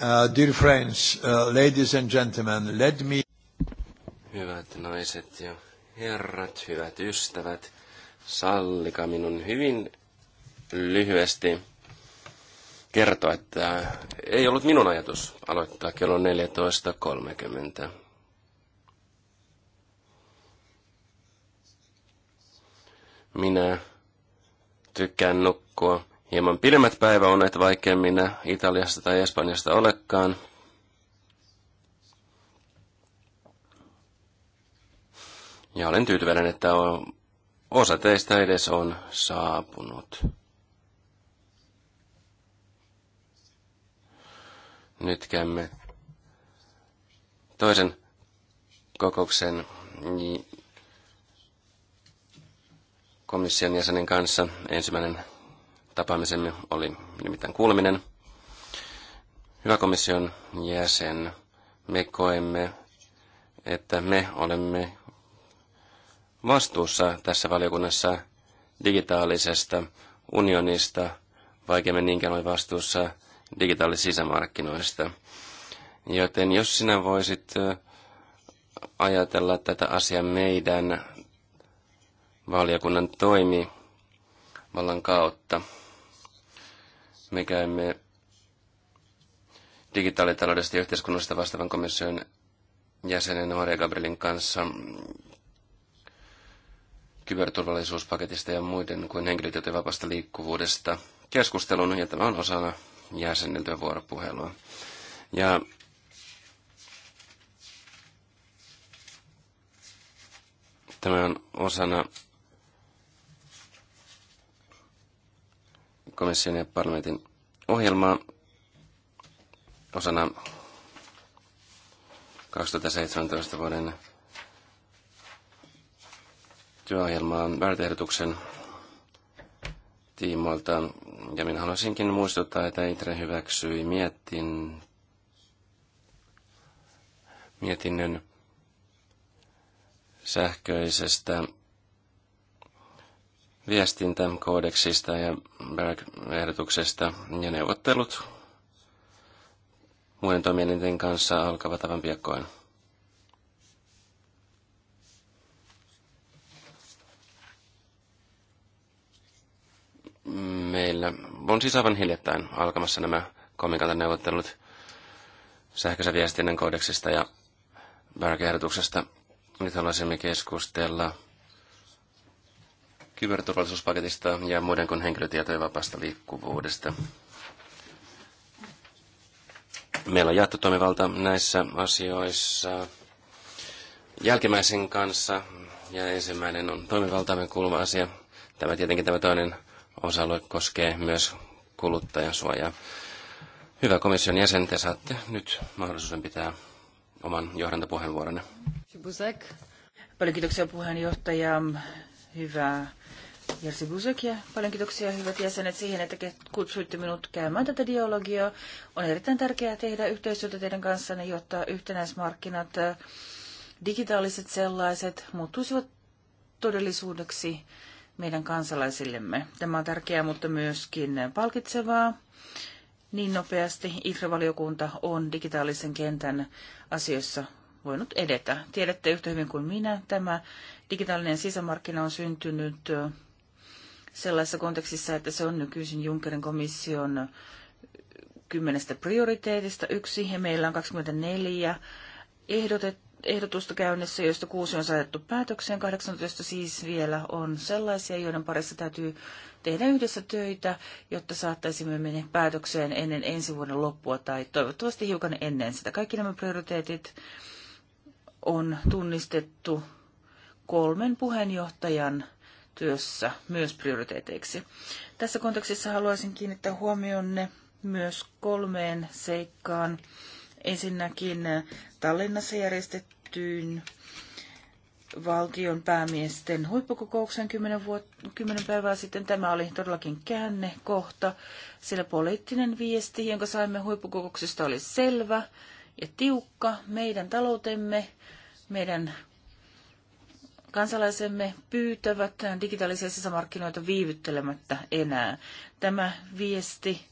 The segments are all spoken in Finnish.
Uh, dear friends, uh, ladies and gentlemen, let me... Hyvät naiset ja herrat, hyvät ystävät, sallika minun hyvin lyhyesti kertoa, että ei ollut minun ajatus aloittaa kello 14.30. Minä tykkään nukkua hieman pidemmät päiväunet, vaikkei minä Italiasta tai Espanjasta olekaan. Ja olen tyytyväinen, että osa teistä edes on saapunut. Nyt käymme toisen kokouksen komission jäsenen kanssa. Ensimmäinen Tapaamisemme oli nimittäin kuuleminen. Hyvä komission jäsen, me koemme, että me olemme vastuussa tässä valiokunnassa digitaalisesta unionista, vaikeammin niinkään ole vastuussa digitaalisista sisämarkkinoista. Joten jos sinä voisit ajatella tätä asiaa meidän valiokunnan toimivallan kautta, me käymme digitaalitaloudesta ja yhteiskunnallisesta vastaavan komission jäsenen Maria Gabrielin kanssa kyberturvallisuuspaketista ja muiden kuin henkilötietojen vapaasta liikkuvuudesta keskustelun, ja tämä on osana jäsenneltyä vuoropuhelua. Ja tämä on osana komission ja parlamentin ohjelmaa osana 2017 vuoden työohjelmaan väärätehdotuksen tiimoilta. Ja minä haluaisinkin muistuttaa, että ITRE hyväksyi mietin, mietinnön sähköisestä viestintäkoodeksista ja Berg-ehdotuksesta ja neuvottelut muiden toimielinten kanssa alkavat aivan piakkoin. Meillä on siis aivan hiljattain alkamassa nämä neuvottelut sähköisen viestinnän kodeksista ja Berg-ehdotuksesta. Nyt haluaisimme keskustella kyberturvallisuuspaketista ja muiden kuin henkilötietojen vapaasta liikkuvuudesta. Meillä on jaettu toimivalta näissä asioissa jälkimmäisen kanssa ja ensimmäinen on toimivaltaamme kuuluva asia. Tämä tietenkin tämä toinen osa-alue koskee myös suojaa. Hyvä komission jäsen, te saatte nyt mahdollisuuden pitää oman johdantopuheenvuoronne. Paljon kiitoksia puheenjohtaja. Hyvää Jerzy Buzek ja paljon kiitoksia hyvät jäsenet siihen, että kutsuitte minut käymään tätä dialogia. On erittäin tärkeää tehdä yhteistyötä teidän kanssanne, jotta yhtenäismarkkinat, digitaaliset sellaiset, muuttuisivat todellisuudeksi meidän kansalaisillemme. Tämä on tärkeää, mutta myöskin palkitsevaa. Niin nopeasti ifra valiokunta on digitaalisen kentän asioissa voinut edetä. Tiedätte yhtä hyvin kuin minä, tämä digitaalinen sisämarkkina on syntynyt sellaisessa kontekstissa, että se on nykyisin Junckerin komission kymmenestä prioriteetista yksi, ja meillä on 24 ehdotet, ehdotusta käynnissä, joista kuusi on saatettu päätökseen, 18 siis vielä on sellaisia, joiden parissa täytyy tehdä yhdessä töitä, jotta saattaisimme mennä päätökseen ennen ensi vuoden loppua tai toivottavasti hiukan ennen sitä. Kaikki nämä prioriteetit on tunnistettu kolmen puheenjohtajan työssä myös prioriteeteiksi. Tässä kontekstissa haluaisin kiinnittää huomionne myös kolmeen seikkaan. Ensinnäkin Tallinnassa järjestettyyn valtion päämiesten huippukokouksen 10, vuotta, 10 päivää sitten. Tämä oli todellakin käännekohta, sillä poliittinen viesti, jonka saimme huippukokouksesta, oli selvä ja tiukka. Meidän taloutemme, meidän Kansalaisemme pyytävät digitaalisia sisämarkkinoita viivyttelemättä enää. Tämä viesti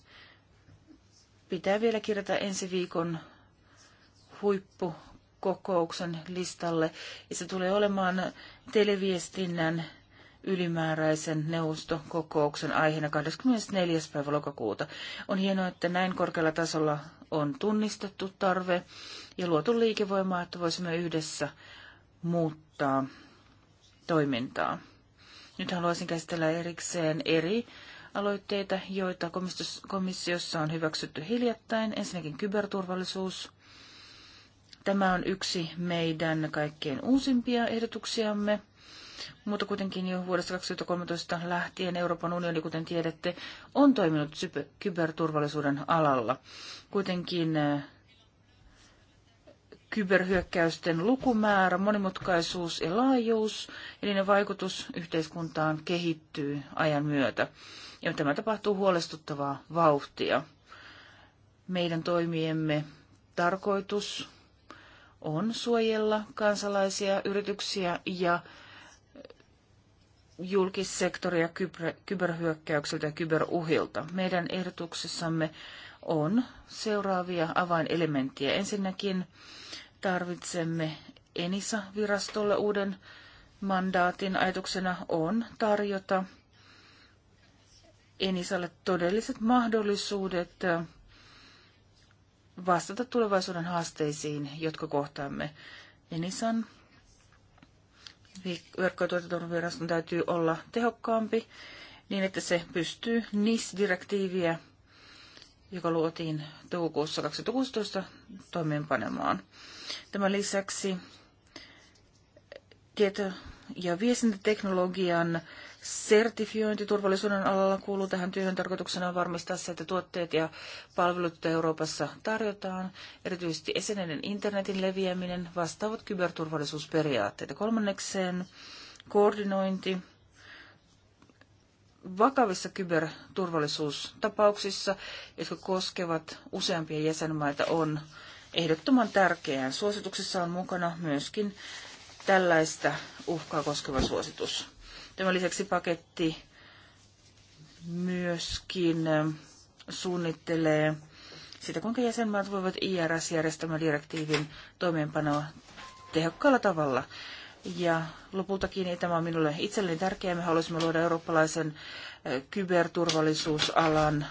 pitää vielä kirjata ensi viikon huippukokouksen listalle. Ja se tulee olemaan televiestinnän ylimääräisen neuvostokokouksen aiheena 24. päivä lokakuuta. On hienoa, että näin korkealla tasolla on tunnistettu tarve ja luotu liikevoimaa, että voisimme yhdessä muuttaa toimintaa. Nyt haluaisin käsitellä erikseen eri aloitteita, joita komissiossa on hyväksytty hiljattain. Ensinnäkin kyberturvallisuus. Tämä on yksi meidän kaikkein uusimpia ehdotuksiamme. Mutta kuitenkin jo vuodesta 2013 lähtien Euroopan unioni, kuten tiedätte, on toiminut kyberturvallisuuden alalla. Kuitenkin kyberhyökkäysten lukumäärä, monimutkaisuus ja laajuus, eli ne vaikutus yhteiskuntaan kehittyy ajan myötä. Ja tämä tapahtuu huolestuttavaa vauhtia. Meidän toimiemme tarkoitus on suojella kansalaisia, yrityksiä ja julkissektoria kyber, kyberhyökkäyksiltä ja kyberuhilta. Meidän ehdotuksessamme on seuraavia avainelementtejä. Ensinnäkin tarvitsemme ENISA-virastolle uuden mandaatin. Ajatuksena on tarjota Enisalle todelliset mahdollisuudet vastata tulevaisuuden haasteisiin, jotka kohtaamme. Enisan verkkotuotantoviraston täytyy olla tehokkaampi niin, että se pystyy NIS-direktiiviä joka luotiin toukokuussa 2016 toimeenpanemaan. Tämän lisäksi tieto- ja viestintäteknologian sertifiointi turvallisuuden alalla kuuluu tähän työhön. Tarkoituksena on varmistaa se, että tuotteet ja palvelut, joita Euroopassa tarjotaan, erityisesti esineiden internetin leviäminen, vastaavat kyberturvallisuusperiaatteita. Kolmannekseen koordinointi vakavissa kyberturvallisuustapauksissa, jotka koskevat useampia jäsenmaita, on ehdottoman tärkeää. Suosituksessa on mukana myöskin tällaista uhkaa koskeva suositus. Tämän lisäksi paketti myöskin ähm, suunnittelee sitä, kuinka jäsenmaat voivat IRS-järjestelmädirektiivin toimeenpanoa tehokkaalla tavalla. Ja lopultakin niin tämä on minulle itselleni tärkeää. Me haluaisimme luoda eurooppalaisen kyberturvallisuusalan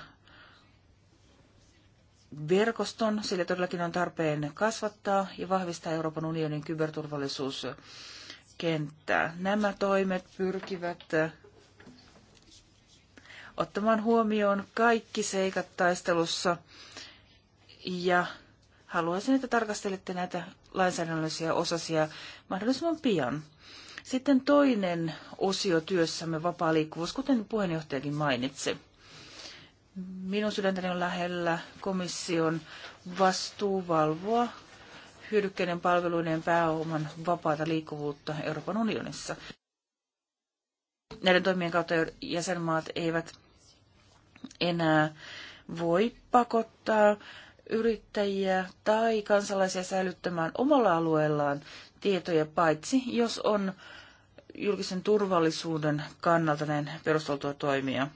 verkoston. Sillä todellakin on tarpeen kasvattaa ja vahvistaa Euroopan unionin kyberturvallisuuskenttää. Nämä toimet pyrkivät ottamaan huomioon kaikki seikat taistelussa ja haluaisin, että tarkastelette näitä lainsäädännöllisiä osasia mahdollisimman pian. Sitten toinen osio työssämme, vapaa liikkuvuus, kuten puheenjohtajakin mainitsi. Minun sydäntäni on lähellä komission vastuu valvoa hyödykkeiden palveluiden pääoman vapaata liikkuvuutta Euroopan unionissa. Näiden toimien kautta jäsenmaat eivät enää voi pakottaa yrittäjiä tai kansalaisia säilyttämään omalla alueellaan tietoja, paitsi jos on julkisen turvallisuuden kannalta näin perusteltua toimia.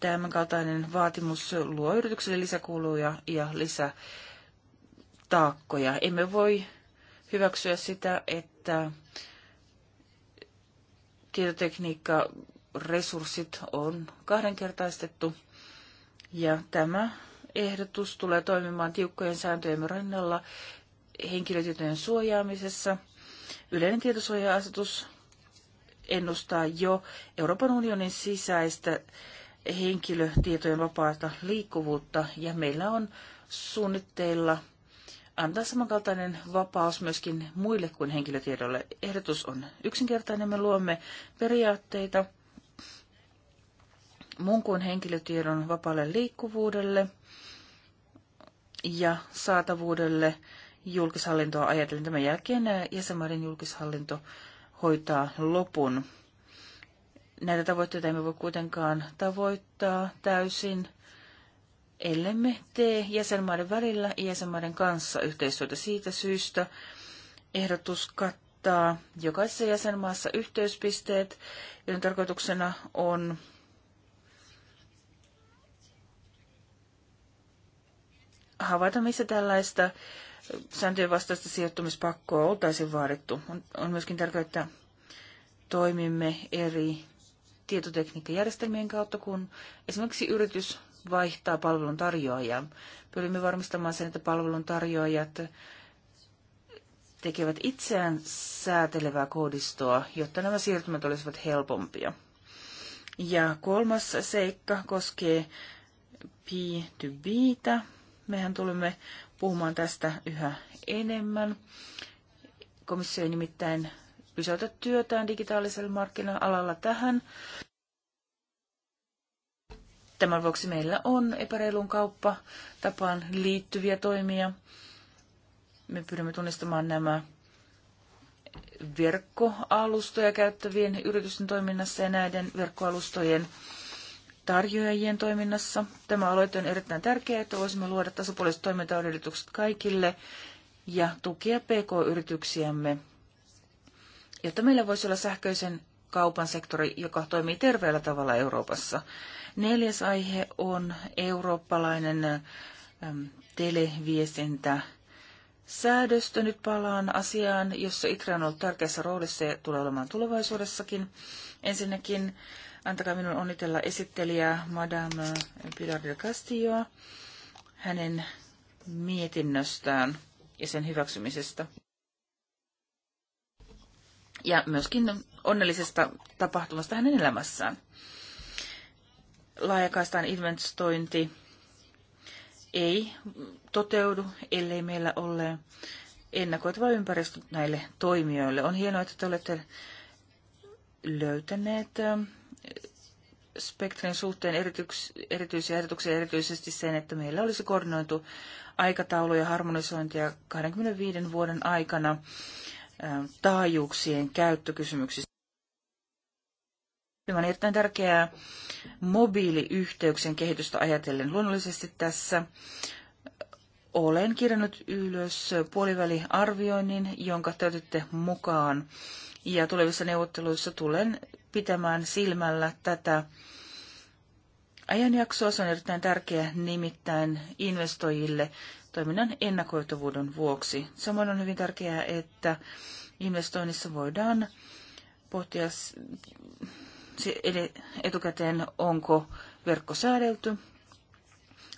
Tämän vaatimus luo yritykselle lisäkuluja ja lisätaakkoja. Emme voi hyväksyä sitä, että tietotekniikka resurssit on kahdenkertaistettu ja tämä ehdotus tulee toimimaan tiukkojen sääntöjen rannalla, henkilötietojen suojaamisessa. Yleinen tietosuoja-asetus ennustaa jo Euroopan unionin sisäistä henkilötietojen vapaata liikkuvuutta ja meillä on suunnitteilla antaa samankaltainen vapaus myöskin muille kuin henkilötiedolle. Ehdotus on yksinkertainen, me luomme periaatteita muun kuin henkilötiedon vapaalle liikkuvuudelle – ja saatavuudelle julkishallintoa ajatellen. Tämän jälkeen jäsenmaiden julkishallinto hoitaa lopun. Näitä tavoitteita emme voi kuitenkaan tavoittaa täysin, ellemme tee jäsenmaiden välillä ja jäsenmaiden kanssa yhteistyötä siitä syystä. Ehdotus kattaa jokaisessa jäsenmaassa yhteyspisteet, joiden tarkoituksena on havaita, missä tällaista sääntöjen vastaista sijoittumispakkoa oltaisiin vaadittu. On, on myöskin tärkeää, että toimimme eri tietotekniikkajärjestelmien kautta, kun esimerkiksi yritys vaihtaa palvelun tarjoajaa. Pyrimme varmistamaan sen, että palvelun tarjoajat tekevät itseään säätelevää koodistoa, jotta nämä siirtymät olisivat helpompia. Ja kolmas seikka koskee p 2 Mehän tulemme puhumaan tästä yhä enemmän. Komissio ei nimittäin pysäytä työtään digitaalisella markkina-alalla tähän. Tämän vuoksi meillä on epäreilun kauppatapaan liittyviä toimia. Me pyrimme tunnistamaan nämä verkkoalustoja käyttävien yritysten toiminnassa ja näiden verkkoalustojen tarjoajien toiminnassa. Tämä aloite on erittäin tärkeä, että voisimme luoda tasapuoliset toimintaedellytykset kaikille ja tukea PK-yrityksiämme, jotta meillä voisi olla sähköisen kaupan sektori, joka toimii terveellä tavalla Euroopassa. Neljäs aihe on eurooppalainen televiesintä. Säädöstö nyt palaan asiaan, jossa ITRA on ollut tärkeässä roolissa ja tulee olemaan tulevaisuudessakin. Ensinnäkin Antakaa minun onnitella esittelijää Madame Pilar del Castilloa hänen mietinnöstään ja sen hyväksymisestä. Ja myöskin onnellisesta tapahtumasta hänen elämässään. Laajakaistaan investointi ei toteudu, ellei meillä ole ennakoitava ympäristö näille toimijoille. On hienoa, että te olette löytäneet spektrin suhteen erityks, erityisiä ehdotuksia erityisesti sen, että meillä olisi koordinoitu aikataulu ja harmonisointia 25 vuoden aikana ähm, taajuuksien käyttökysymyksissä. Tämä on erittäin tärkeää mobiiliyhteyksien kehitystä ajatellen. Luonnollisesti tässä äh, olen kirjannut ylös puoliväliarvioinnin, jonka täytitte mukaan. Ja tulevissa neuvotteluissa tulen pitämään silmällä tätä ajanjaksoa. Se on erittäin tärkeä nimittäin investoijille toiminnan ennakoitavuuden vuoksi. Samoin on hyvin tärkeää, että investoinnissa voidaan pohtia etukäteen, onko verkko säädelty.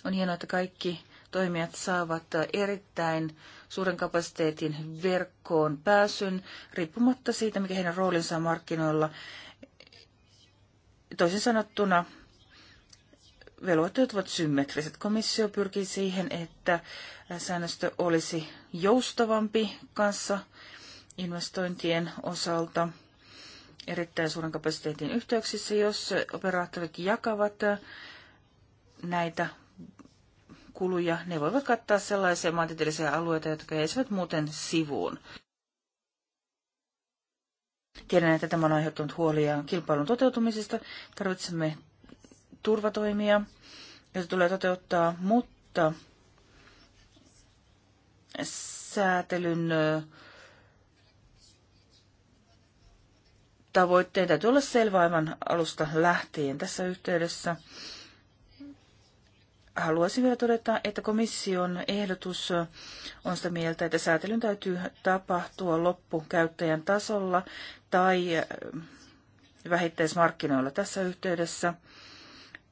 On hienoa, että kaikki toimijat saavat erittäin suuren kapasiteetin verkkoon pääsyn riippumatta siitä, mikä heidän roolinsa on markkinoilla. Toisin sanottuna velvoitteet ovat symmetriset. Komissio pyrkii siihen, että säännöstö olisi joustavampi kanssa investointien osalta erittäin suuren kapasiteetin yhteyksissä, jos operaattorit jakavat näitä kuluja. Ne voivat kattaa sellaisia maantieteellisiä alueita, jotka jäisivät muuten sivuun. Tiedän, että tämä on aiheuttanut huolia kilpailun toteutumisesta. Tarvitsemme turvatoimia, joita tulee toteuttaa, mutta säätelyn tavoitteen täytyy olla selvä aivan alusta lähtien tässä yhteydessä. Haluaisin vielä todeta, että komission ehdotus on sitä mieltä, että säätelyn täytyy tapahtua loppukäyttäjän tasolla tai eh, vähittäismarkkinoilla tässä yhteydessä.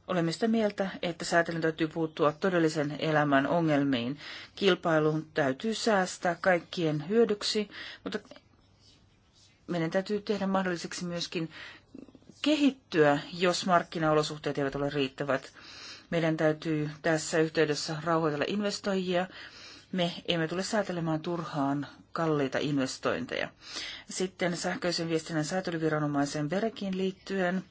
Olemme sitä mieltä, että säätelyn täytyy puuttua todellisen elämän ongelmiin. Kilpailun täytyy säästää kaikkien hyödyksi, mutta meidän täytyy tehdä mahdolliseksi myöskin kehittyä, jos markkinaolosuhteet eivät ole riittävät. Meidän täytyy tässä yhteydessä rauhoitella investoijia. Me emme tule säätelemään turhaan kalliita investointeja. Sitten sähköisen viestinnän säätelyviranomaisen Berekiin liittyen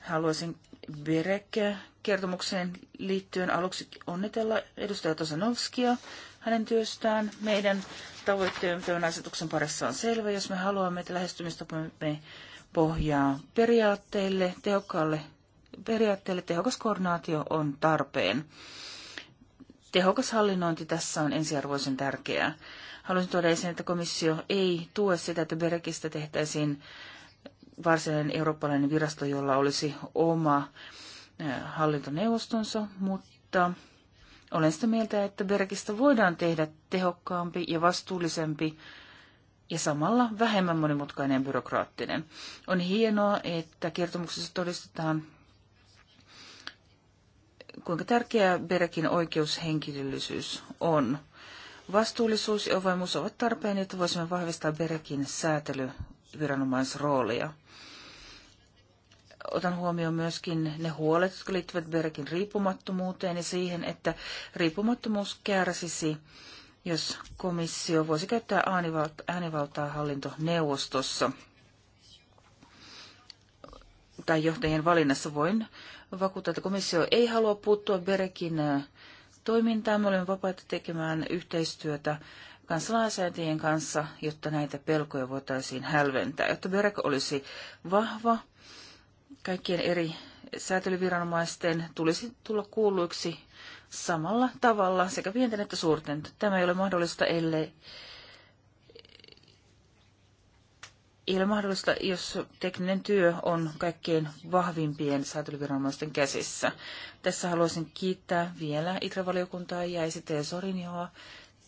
haluaisin Berek-kertomukseen liittyen aluksi onnitella edustaja Tosanovskia hänen työstään. Meidän tavoitteen tämän asetuksen parissa on selvä, jos me haluamme, että lähestymistapamme pohjaa periaatteille, tehokkaalle periaatteelle tehokas koordinaatio on tarpeen. Tehokas hallinnointi tässä on ensiarvoisen tärkeää. Haluaisin tuoda esiin, että komissio ei tue sitä, että Berekistä tehtäisiin varsinainen eurooppalainen virasto, jolla olisi oma eh, hallintoneuvostonsa, mutta olen sitä mieltä, että Berkistä voidaan tehdä tehokkaampi ja vastuullisempi ja samalla vähemmän monimutkainen ja byrokraattinen. On hienoa, että kertomuksessa todistetaan kuinka tärkeä Berekin oikeushenkilöllisyys on. Vastuullisuus ja avoimuus ovat tarpeen, jotta voisimme vahvistaa Berekin säätelyviranomaisroolia. Otan huomioon myöskin ne huolet, jotka liittyvät Berekin riippumattomuuteen ja siihen, että riippumattomuus kärsisi, jos komissio voisi käyttää äänivaltaa hallintoneuvostossa pääjohtajien valinnassa. Voin vakuuttaa, että komissio ei halua puuttua Berekin äh, toimintaan. Me olemme vapaita tekemään yhteistyötä kansalaisäätien kanssa, jotta näitä pelkoja voitaisiin hälventää, jotta Berek olisi vahva kaikkien eri säätelyviranomaisten tulisi tulla kuulluiksi samalla tavalla sekä pienten että suurten. Tämä ei ole mahdollista, ellei ei ole mahdollista, jos tekninen työ on kaikkein vahvimpien säätelyviranomaisten käsissä. Tässä haluaisin kiittää vielä Itravaliokuntaa ja esittäjä Sorinjoa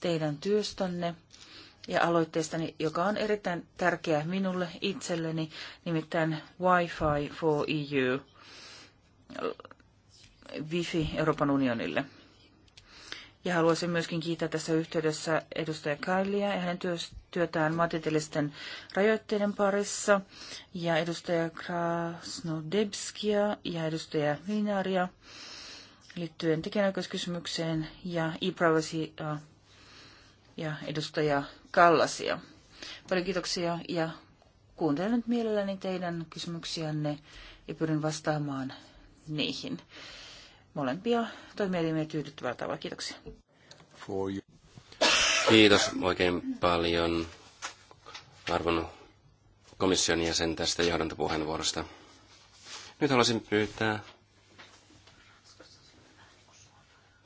teidän työstänne ja aloitteestani, joka on erittäin tärkeä minulle itselleni, nimittäin Wi-Fi for EU, Wifi Euroopan unionille. Ja haluaisin myöskin kiittää tässä yhteydessä edustaja Kailia ja hänen työtään matitellisten rajoitteiden parissa, ja edustaja Krasnodebskia ja edustaja Minaria liittyen tekijänoikeuskysymykseen ja e-privacy ja edustaja Kallasia. Paljon kiitoksia ja kuuntelen nyt mielelläni teidän kysymyksiänne ja pyrin vastaamaan niihin molempia toimielimiä tyydyttävällä tavalla. Kiitoksia. Kiitos oikein paljon arvon komission jäsen tästä johdantopuheenvuorosta. Nyt haluaisin pyytää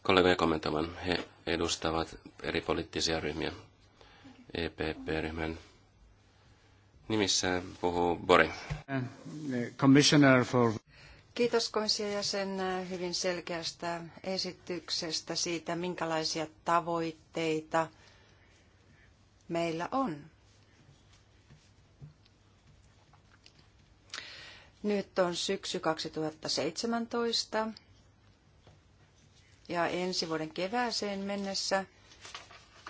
kollegoja kommentoimaan. He edustavat eri poliittisia ryhmiä. EPP-ryhmän nimissä puhuu Bori. Commissioner for... Kiitos ja sen hyvin selkeästä esityksestä siitä, minkälaisia tavoitteita meillä on. Nyt on syksy 2017 ja ensi vuoden kevääseen mennessä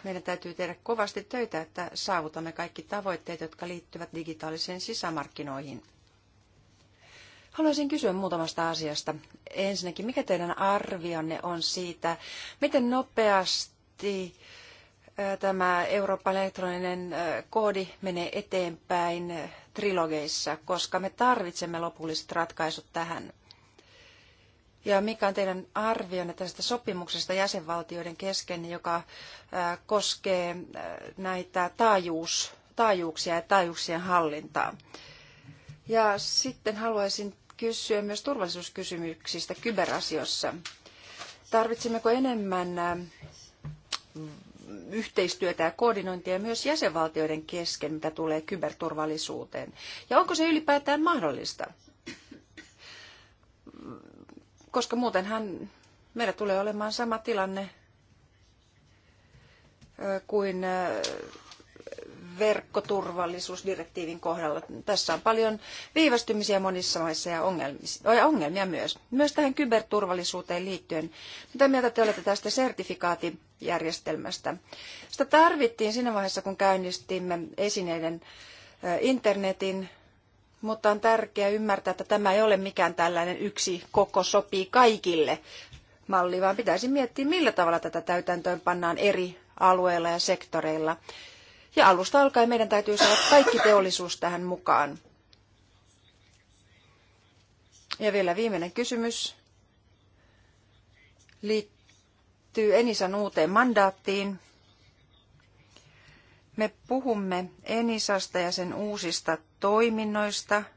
meidän täytyy tehdä kovasti töitä, että saavutamme kaikki tavoitteet, jotka liittyvät digitaaliseen sisämarkkinoihin – Haluaisin kysyä muutamasta asiasta. Ensinnäkin, mikä teidän arvionne on siitä, miten nopeasti tämä Euroopan elektroninen koodi menee eteenpäin trilogeissa, koska me tarvitsemme lopulliset ratkaisut tähän. Ja mikä on teidän arvionne tästä sopimuksesta jäsenvaltioiden kesken, joka koskee näitä taajuus, taajuuksia ja taajuuksien hallintaa? Ja sitten haluaisin kysyä myös turvallisuuskysymyksistä kyberasiossa. Tarvitsemmeko enemmän yhteistyötä ja koordinointia myös jäsenvaltioiden kesken, mitä tulee kyberturvallisuuteen? Ja onko se ylipäätään mahdollista? Koska muutenhan meillä tulee olemaan sama tilanne kuin verkkoturvallisuusdirektiivin kohdalla. Tässä on paljon viivästymisiä monissa maissa ja ongelmia myös. Myös tähän kyberturvallisuuteen liittyen. Mitä mieltä te olette tästä sertifikaatijärjestelmästä? Sitä tarvittiin siinä vaiheessa, kun käynnistimme esineiden internetin, mutta on tärkeää ymmärtää, että tämä ei ole mikään tällainen yksi koko sopii kaikille malli, vaan pitäisi miettiä, millä tavalla tätä täytäntöön pannaan eri alueilla ja sektoreilla. Ja alusta alkaen meidän täytyy saada kaikki teollisuus tähän mukaan. Ja vielä viimeinen kysymys liittyy Enisan uuteen mandaattiin. Me puhumme Enisasta ja sen uusista toiminnoista –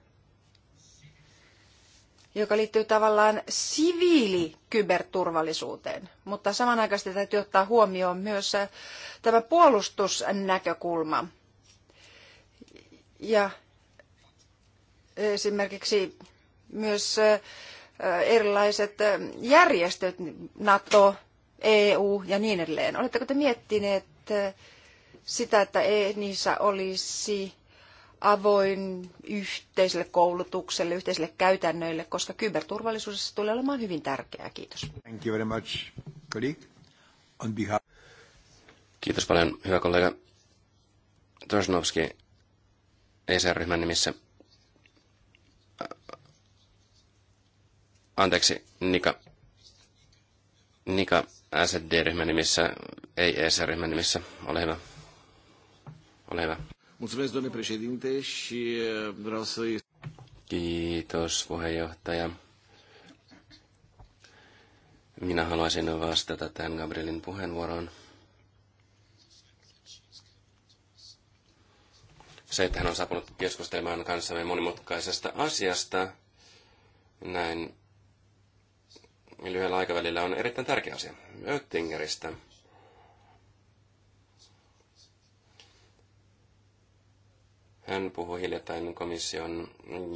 joka liittyy tavallaan siviilikyberturvallisuuteen, mutta samanaikaisesti täytyy ottaa huomioon myös äh, tämä puolustusnäkökulma. Ja äh, esimerkiksi myös äh, erilaiset järjestöt, NATO, EU ja niin edelleen. Oletteko te miettineet sitä, että e niissä olisi avoin yhteiselle koulutukselle, yhteiselle käytännöille, koska kyberturvallisuudessa tulee olemaan hyvin tärkeää. Kiitos. Thank you very much, colleague. On behalf... Kiitos paljon, hyvä kollega. Torsnovski, ECR-ryhmän nimissä. Anteeksi, Nika. Nika, SD-ryhmän nimissä, ei ECR-ryhmän nimissä. Ole hyvä. Ole hyvä. Mulțumesc, domnule președinte, și uh, vreau să... Kiitos, puheenjohtaja. Minä haluaisin vastata tämän Gabrielin puheenvuoroon. Se, että hän on saapunut keskustelemaan kanssamme monimutkaisesta asiasta näin lyhyellä aikavälillä on erittäin tärkeä asia. Oettingeristä. Hän puhui hiljattain komission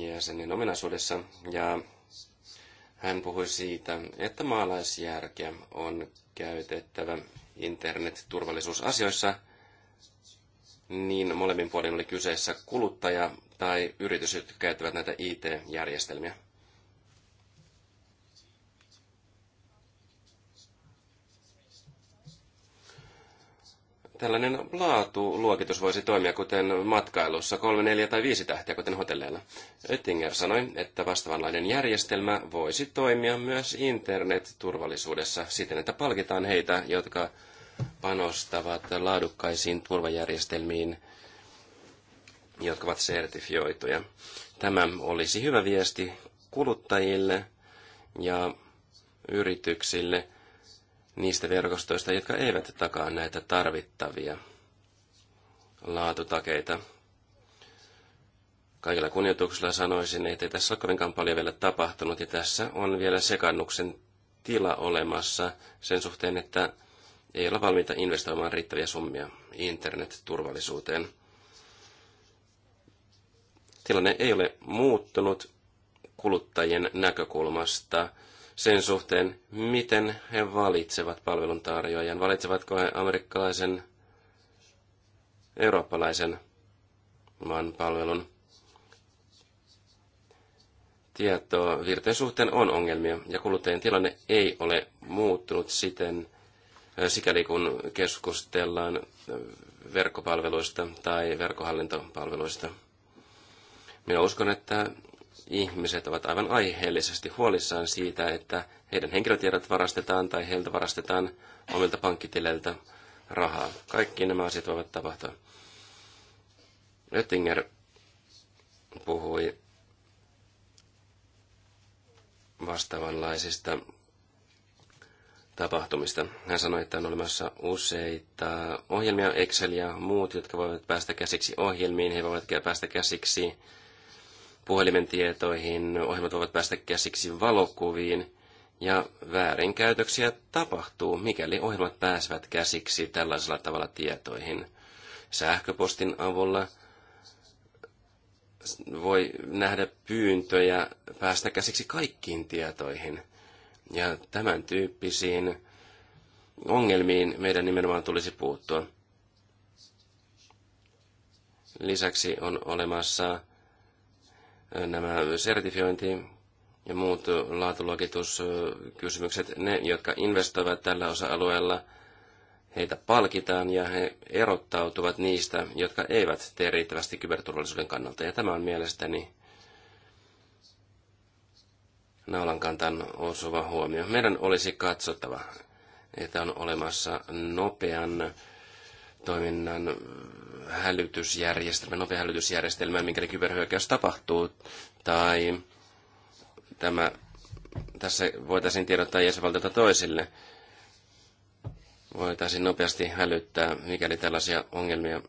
jäsenen ominaisuudessa ja hän puhui siitä, että maalaisjärkeä on käytettävä internetturvallisuusasioissa, niin molemmin puolin oli kyseessä kuluttaja tai yritys, jotka käyttävät näitä IT-järjestelmiä. tällainen laatuluokitus voisi toimia, kuten matkailussa, kolme, neljä tai viisi tähtiä kuten hotelleilla. Oettinger sanoi, että vastaavanlainen järjestelmä voisi toimia myös internetturvallisuudessa siten, että palkitaan heitä, jotka panostavat laadukkaisiin turvajärjestelmiin, jotka ovat sertifioituja. Tämä olisi hyvä viesti kuluttajille ja yrityksille – niistä verkostoista, jotka eivät takaa näitä tarvittavia laatutakeita. Kaikilla kunnioituksella sanoisin, että ei tässä ole kovinkaan paljon vielä tapahtunut, ja tässä on vielä sekannuksen tila olemassa sen suhteen, että ei olla valmiita investoimaan riittäviä summia internetturvallisuuteen. Tilanne ei ole muuttunut kuluttajien näkökulmasta sen suhteen, miten he valitsevat palveluntarjoajan. Valitsevatko he amerikkalaisen, eurooppalaisen maan palvelun? virteen suhteen on ongelmia ja kuluttajien tilanne ei ole muuttunut siten, sikäli kun keskustellaan verkkopalveluista tai verkkohallintopalveluista. Minä uskon, että ihmiset ovat aivan aiheellisesti huolissaan siitä, että heidän henkilötiedot varastetaan tai heiltä varastetaan omilta pankkitileiltä rahaa. Kaikki nämä asiat voivat tapahtua. Oettinger puhui vastaavanlaisista tapahtumista. Hän sanoi, että on olemassa useita ohjelmia, Excel ja muut, jotka voivat päästä käsiksi ohjelmiin. He voivat päästä käsiksi puhelimen tietoihin, ohjelmat voivat päästä käsiksi valokuviin ja väärinkäytöksiä tapahtuu, mikäli ohjelmat pääsevät käsiksi tällaisella tavalla tietoihin. Sähköpostin avulla voi nähdä pyyntöjä päästä käsiksi kaikkiin tietoihin. Ja tämän tyyppisiin ongelmiin meidän nimenomaan tulisi puuttua. Lisäksi on olemassa nämä sertifiointi ja muut laatuluokituskysymykset, ne, jotka investoivat tällä osa-alueella, heitä palkitaan ja he erottautuvat niistä, jotka eivät tee riittävästi kyberturvallisuuden kannalta. Ja tämä on mielestäni naulan kantan osuva huomio. Meidän olisi katsottava, että on olemassa nopean toiminnan hälytysjärjestelmä, nopea hälytysjärjestelmä, mikäli kyberhyökkäys tapahtuu, tai tämä, tässä voitaisiin tiedottaa jäsenvaltiota toisille, voitaisiin nopeasti hälyttää, mikäli tällaisia ongelmia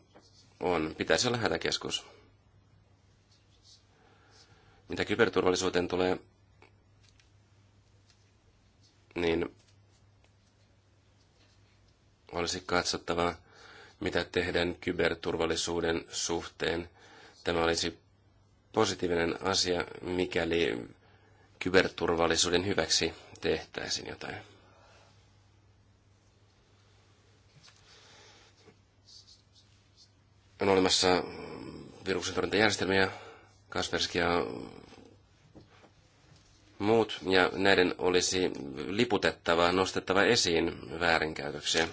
on. Pitäisi olla hätäkeskus. Mitä kyberturvallisuuteen tulee, niin olisi katsottava, mitä tehdään kyberturvallisuuden suhteen. Tämä olisi positiivinen asia, mikäli kyberturvallisuuden hyväksi tehtäisiin jotain. On olemassa torjuntajärjestelmiä, Kaspersky ja muut, ja näiden olisi liputettava, nostettava esiin väärinkäytöksiä.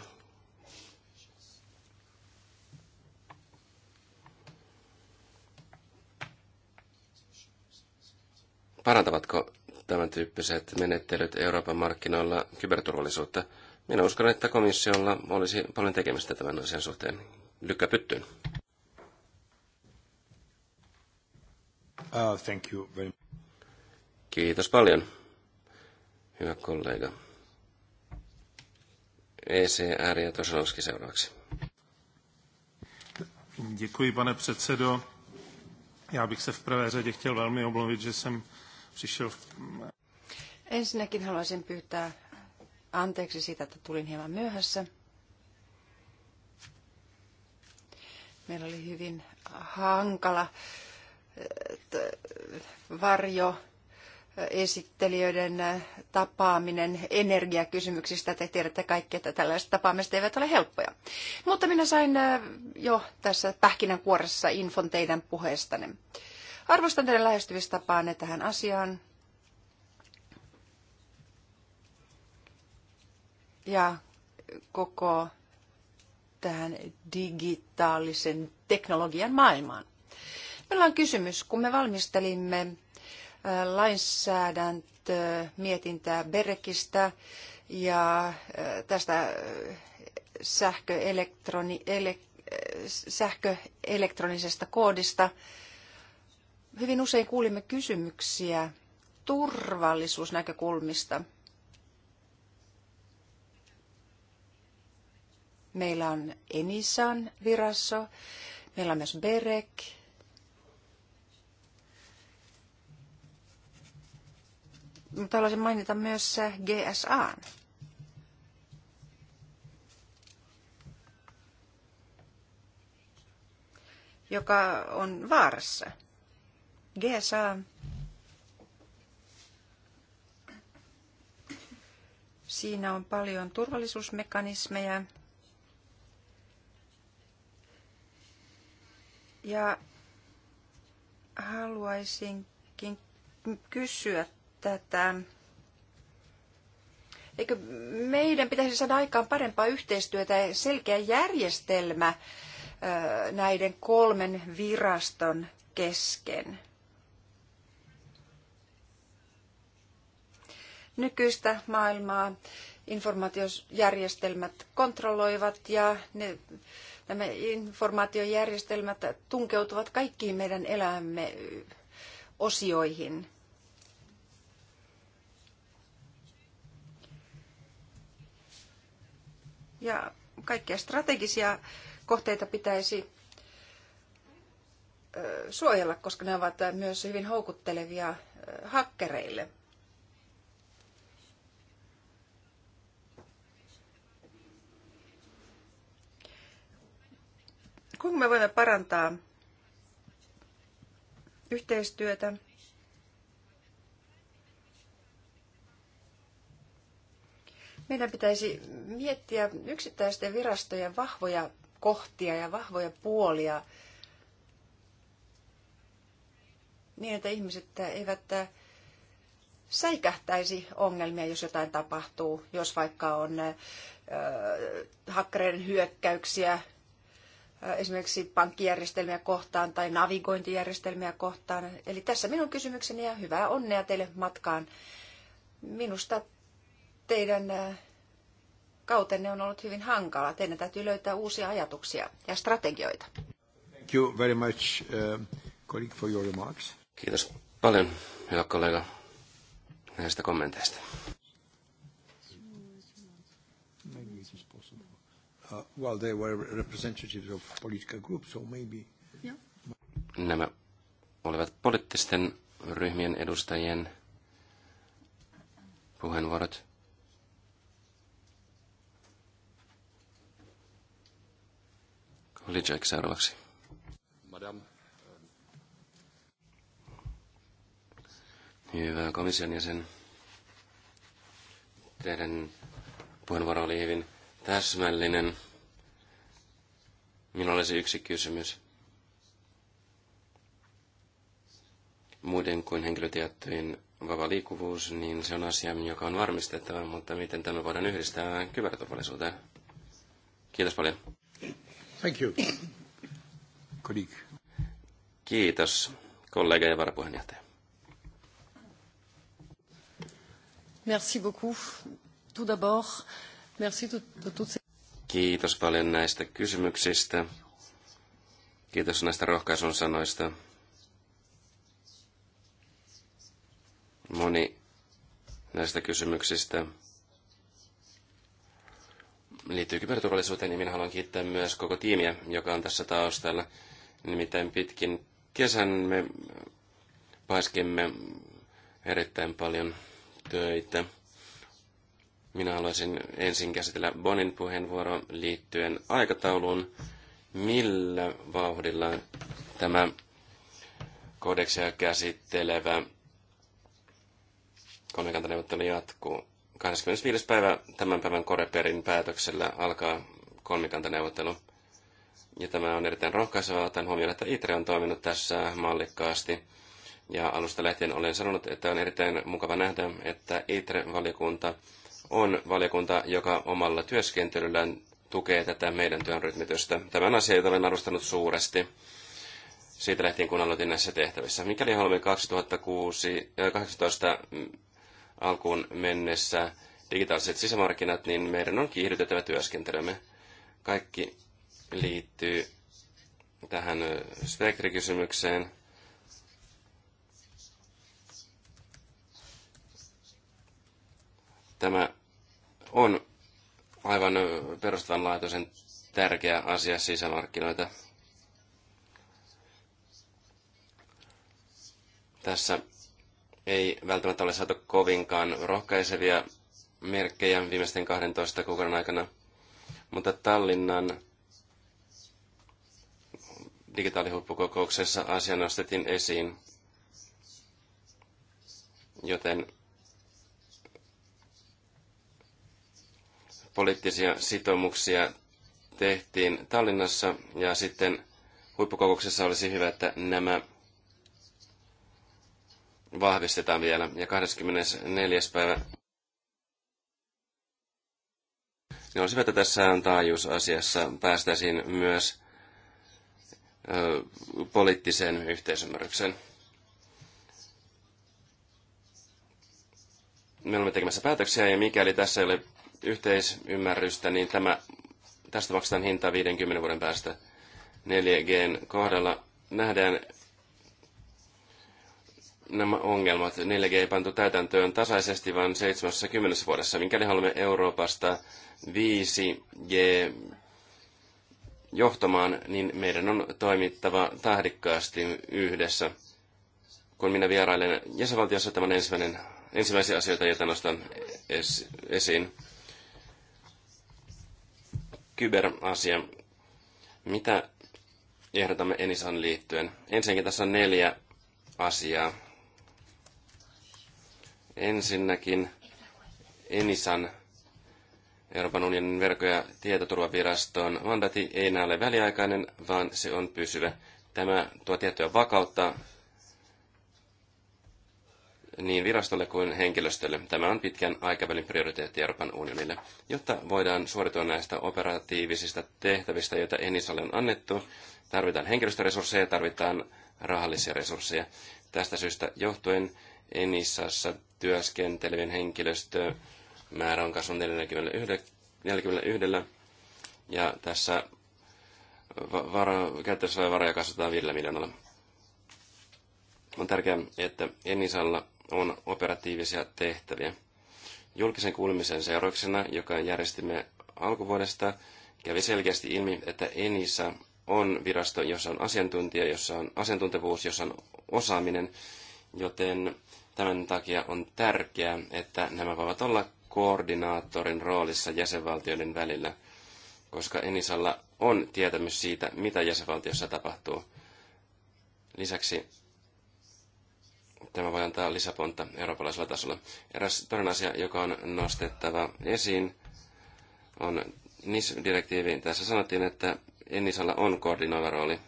Parantavatko tämän tyyppiset menettelyt Euroopan markkinoilla kyberturvallisuutta? Minä uskon, että komissiolla olisi paljon tekemistä tämän asian suhteen. Lykkä pyttyyn. Uh, thank you very... Kiitos paljon, hyvä kollega. ECR ja Tosanovski seuraavaksi. Děkuji, pane předsedo. Já bych se v prvé řadě chtěl velmi omluvit, že jsem Ensinnäkin haluaisin pyytää anteeksi siitä, että tulin hieman myöhässä. Meillä oli hyvin hankala eh, varjo eh, esittelijöiden eh, tapaaminen energiakysymyksistä. Te tiedätte kaikki, että tällaiset tapaamiset eivät ole helppoja. Mutta minä sain jo tässä pähkinänkuoressa infon teidän puheestanne. Arvostan teidän lähestymistapaanne tähän asiaan. Ja koko tähän digitaalisen teknologian maailmaan. Meillä on kysymys, kun me valmistelimme äh, lainsäädäntömietintää Berekistä ja äh, tästä äh, sähköelektroni, ele, sähköelektronisesta koodista – hyvin usein kuulimme kysymyksiä turvallisuusnäkökulmista. Meillä on Enisan virasso, meillä on myös BEREK. Mutta haluaisin mainita myös GSA. joka on vaarassa. GSA Siinä on paljon turvallisuusmekanismeja. Ja haluaisinkin kysyä tätä. Eikö meidän pitäisi saada aikaan parempaa yhteistyötä ja selkeä järjestelmä näiden kolmen viraston kesken? nykyistä maailmaa informaatiojärjestelmät kontrolloivat ja ne, nämä informaatiojärjestelmät tunkeutuvat kaikkiin meidän elämämme osioihin. Ja kaikkia strategisia kohteita pitäisi suojella, koska ne ovat myös hyvin houkuttelevia hakkereille – Kuinka me voimme parantaa yhteistyötä meidän pitäisi miettiä yksittäisten virastojen vahvoja kohtia ja vahvoja puolia niin, että ihmiset eivät säikähtäisi ongelmia, jos jotain tapahtuu, jos vaikka on hakkereiden hyökkäyksiä esimerkiksi pankkijärjestelmiä kohtaan tai navigointijärjestelmiä kohtaan. Eli tässä minun kysymykseni ja hyvää onnea teille matkaan. Minusta teidän kautenne on ollut hyvin hankala. Teidän täytyy löytää uusia ajatuksia ja strategioita. Thank you very much, colleague, for your remarks. Kiitos paljon, hyvä kollega, näistä kommenteista. Uh, well, they were representatives of political groups, so maybe... Yeah. Nämä olivat poliittisten ryhmien edustajien puheenvuorot. Kolicek seuraavaksi. Madame. Ähm, Hyvä komission jäsen. Teidän puheenvuoro oli hyvin täsmällinen. Minulla olisi yksi kysymys. Muiden kuin henkilötietojen vapaa liikkuvuus, niin se on asia, joka on varmistettava, mutta miten tämä voidaan yhdistää kyberturvallisuuteen? Kiitos paljon. Thank you. Colleague. Kiitos, kollega ja varapuheenjohtaja. Merci beaucoup. Tout d'abord, Kiitos paljon näistä kysymyksistä. Kiitos näistä rohkaisun sanoista. Moni näistä kysymyksistä liittyy kyberturvallisuuteen, niin minä haluan kiittää myös koko tiimiä, joka on tässä taustalla. Nimittäin pitkin kesän me paiskimme erittäin paljon töitä. Minä haluaisin ensin käsitellä Bonin puheenvuoro liittyen aikatauluun. Millä vauhdilla tämä kodeksia käsittelevä kolmikantaneuvottelu jatkuu? 25. päivä tämän päivän Koreperin päätöksellä alkaa kolmikantaneuvottelu. Ja tämä on erittäin rohkaisevaa otan huomioon, että ITRE on toiminut tässä mallikkaasti. Ja alusta lähtien olen sanonut, että on erittäin mukava nähdä, että ITRE-valiokunta – on valiokunta, joka omalla työskentelyllään tukee tätä meidän työn rytmitystä. Tämä on asia, jota olen arvostanut suuresti siitä lähtien, kun aloitin näissä tehtävissä. Mikäli haluamme 2018 äh, alkuun mennessä digitaaliset sisämarkkinat, niin meidän on kiihdytettävä työskentelymme. Kaikki liittyy tähän äh, spektrikysymykseen. Tämä on aivan perustavanlaatuisen tärkeä asia sisämarkkinoita. Tässä ei välttämättä ole saatu kovinkaan rohkaisevia merkkejä viimeisten 12 kuukauden aikana, mutta Tallinnan digitaalihuippukokouksessa asia nostettiin esiin, joten poliittisia sitoumuksia tehtiin Tallinnassa ja sitten huippukokouksessa olisi hyvä, että nämä vahvistetaan vielä. Ja 24. päivä niin olisi hyvä, että tässä on taajuusasiassa päästäisiin myös ö, poliittiseen yhteisymmärrykseen. Me olemme tekemässä päätöksiä ja mikäli tässä ei ole yhteisymmärrystä, niin tämä, tästä maksetaan hinta 50 vuoden päästä 4Gn kohdalla. Nähdään nämä ongelmat. 4G ei pantu täytäntöön tasaisesti, vaan 70 vuodessa. Mikäli haluamme Euroopasta 5G johtamaan, niin meidän on toimittava tahdikkaasti yhdessä. Kun minä vierailen jäsenvaltiossa, tämä on ensimmäinen, ensimmäisiä asioita, joita nostan esiin kyberasia. Mitä ehdotamme Enisan liittyen? Ensinnäkin tässä on neljä asiaa. Ensinnäkin Enisan Euroopan unionin verkko- ja tietoturvaviraston mandati ei enää ole väliaikainen, vaan se on pysyvä. Tämä tuo tiettyä vakautta niin virastolle kuin henkilöstölle. Tämä on pitkän aikavälin prioriteetti Euroopan unionille. Jotta voidaan suoritua näistä operatiivisista tehtävistä, joita Enisalle on annettu, tarvitaan henkilöstöresursseja, tarvitaan rahallisia resursseja. Tästä syystä johtuen Enisassa työskentelevien henkilöstön määrä on kasvanut 41, ja tässä vara, käytössä olevia varoja kasvatetaan 5 miljoonalla. On tärkeää, että Enisalla on operatiivisia tehtäviä. Julkisen kuulemisen seurauksena, joka järjestimme alkuvuodesta, kävi selkeästi ilmi, että Enisa on virasto, jossa on asiantuntija, jossa on asiantuntevuus, jossa on osaaminen, joten tämän takia on tärkeää, että nämä voivat olla koordinaattorin roolissa jäsenvaltioiden välillä, koska Enisalla on tietämys siitä, mitä jäsenvaltiossa tapahtuu. Lisäksi tämä voi antaa lisäpontta eurooppalaisella tasolla. Eräs toinen asia, joka on nostettava esiin, on NIS-direktiiviin. Tässä sanottiin, että Ennisalla on koordinoiva rooli.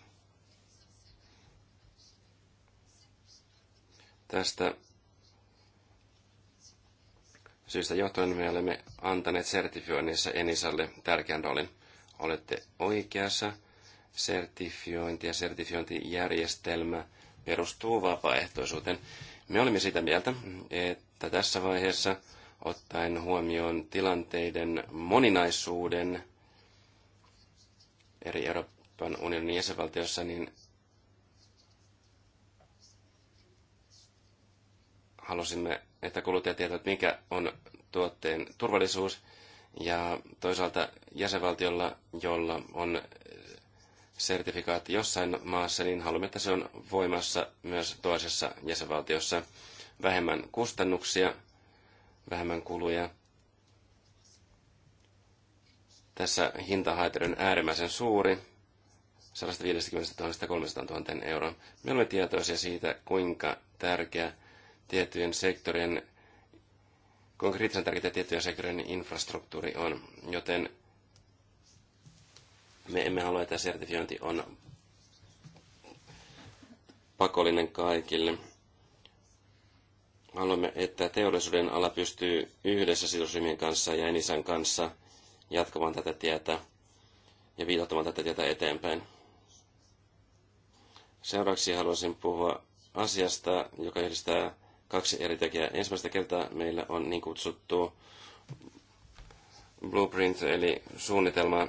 Tästä syystä johtuen me olemme antaneet sertifioinnissa Enisalle tärkeän roolin. Olette oikeassa. Sertifiointi ja sertifiointijärjestelmä perustuu vapaaehtoisuuteen. Me olimme sitä mieltä, että tässä vaiheessa ottaen huomioon tilanteiden moninaisuuden eri Euroopan unionin jäsenvaltioissa, niin halusimme, että kuluttajat tietävät, mikä on tuotteen turvallisuus, ja toisaalta jäsenvaltiolla, jolla on sertifikaatti jossain maassa, niin haluamme, että se on voimassa myös toisessa jäsenvaltiossa. Vähemmän kustannuksia, vähemmän kuluja. Tässä hintahaitari on äärimmäisen suuri, 150 000 300 000 euroa. Me olemme tietoisia siitä, kuinka tärkeä tiettyjen sektorien, kuinka kriittisen tärkeä tiettyjen sektorien infrastruktuuri on, joten me emme halua, että sertifiointi on pakollinen kaikille. Haluamme, että teollisuuden ala pystyy yhdessä sidosryhmien kanssa ja Enisan kanssa jatkamaan tätä tietä ja viitottamaan tätä tietä eteenpäin. Seuraavaksi haluaisin puhua asiasta, joka yhdistää kaksi eri tekijää. Ensimmäistä kertaa meillä on niin kutsuttu blueprint, eli suunnitelma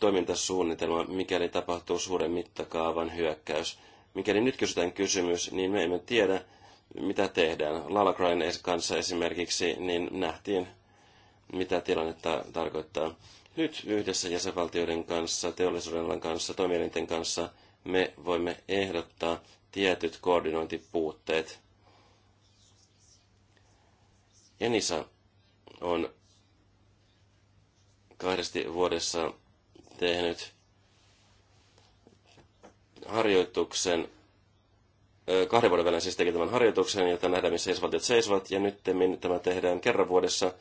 toimintasuunnitelma, mikäli tapahtuu suuren mittakaavan hyökkäys. Mikäli nyt kysytään kysymys, niin me emme tiedä, mitä tehdään. Lalakrain kanssa esimerkiksi niin nähtiin, mitä tilannetta tarkoittaa. Nyt yhdessä jäsenvaltioiden kanssa, teollisuuden kanssa, toimielinten kanssa me voimme ehdottaa tietyt koordinointipuutteet. Enisa on kahdesti vuodessa tehnyt harjoituksen, kahden vuoden välein siis teki tämän harjoituksen, jota nähdään, missä seisvaltiot seisovat, ja nyt tämä tehdään kerran vuodessa,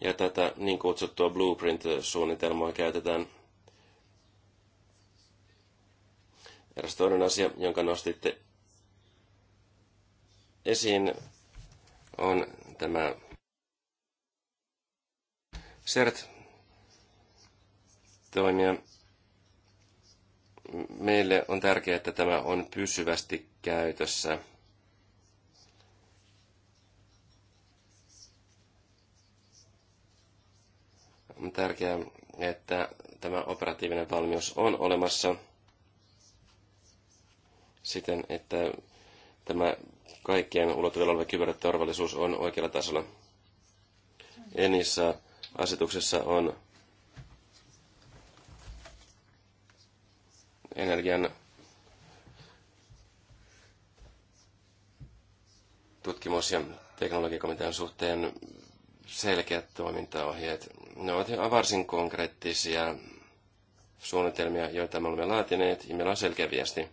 ja tätä niin kutsuttua blueprint-suunnitelmaa käytetään. Eräs toinen asia, jonka nostitte esiin, on tämä CERT, toimia. Meille on tärkeää, että tämä on pysyvästi käytössä. On tärkeää, että tämä operatiivinen valmius on olemassa siten, että tämä kaikkien ulottuvilla oleva kyberturvallisuus on oikealla tasolla. Enissä asetuksessa on energian tutkimus- ja teknologiakomitean suhteen selkeät toimintaohjeet. Ne ovat varsin konkreettisia suunnitelmia, joita me olemme laatineet, ja meillä on selkeä viesti.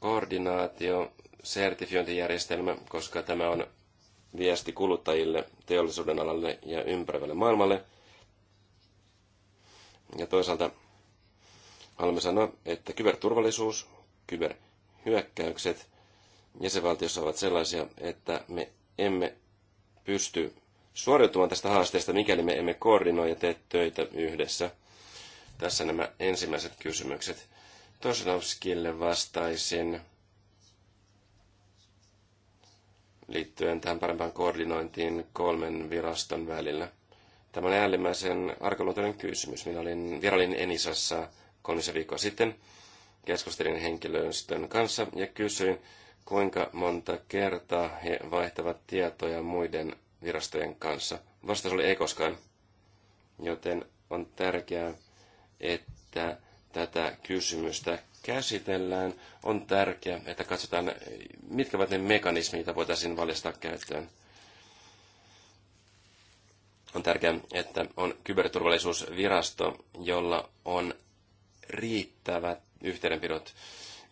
Koordinaatio, sertifiointijärjestelmä, koska tämä on viesti kuluttajille, teollisuuden alalle ja ympäröivälle maailmalle. Ja toisaalta Haluamme sanoa, että kyberturvallisuus, kyberhyökkäykset jäsenvaltiossa ovat sellaisia, että me emme pysty suoriutumaan tästä haasteesta, mikäli me emme koordinoi ja tee töitä yhdessä. Tässä nämä ensimmäiset kysymykset. Tosinovskille vastaisin liittyen tähän parempaan koordinointiin kolmen viraston välillä. Tämä on äärimmäisen arkaluontoinen kysymys. Minä olin, vierailin Enisassa kolmisen viikkoa sitten. Keskustelin henkilöstön kanssa ja kysyin, kuinka monta kertaa he vaihtavat tietoja muiden virastojen kanssa. Vastaus oli ei koskaan, joten on tärkeää, että tätä kysymystä käsitellään. On tärkeää, että katsotaan, mitkä ovat ne mekanismit, joita voitaisiin valistaa käyttöön. On tärkeää, että on kyberturvallisuusvirasto, jolla on riittävät yhteydenpidot.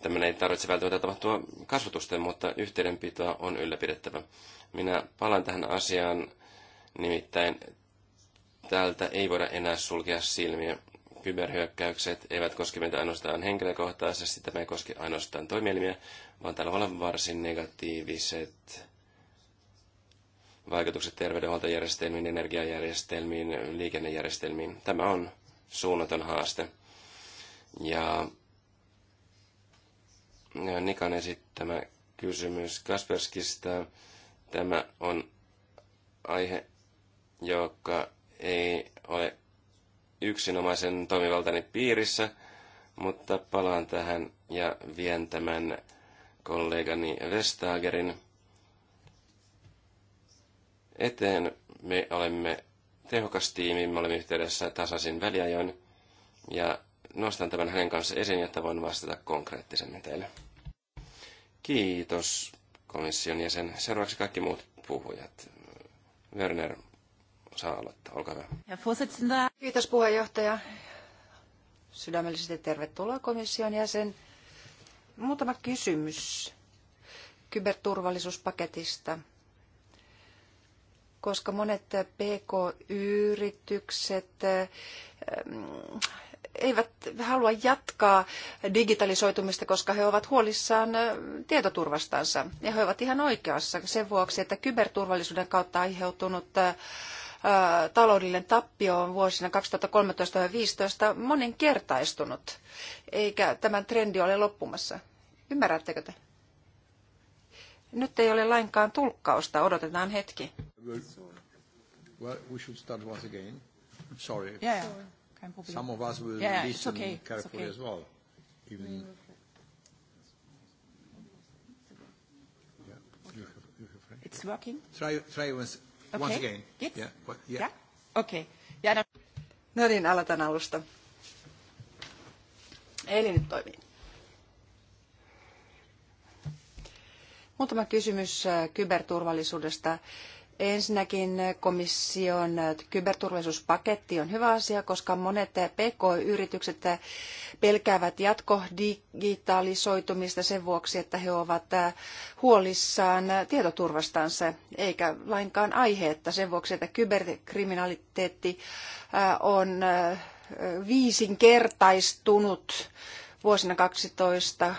Tämän ei tarvitse välttämättä tapahtua kasvatusten, mutta yhteydenpitoa on ylläpidettävä. Minä palaan tähän asiaan, nimittäin täältä ei voida enää sulkea silmiä. Kyberhyökkäykset eivät koske meitä ainoastaan henkilökohtaisesti, tämä ei koske ainoastaan toimielimiä, vaan täällä voi olla varsin negatiiviset vaikutukset terveydenhuoltojärjestelmiin, energiajärjestelmiin, liikennejärjestelmiin. Tämä on suunnaton haaste. Ja Nikan esittämä kysymys Kasperskista. Tämä on aihe, joka ei ole yksinomaisen toimivaltani piirissä, mutta palaan tähän ja vien tämän kollegani Vestagerin eteen. Me olemme tehokas tiimi, me olemme yhteydessä tasaisin väliajoin ja nostan tämän hänen kanssa esiin, jotta voin vastata konkreettisemmin teille. Kiitos komission jäsen. Seuraavaksi kaikki muut puhujat. Werner saa aloittaa. Olkaa hyvä. Kiitos puheenjohtaja. Sydämellisesti tervetuloa komission jäsen. Muutama kysymys kyberturvallisuuspaketista koska monet PK-yritykset eivät halua jatkaa digitalisoitumista, koska he ovat huolissaan tietoturvastansa. Ja he ovat ihan oikeassa sen vuoksi, että kyberturvallisuuden kautta aiheutunut taloudellinen tappio on vuosina 2013-2015 moninkertaistunut, eikä tämä trendi ole loppumassa. Ymmärrättekö te? Nyt ei ole lainkaan tulkkausta, odotetaan hetki. Well, we should start once again. Sorry. Yeah. Sorry kein Problem. Some of us will yeah, listen okay. carefully okay. as well. Even mm. yeah, It's working. Try, try once, okay. once again. Geht's? Yeah. What, yeah. yeah? Okay. Yeah, no. no niin, aloitan alusta. Eli nyt toimii. Muutama kysymys äh, kyberturvallisuudesta Ensinnäkin komission kyberturvallisuuspaketti on hyvä asia, koska monet PK-yritykset pelkäävät jatkodigitalisoitumista sen vuoksi, että he ovat huolissaan tietoturvastansa, eikä lainkaan aiheetta sen vuoksi, että kyberkriminaliteetti äh, on äh, viisinkertaistunut vuosina 12 2013-2015.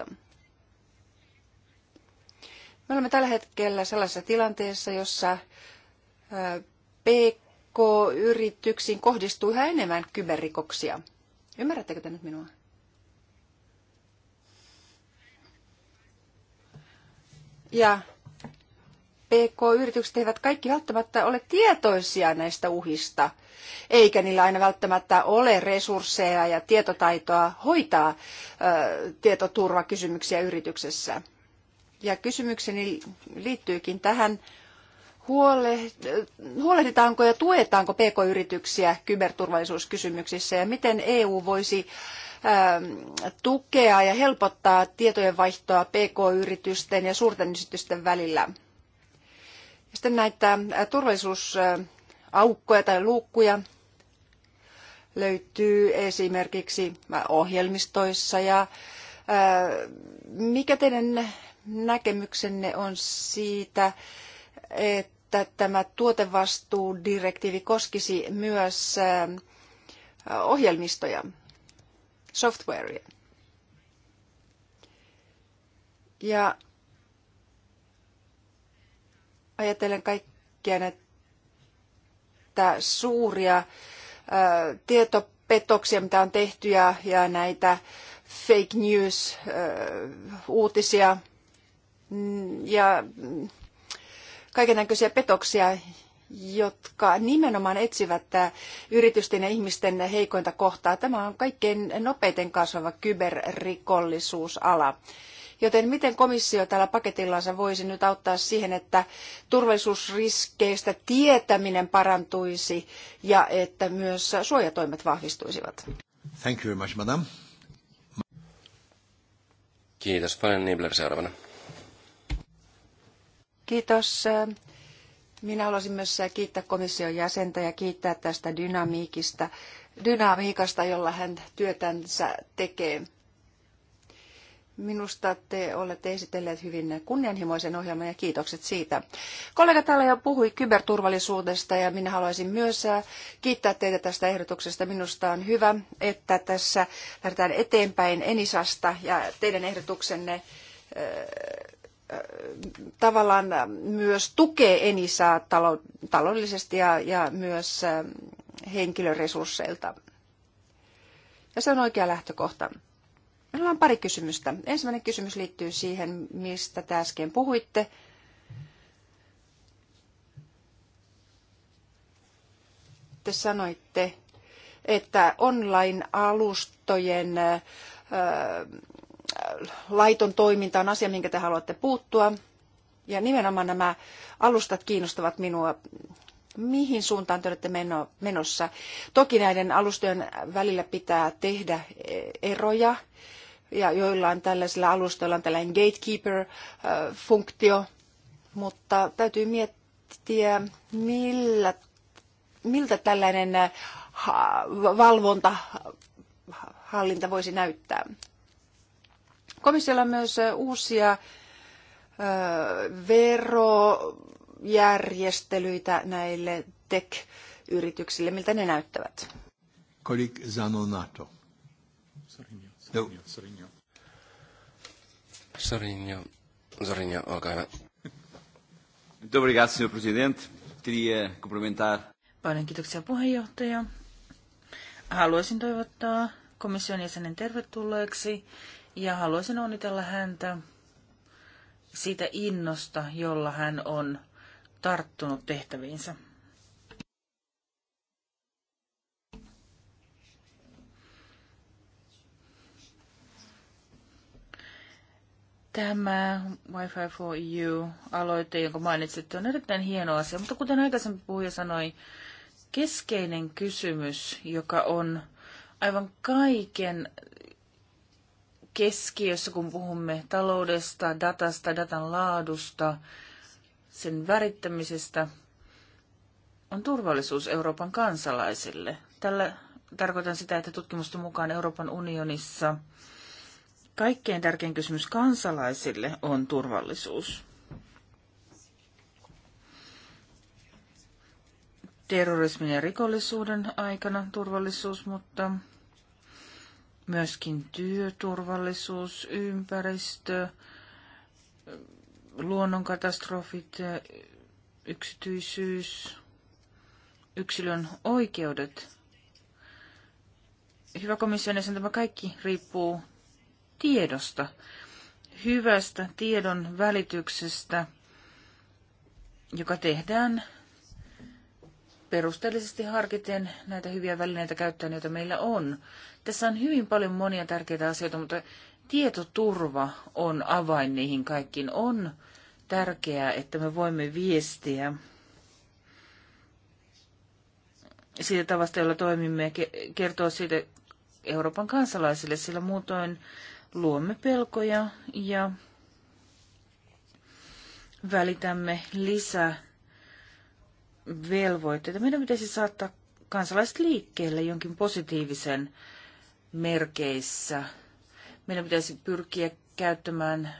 Äh, me olemme tällä hetkellä sellaisessa tilanteessa, jossa PK-yrityksiin kohdistuu yhä enemmän kyberrikoksia. Ymmärrättekö te nyt minua? Ja PK-yritykset eivät kaikki välttämättä ole tietoisia näistä uhista, eikä niillä aina välttämättä ole resursseja ja tietotaitoa hoitaa ö, tietoturvakysymyksiä yrityksessä. Ja kysymykseni liittyykin tähän, huolehditaanko ja tuetaanko pk-yrityksiä kyberturvallisuuskysymyksissä ja miten EU voisi ähm, tukea ja helpottaa tietojenvaihtoa pk-yritysten ja suurten yritysten välillä. Ja sitten näitä äh, turvallisuusaukkoja tai luukkuja löytyy esimerkiksi ohjelmistoissa ja äh, mikä teidän näkemyksenne on siitä, että tämä tuotevastuudirektiivi koskisi myös äh, ohjelmistoja, softwarea? Ja ajatellen kaikkia näitä suuria äh, tietopetoksia, mitä on tehty ja näitä fake news-uutisia, äh, Mm, ja mm, kaikenlaisia petoksia, jotka nimenomaan etsivät äh, yritysten ja ihmisten heikointa kohtaa. Tämä on kaikkein nopeiten kasvava kyberrikollisuusala. Joten miten komissio tällä paketillansa voisi nyt auttaa siihen, että turvallisuusriskeistä tietäminen parantuisi ja että myös suojatoimet vahvistuisivat? Thank you very much, madam. Kiitos paljon, Nibler seuraavana. Kiitos. Minä haluaisin myös kiittää komission jäsentä ja kiittää tästä dynamiikista, dynamiikasta, jolla hän työtänsä tekee. Minusta te olette esitelleet hyvin kunnianhimoisen ohjelman ja kiitokset siitä. Kollega täällä jo puhui kyberturvallisuudesta ja minä haluaisin myös kiittää teitä tästä ehdotuksesta. Minusta on hyvä, että tässä lähdetään eteenpäin Enisasta ja teidän ehdotuksenne tavallaan myös tukee Enisaa taloudellisesti ja, ja myös ähm, henkilöresursseilta. Ja se on oikea lähtökohta. Meillä on pari kysymystä. Ensimmäinen kysymys liittyy siihen, mistä te äsken puhuitte. Te sanoitte, että online-alustojen äh, laiton toiminta on asia, minkä te haluatte puuttua. Ja nimenomaan nämä alustat kiinnostavat minua. Mihin suuntaan te olette menossa? Toki näiden alustojen välillä pitää tehdä e, eroja. Ja joillain tällaisilla alustoilla on tällainen gatekeeper-funktio, mutta täytyy miettiä, millä, miltä tällainen valvonta hallinta voisi näyttää. Komissiolla on myös uusia verojärjestelyitä näille tech-yrityksille. Miltä ne näyttävät? Kolik Zanonato. No. Sorinio, Sorinio, olkaa hyvä. presidente. Paljon kiitoksia puheenjohtaja. Haluaisin toivottaa komission jäsenen tervetulleeksi ja haluaisin onnitella häntä siitä innosta, jolla hän on tarttunut tehtäviinsä. Tämä Wi-Fi for EU-aloite, jonka mainitsitte, on erittäin hieno asia, mutta kuten aikaisemmin puhuja sanoi, keskeinen kysymys, joka on aivan kaiken keskiössä, kun puhumme taloudesta, datasta, datan laadusta, sen värittämisestä, on turvallisuus Euroopan kansalaisille. Tällä tarkoitan sitä, että tutkimusten mukaan Euroopan unionissa kaikkein tärkein kysymys kansalaisille on turvallisuus. Terrorismin ja rikollisuuden aikana turvallisuus, mutta myöskin työturvallisuus, ympäristö, luonnonkatastrofit, yksityisyys, yksilön oikeudet. Hyvä komission jäsen, tämä kaikki riippuu tiedosta, hyvästä tiedon välityksestä, joka tehdään perusteellisesti harkiten näitä hyviä välineitä käyttäen, joita meillä on. Tässä on hyvin paljon monia tärkeitä asioita, mutta tietoturva on avain niihin kaikkiin. On tärkeää, että me voimme viestiä siitä tavasta, jolla toimimme ja kertoa siitä Euroopan kansalaisille, sillä muutoin luomme pelkoja ja välitämme lisää velvoitteita. Meidän pitäisi saattaa kansalaiset liikkeelle jonkin positiivisen merkeissä. Meidän pitäisi pyrkiä käyttämään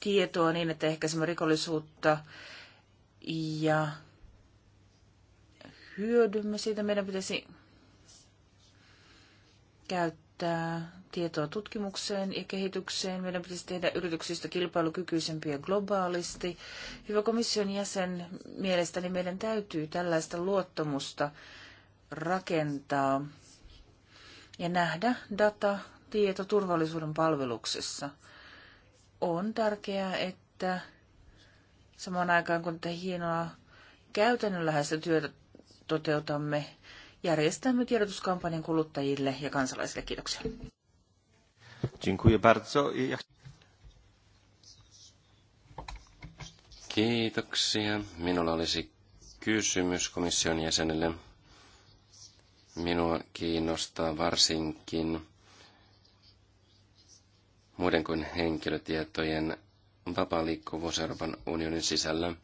tietoa niin, että ehkäisemme rikollisuutta ja hyödymme siitä. Meidän pitäisi käyttää käyttää tietoa tutkimukseen ja kehitykseen. Meidän pitäisi tehdä yrityksistä kilpailukykyisempiä globaalisti. Hyvä komission jäsen, mielestäni meidän täytyy tällaista luottamusta rakentaa ja nähdä data tieto turvallisuuden palveluksessa. On tärkeää, että samaan aikaan kun tätä hienoa käytännönläheistä työtä toteutamme, järjestämme tiedotuskampanjan kuluttajille ja kansalaisille. Kiitoksia. Kiitoksia. Minulla olisi kysymys komission jäsenelle. Minua kiinnostaa varsinkin muiden kuin henkilötietojen vapaa liikkuvuus Euroopan unionin sisällä.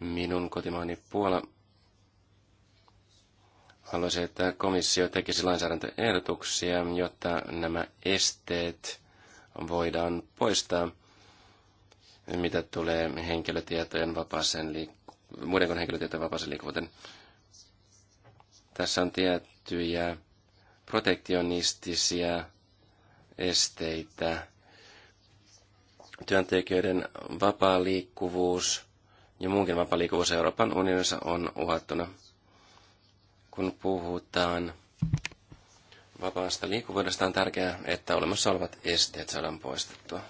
Minun kotimaani Puola Haluaisin, että komissio tekisi lainsäädäntöehdotuksia, jotta nämä esteet voidaan poistaa, mitä tulee henkilötietojen vapaaseen liik- muiden kuin henkilötietojen vapaaseen liikkuvuuteen. Tässä on tiettyjä protektionistisia esteitä, työntekijöiden vapaa liikkuvuus ja muunkin vapaa liikkuvuus Euroopan unionissa on uhattuna. Kun puhutaan vapaasta liikkuvuudesta, on tärkeää, että olemassa olevat esteet saadaan poistettua.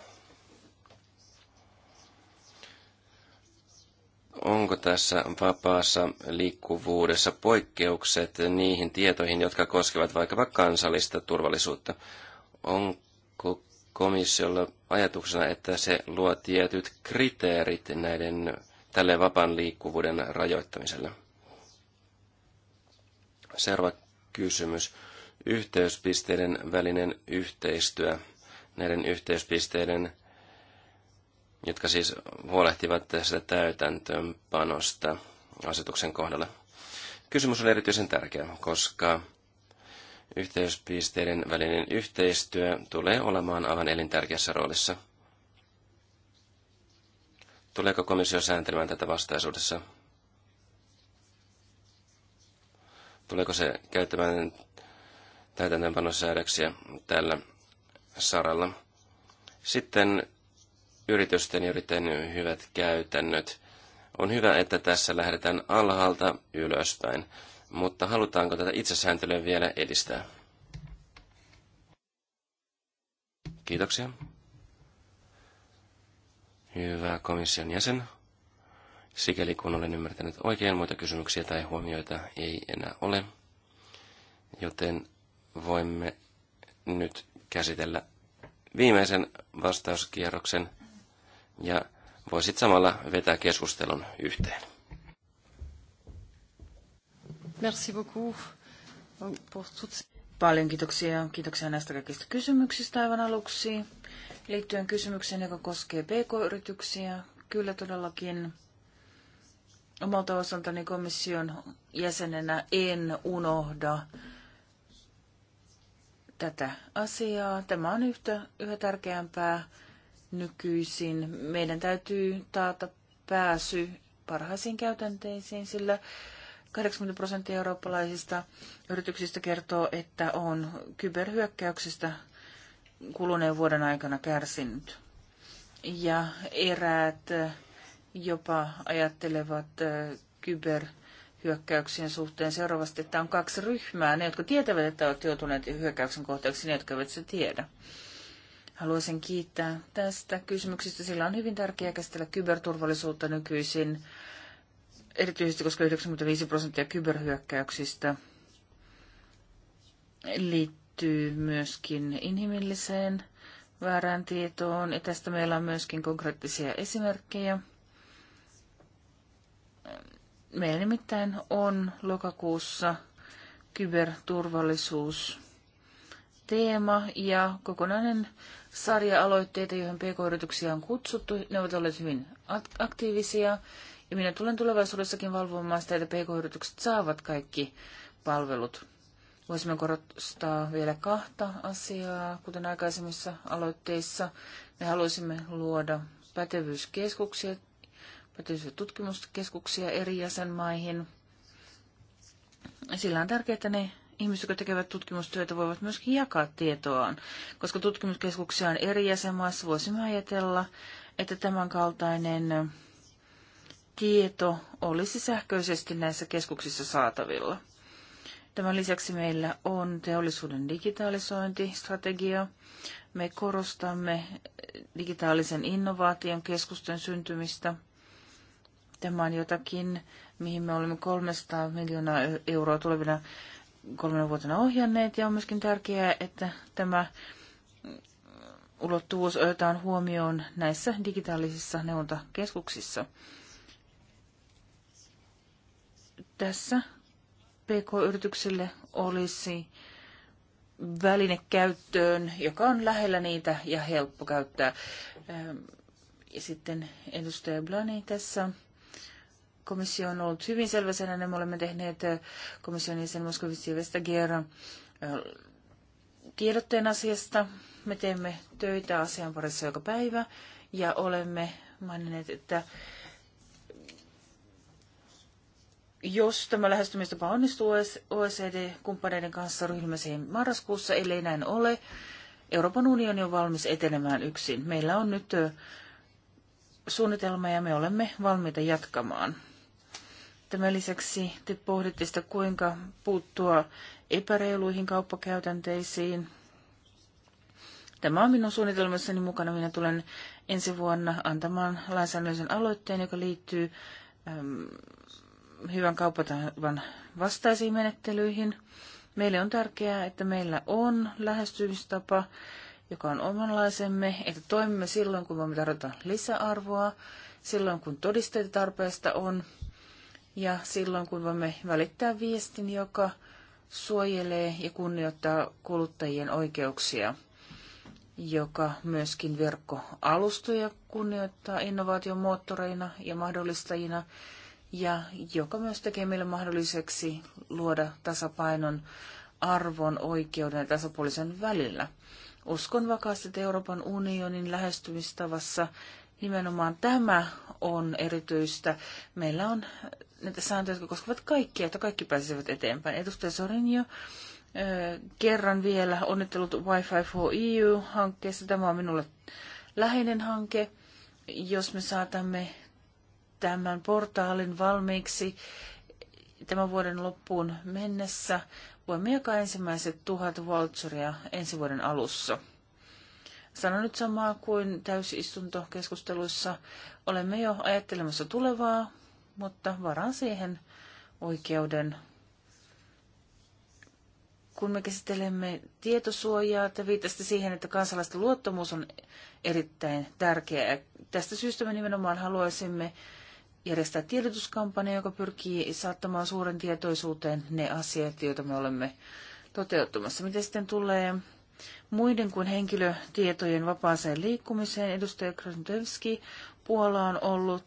Onko tässä vapaassa liikkuvuudessa poikkeukset niihin tietoihin, jotka koskevat vaikkapa kansallista turvallisuutta? Onko komissiolla ajatuksena, että se luo tietyt kriteerit näiden tälle vapaan liikkuvuuden rajoittamiselle? Seuraava kysymys. Yhteyspisteiden välinen yhteistyö. Näiden yhteyspisteiden, jotka siis huolehtivat tästä täytäntöönpanosta asetuksen kohdalla. Kysymys on erityisen tärkeä, koska yhteyspisteiden välinen yhteistyö tulee olemaan aivan elintärkeässä roolissa. Tuleeko komissio sääntelemään tätä vastaisuudessa? Tuleeko se käyttämään täytäntöönpanosäädöksiä tällä saralla? Sitten yritysten ja yrittäjien hyvät käytännöt. On hyvä, että tässä lähdetään alhaalta ylöspäin, mutta halutaanko tätä itsesääntelyä vielä edistää? Kiitoksia. Hyvä komission jäsen. Sikäli kun olen ymmärtänyt oikein, muita kysymyksiä tai huomioita ei enää ole, joten voimme nyt käsitellä viimeisen vastauskierroksen ja voisit samalla vetää keskustelun yhteen. Merci beaucoup Paljon kiitoksia. Kiitoksia näistä kaikista kysymyksistä aivan aluksi. Liittyen kysymykseen, joka koskee pk-yrityksiä, kyllä todellakin omalta osaltani komission jäsenenä en unohda tätä asiaa. Tämä on yhtä, yhä tärkeämpää nykyisin. Meidän täytyy taata pääsy parhaisiin käytänteisiin, sillä 80 prosenttia eurooppalaisista yrityksistä kertoo, että on kyberhyökkäyksistä kuluneen vuoden aikana kärsinyt. Ja eräät jopa ajattelevat kyberhyökkäyksien suhteen seuraavasti, että on kaksi ryhmää. Ne, jotka tietävät, että ovat joutuneet hyökkäyksen kohteeksi, ne, jotka eivät se tiedä. Haluaisin kiittää tästä kysymyksestä. Sillä on hyvin tärkeää käsitellä kyberturvallisuutta nykyisin, erityisesti koska 95 prosenttia kyberhyökkäyksistä liittyy myöskin inhimilliseen väärään tietoon. Ja tästä meillä on myöskin konkreettisia esimerkkejä. Meillä nimittäin on lokakuussa kyberturvallisuus teema ja kokonainen sarja aloitteita, joihin pk-yrityksiä on kutsuttu. Ne ovat olleet hyvin aktiivisia ja minä tulen tulevaisuudessakin valvomaan sitä, että pk-yritykset saavat kaikki palvelut. Voisimme korostaa vielä kahta asiaa, kuten aikaisemmissa aloitteissa. Me haluaisimme luoda pätevyyskeskukset pätevyys- tutkimuskeskuksia eri jäsenmaihin. Sillä on tärkeää, että ne ihmiset, jotka tekevät tutkimustyötä, voivat myöskin jakaa tietoaan. Koska tutkimuskeskuksia on eri jäsenmaissa, voisimme ajatella, että tämänkaltainen tieto olisi sähköisesti näissä keskuksissa saatavilla. Tämän lisäksi meillä on teollisuuden digitalisointistrategia. Me korostamme digitaalisen innovaation keskusten syntymistä – Tämä on jotakin, mihin me olemme 300 miljoonaa euroa tulevina kolmena vuotena ohjanneet, ja on myöskin tärkeää, että tämä ulottuvuus otetaan huomioon näissä digitaalisissa neuvontakeskuksissa. Tässä PK-yrityksille olisi väline käyttöön, joka on lähellä niitä ja helppo käyttää. Ehm, ja sitten edustaja Blani tässä komissio on ollut hyvin selvä sen, me olemme tehneet äh, komission jäsen Moskovitsi ja Vestager äh, tiedotteen asiasta. Me teemme töitä asian parissa joka päivä ja olemme maininneet, että jos tämä lähestymistapa onnistuu OECD-kumppaneiden kanssa, ryhmämme siihen marraskuussa, ellei näin ole, Euroopan unioni on valmis etenemään yksin. Meillä on nyt suunnitelma ja me olemme valmiita jatkamaan. Tämän lisäksi te pohditte sitä, kuinka puuttua epäreiluihin kauppakäytänteisiin. Tämä on minun suunnitelmassani mukana. Minä tulen ensi vuonna antamaan lainsäädännöllisen aloitteen, joka liittyy äm, hyvän kauppatavan vastaisiin menettelyihin. Meille on tärkeää, että meillä on lähestymistapa, joka on omanlaisemme, että toimimme silloin, kun voimme tarjota lisäarvoa, silloin, kun todisteita tarpeesta on, ja silloin kun voimme välittää viestin, joka suojelee ja kunnioittaa kuluttajien oikeuksia, joka myöskin verkkoalustoja kunnioittaa innovaatiomoottoreina ja mahdollistajina, ja joka myös tekee meille mahdolliseksi luoda tasapainon arvon, oikeuden ja tasapuolisen välillä. Uskon vakaasti, että Euroopan unionin lähestymistavassa nimenomaan tämä on erityistä. Meillä on näitä sääntöjä, jotka koskevat kaikkia, että kaikki pääsisivät eteenpäin. Edustaja Sorinio, kerran vielä onnittelut Wi-Fi for EU-hankkeessa. Tämä on minulle läheinen hanke. Jos me saatamme tämän portaalin valmiiksi tämän vuoden loppuun mennessä, voimme jakaa ensimmäiset tuhat voucheria ensi vuoden alussa. Sanon nyt samaa kuin täysistuntokeskusteluissa. Olemme jo ajattelemassa tulevaa mutta varan siihen oikeuden. Kun me käsittelemme tietosuojaa, te viittasitte siihen, että kansalaisten luottamus on erittäin tärkeää. Tästä syystä me nimenomaan haluaisimme järjestää tiedotuskampanja, joka pyrkii saattamaan suuren tietoisuuteen ne asiat, joita me olemme toteuttamassa. Mitä sitten tulee muiden kuin henkilötietojen vapaaseen liikkumiseen? Edustaja Krasnodevski, Puola on ollut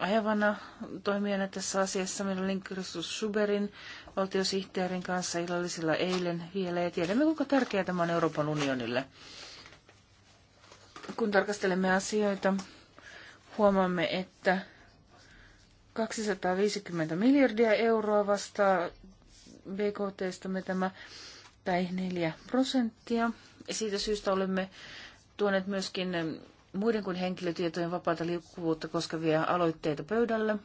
ajavana toimijana tässä asiassa. Meillä oli Kristus Schuberin valtiosihteerin kanssa illallisilla eilen vielä ja tiedämme, kuinka tärkeää tämä on Euroopan unionille. Kun tarkastelemme asioita, huomaamme, että 250 miljardia euroa vastaa BKTstämme tämä tai 4 prosenttia. Ja siitä syystä olemme tuoneet myöskin muiden kuin henkilötietojen vapaata liikkuvuutta koskevia aloitteita pöydällä.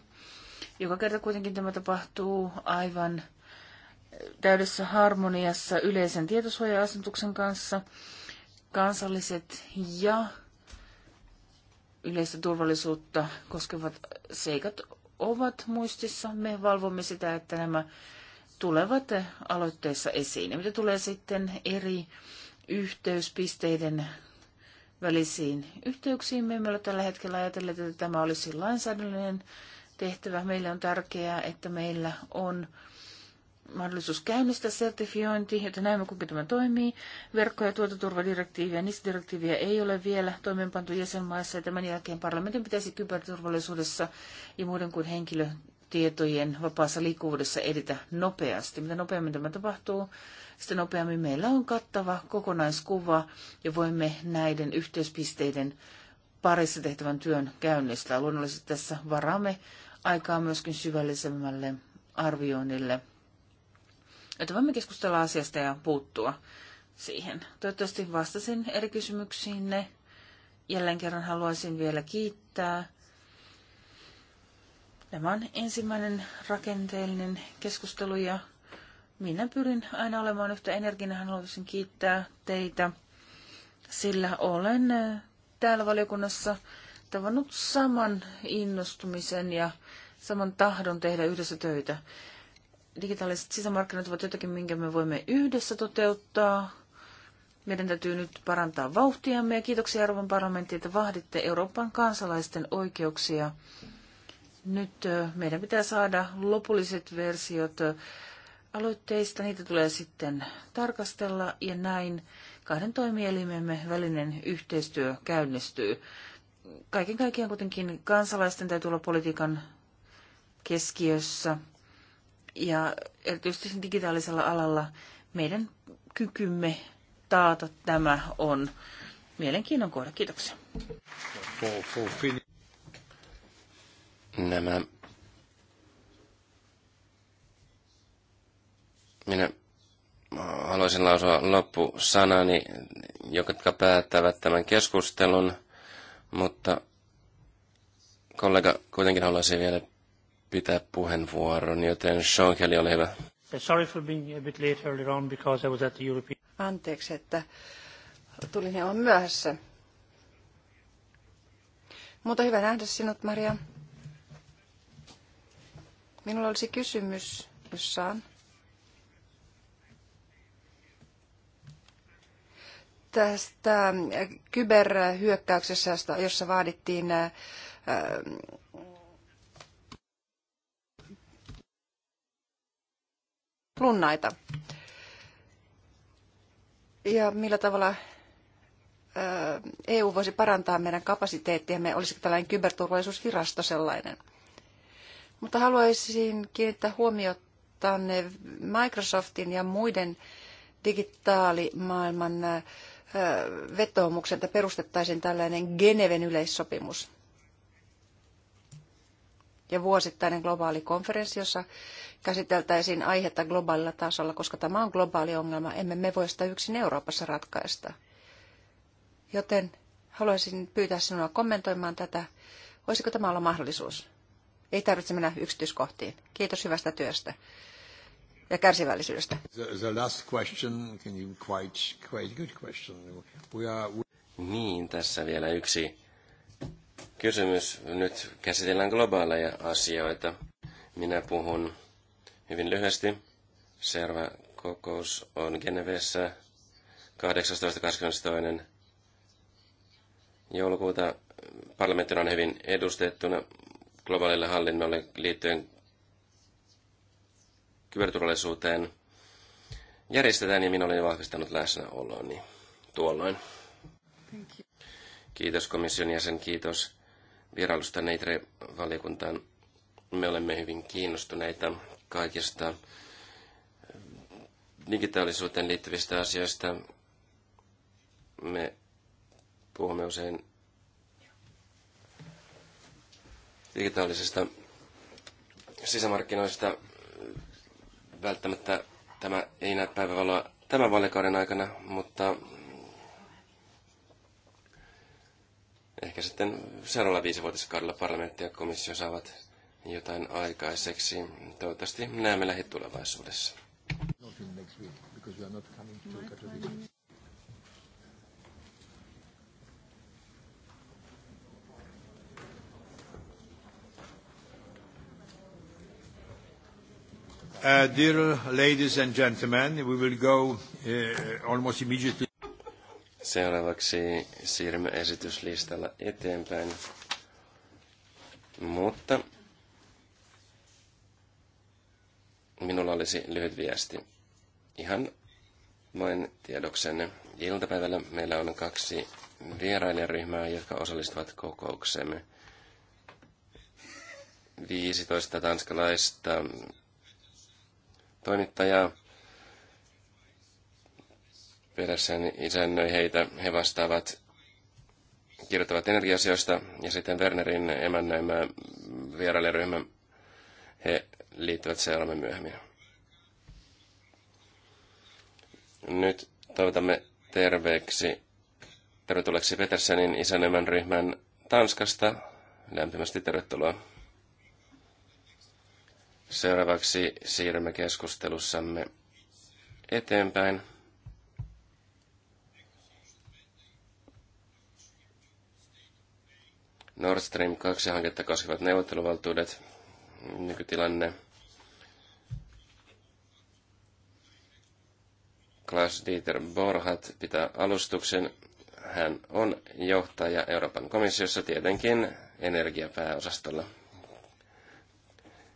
Joka kerta kuitenkin tämä tapahtuu aivan täydessä harmoniassa yleisen tietosuoja-asetuksen kanssa. Kansalliset ja yleistä turvallisuutta koskevat seikat ovat muistissa. Me valvomme sitä, että nämä tulevat aloitteessa esiin. Ja mitä tulee sitten eri yhteyspisteiden välisiin yhteyksiin. Me emme ole tällä hetkellä ajatelleet, että tämä olisi lainsäädännöllinen tehtävä. Meille on tärkeää, että meillä on mahdollisuus käynnistää sertifiointi, jotta näemme, kuinka tämä toimii. Verkko- ja tuototurvadirektiiviä, niistä direktiiviä ei ole vielä toimeenpantu jäsenmaissa, ja tämän jälkeen parlamentin pitäisi kyberturvallisuudessa ja muiden kuin henkilö tietojen vapaassa liikkuvuudessa edetä nopeasti. Mitä nopeammin tämä tapahtuu, sitä nopeammin meillä on kattava kokonaiskuva ja voimme näiden yhteispisteiden parissa tehtävän työn käynnistää. Luonnollisesti tässä varaamme aikaa myöskin syvällisemmälle arvioinnille, Että voimme keskustella asiasta ja puuttua siihen. Toivottavasti vastasin eri kysymyksiinne. Jälleen kerran haluaisin vielä kiittää Tämä on ensimmäinen rakenteellinen keskustelu ja minä pyrin aina olemaan yhtä energinen. Haluaisin kiittää teitä, sillä olen äh, täällä valiokunnassa tavannut saman innostumisen ja saman tahdon tehdä yhdessä töitä. Digitaaliset sisämarkkinat ovat jotakin, minkä me voimme yhdessä toteuttaa. Meidän täytyy nyt parantaa vauhtiamme ja kiitoksia Euroopan parlamentti, että vahditte Euroopan kansalaisten oikeuksia nyt meidän pitää saada lopulliset versiot aloitteista. Niitä tulee sitten tarkastella ja näin kahden toimielimemme välinen yhteistyö käynnistyy. Kaiken kaikkiaan kuitenkin kansalaisten täytyy olla politiikan keskiössä ja erityisesti digitaalisella alalla meidän kykymme taata tämä on mielenkiinnon kohde. Kiitoksia nämä... Minä haluaisin lausua loppusanani, jotka päättävät tämän keskustelun, mutta kollega kuitenkin haluaisi vielä pitää puheenvuoron, joten Sean Kelly, ole hyvä. on Anteeksi, että tulin hieman myöhässä. Mutta hyvä nähdä sinut, Maria. Minulla olisi kysymys, jos saan. Tästä äh, kyberhyökkäyksessä, jossa vaadittiin lunnaita. Äh, äh, ja millä tavalla EU voisi parantaa meidän kapasiteettiamme, olisiko tällainen kyberturvallisuusvirasto sellainen? Mutta haluaisin kiinnittää huomiota Microsoftin ja muiden digitaalimaailman äh, vetoomuksen, että perustettaisiin tällainen Geneven yleissopimus ja vuosittainen globaali konferenssi, jossa käsiteltäisiin aihetta globaalilla tasolla, koska tämä on globaali ongelma. Emme me voi sitä yksin Euroopassa ratkaista. Joten haluaisin pyytää sinua kommentoimaan tätä. Voisiko tämä olla mahdollisuus? Ei tarvitse mennä yksityiskohtiin. Kiitos hyvästä työstä ja kärsivällisyydestä. Niin, tässä vielä yksi kysymys. Nyt käsitellään globaaleja asioita. Minä puhun hyvin lyhyesti. Seuraava kokous on Genevessä 18.22. joulukuuta Parlamentti on hyvin edustettuna globaalille hallinnolle liittyen kyberturvallisuuteen järjestetään, ja minä olin vahvistanut läsnäoloni tuolloin. Kiitos komission jäsen, kiitos vierailusta Neitre-valiokuntaan. Me olemme hyvin kiinnostuneita kaikista digitaalisuuteen liittyvistä asioista. Me puhumme usein digitaalisista sisämarkkinoista. Välttämättä tämä ei näe päivävaloa tämän vaalikauden aikana, mutta ehkä sitten seuraavalla viisivuotiskaudella parlamentti ja komissio saavat jotain aikaiseksi. Toivottavasti näemme lähitulevaisuudessa. Uh, dear ladies and gentlemen, we will go uh, almost immediately. Seuraavaksi siirrymme esityslistalla eteenpäin. Mutta minulla olisi lyhyt viesti. Ihan vain tiedoksenne. Iltapäivällä meillä on kaksi vierailijaryhmää, jotka osallistuvat kokoukseemme. 15 tanskalaista toimittajaa. Perässään isännöi heitä, he vastaavat, kirjoittavat energiasioista, ja sitten Wernerin emännöimä vierailijaryhmä, he liittyvät seuraamme myöhemmin. Nyt toivotamme terveeksi, tervetulleeksi Petersenin isännöimän ryhmän Tanskasta. Lämpimästi tervetuloa. Seuraavaksi siirrymme keskustelussamme eteenpäin. Nord Stream 2-hanketta koskevat neuvotteluvaltuudet, nykytilanne, Klaus Dieter Borhat pitää alustuksen. Hän on johtaja Euroopan komissiossa tietenkin energiapääosastolla.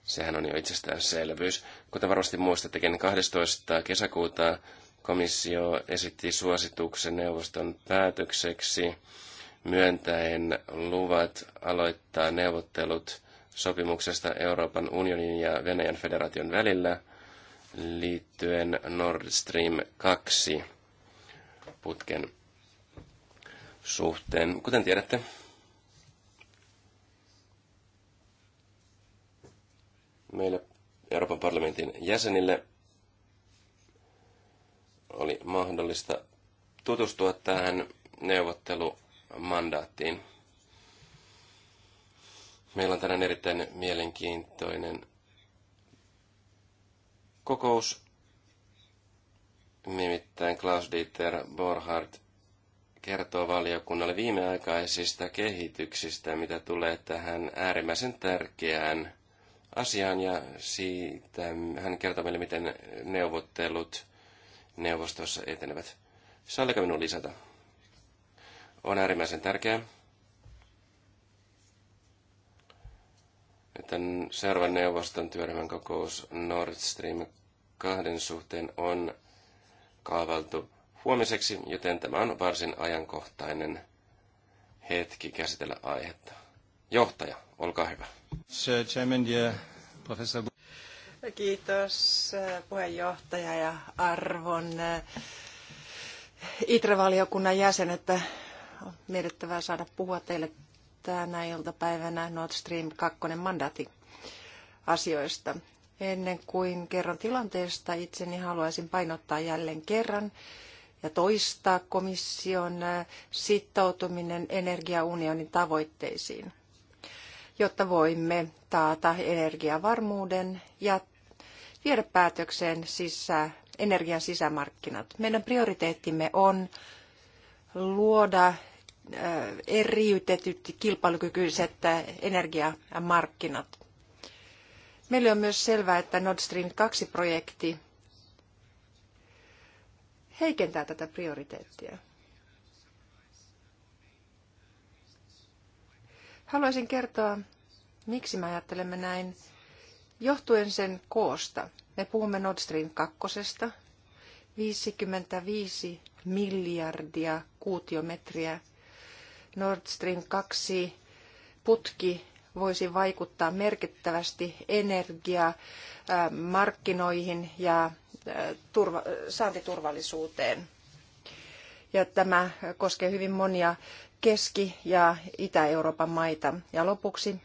Sehän on jo itsestäänselvyys. Kuten varmasti muistattekin, 12. Niin kesäkuuta komissio esitti suosituksen neuvoston päätökseksi myöntäen luvat aloittaa neuvottelut sopimuksesta Euroopan unionin ja Venäjän federaation välillä liittyen Nord Stream 2 putken suhteen. Kuten tiedätte, Meille Euroopan parlamentin jäsenille oli mahdollista tutustua tähän neuvottelumandaattiin. Meillä on tänään erittäin mielenkiintoinen kokous. Nimittäin Klaus Dieter Borhardt kertoo valiokunnalle viimeaikaisista kehityksistä, mitä tulee tähän äärimmäisen tärkeään asiaan ja siitä hän kertoo meille, miten neuvottelut neuvostossa etenevät. Salliko minun lisätä? On äärimmäisen tärkeää, että seuraavan neuvoston työryhmän kokous Nord Stream 2 suhteen on kaavaltu huomiseksi, joten tämä on varsin ajankohtainen hetki käsitellä aihetta johtaja, olkaa hyvä. Kiitos eh, puheenjohtaja ja arvon eh, ITRE-valiokunnan jäsen, että on miellyttävää saada puhua teille tänä iltapäivänä Nord Stream 2 mandaatin asioista. Ennen kuin kerron tilanteesta itseni, haluaisin painottaa jälleen kerran ja toistaa komission eh, sitoutuminen energiaunionin tavoitteisiin jotta voimme taata energiavarmuuden ja viedä päätökseen sisä, energian sisämarkkinat. Meidän prioriteettimme on luoda äh, eriytetyt kilpailukykyiset äh, energiamarkkinat. Meille on myös selvää, että Nord Stream 2-projekti heikentää tätä prioriteettia. Haluaisin kertoa, miksi me ajattelemme näin, johtuen sen koosta. Me puhumme Nord Stream 2, 55 miljardia kuutiometriä. Nord Stream 2 putki voisi vaikuttaa merkittävästi energia äh, markkinoihin ja äh, turva, saantiturvallisuuteen. Ja tämä koskee hyvin monia Keski- ja Itä-Euroopan maita. Ja lopuksi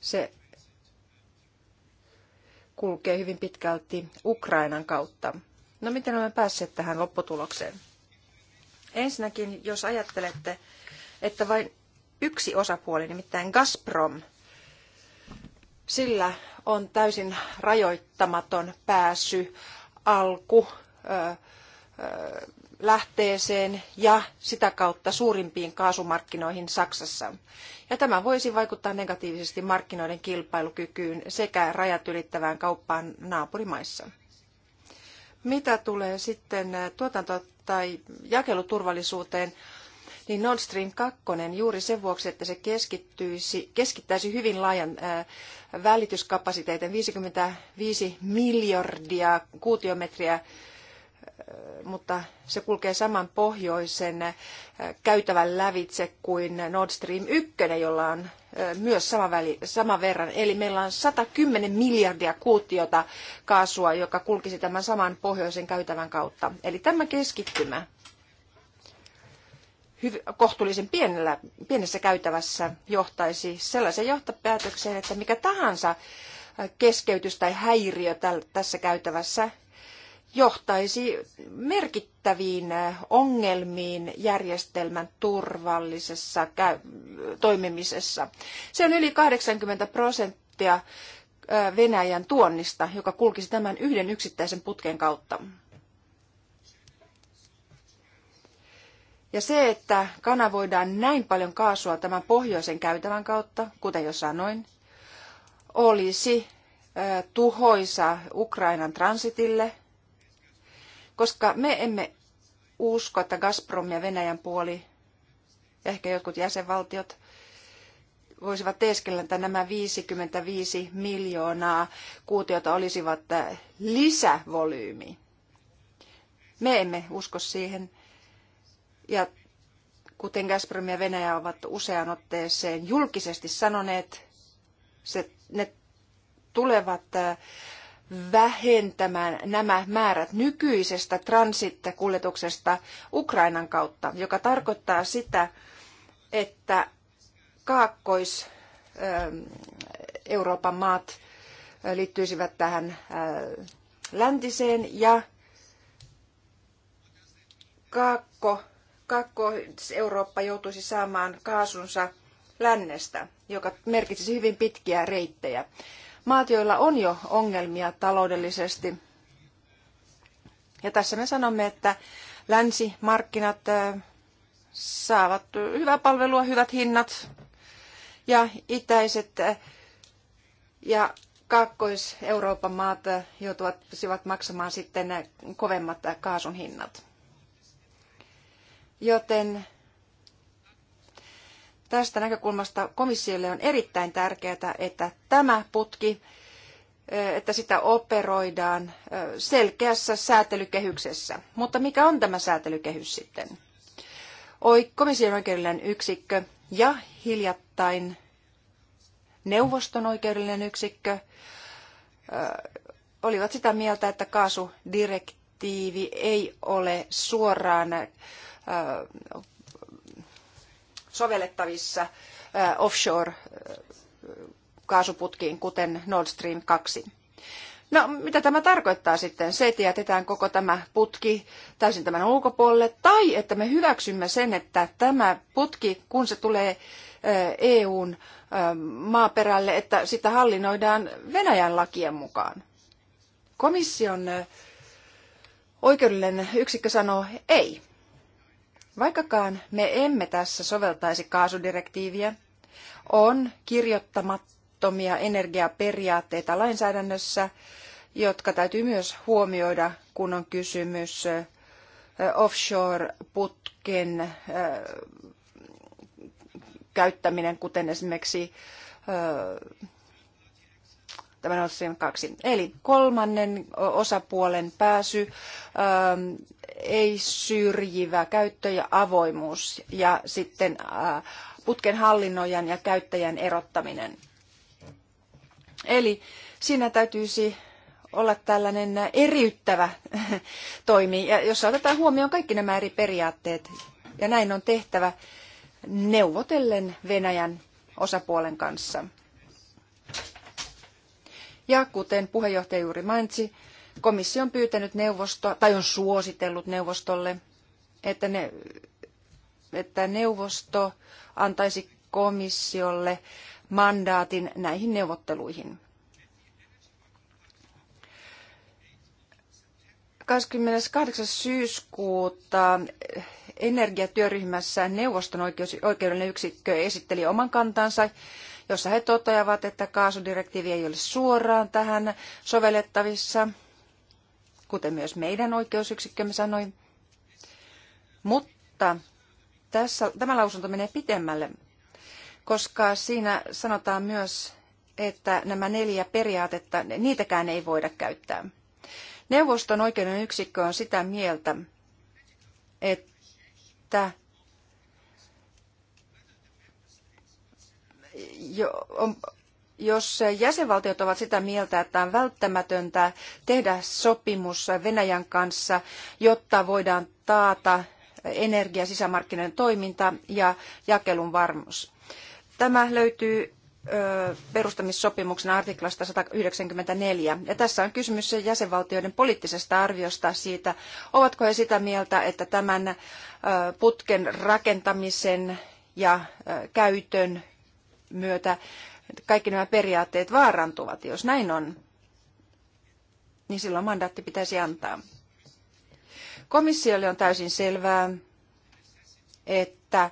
se kulkee hyvin pitkälti Ukrainan kautta. No miten olemme päässeet tähän lopputulokseen? Ensinnäkin, jos ajattelette, että vain yksi osapuoli, nimittäin Gazprom, sillä on täysin rajoittamaton pääsy alku lähteeseen ja sitä kautta suurimpiin kaasumarkkinoihin Saksassa. Ja tämä voisi vaikuttaa negatiivisesti markkinoiden kilpailukykyyn sekä rajat ylittävään kauppaan naapurimaissa. Mitä tulee sitten äh, tuotanto- tai jakeluturvallisuuteen, niin Nord Stream 2 juuri sen vuoksi, että se keskittyisi, keskittäisi hyvin laajan ää, äh, välityskapasiteetin 55 miljardia kuutiometriä mutta se kulkee saman pohjoisen äh, käytävän lävitse kuin Nord Stream 1, jolla on äh, myös sama väli, saman verran. Eli meillä on 110 miljardia kuutiota kaasua, joka kulkisi tämän saman pohjoisen käytävän kautta. Eli tämä keskittymä kohtuullisen pienellä, pienessä käytävässä johtaisi sellaisen johtopäätökseen, että mikä tahansa äh, keskeytys tai häiriö tässä käytävässä johtaisi merkittäviin ongelmiin järjestelmän turvallisessa toimimisessa. Se on yli 80 prosenttia Venäjän tuonnista, joka kulkisi tämän yhden yksittäisen putken kautta. Ja se, että kanavoidaan näin paljon kaasua tämän pohjoisen käytävän kautta, kuten jo sanoin, olisi tuhoisa Ukrainan transitille – koska me emme usko, että Gazprom ja Venäjän puoli, ehkä jotkut jäsenvaltiot, voisivat teeskellä, että nämä 55 miljoonaa kuutiota olisivat äh, lisävolyymi. Me emme usko siihen. Ja kuten Gazprom ja Venäjä ovat useaan otteeseen julkisesti sanoneet, se, ne tulevat äh, vähentämään nämä määrät nykyisestä transitkuljetuksesta Ukrainan kautta, joka tarkoittaa sitä, että Kaakkois-Euroopan ähm, maat äh, liittyisivät tähän äh, läntiseen ja Kaakko, Kaakkois-Eurooppa joutuisi saamaan kaasunsa lännestä, joka merkitsisi hyvin pitkiä reittejä maat, joilla on jo ongelmia taloudellisesti. Ja tässä me sanomme, että länsimarkkinat saavat hyvää palvelua, hyvät hinnat ja itäiset ja Kaakkois-Euroopan maat joutuvat maksamaan sitten kovemmat kaasun hinnat. Joten Tästä näkökulmasta komissiolle on erittäin tärkeää, että tämä putki, että sitä operoidaan selkeässä säätelykehyksessä. Mutta mikä on tämä säätelykehys sitten? Oi, komission oikeudellinen yksikkö ja hiljattain neuvoston oikeudellinen yksikkö olivat sitä mieltä, että kaasudirektiivi ei ole suoraan sovellettavissa äh, offshore-kaasuputkiin, äh, kuten Nord Stream 2. No, mitä tämä tarkoittaa sitten? Se, että jätetään koko tämä putki täysin tämän ulkopuolelle, tai että me hyväksymme sen, että tämä putki, kun se tulee äh, EUn maaperälle, että sitä hallinnoidaan Venäjän lakien mukaan. Komission oikeudellinen yksikkö sanoo ei. Vaikkakaan me emme tässä soveltaisi kaasudirektiiviä, on kirjoittamattomia energiaperiaatteita lainsäädännössä, jotka täytyy myös huomioida, kun on kysymys offshore-putken käyttäminen, kuten esimerkiksi tämän Nord kaksi, Eli kolmannen osapuolen pääsy, ähm, ei syrjivä käyttö ja avoimuus ja sitten äh, putken hallinnoijan ja käyttäjän erottaminen. Eli siinä täytyisi olla tällainen eriyttävä toimi, ja jossa otetaan huomioon kaikki nämä eri periaatteet. Ja näin on tehtävä neuvotellen Venäjän osapuolen kanssa. Ja kuten puheenjohtaja juuri mainitsi, komissio on pyytänyt neuvostoa, tai on suositellut neuvostolle, että, ne, että neuvosto antaisi komissiolle mandaatin näihin neuvotteluihin. 28. syyskuuta energiatyöryhmässä neuvoston oikeudellinen yksikkö esitteli oman kantansa jossa he toteavat, että kaasudirektiivi ei ole suoraan tähän sovellettavissa, kuten myös meidän oikeusyksikkömme sanoi. Mutta tässä, tämä lausunto menee pitemmälle, koska siinä sanotaan myös, että nämä neljä periaatetta, niitäkään ei voida käyttää. Neuvoston oikeuden yksikkö on sitä mieltä, että jos jäsenvaltiot ovat sitä mieltä, että on välttämätöntä tehdä sopimus Venäjän kanssa, jotta voidaan taata energia sisämarkkinoiden toiminta ja jakelun varmuus. Tämä löytyy perustamissopimuksen artiklasta 194. Ja tässä on kysymys jäsenvaltioiden poliittisesta arviosta siitä, ovatko he sitä mieltä, että tämän putken rakentamisen ja käytön myötä kaikki nämä periaatteet vaarantuvat. Jos näin on, niin silloin mandaatti pitäisi antaa. Komissiolle on täysin selvää, että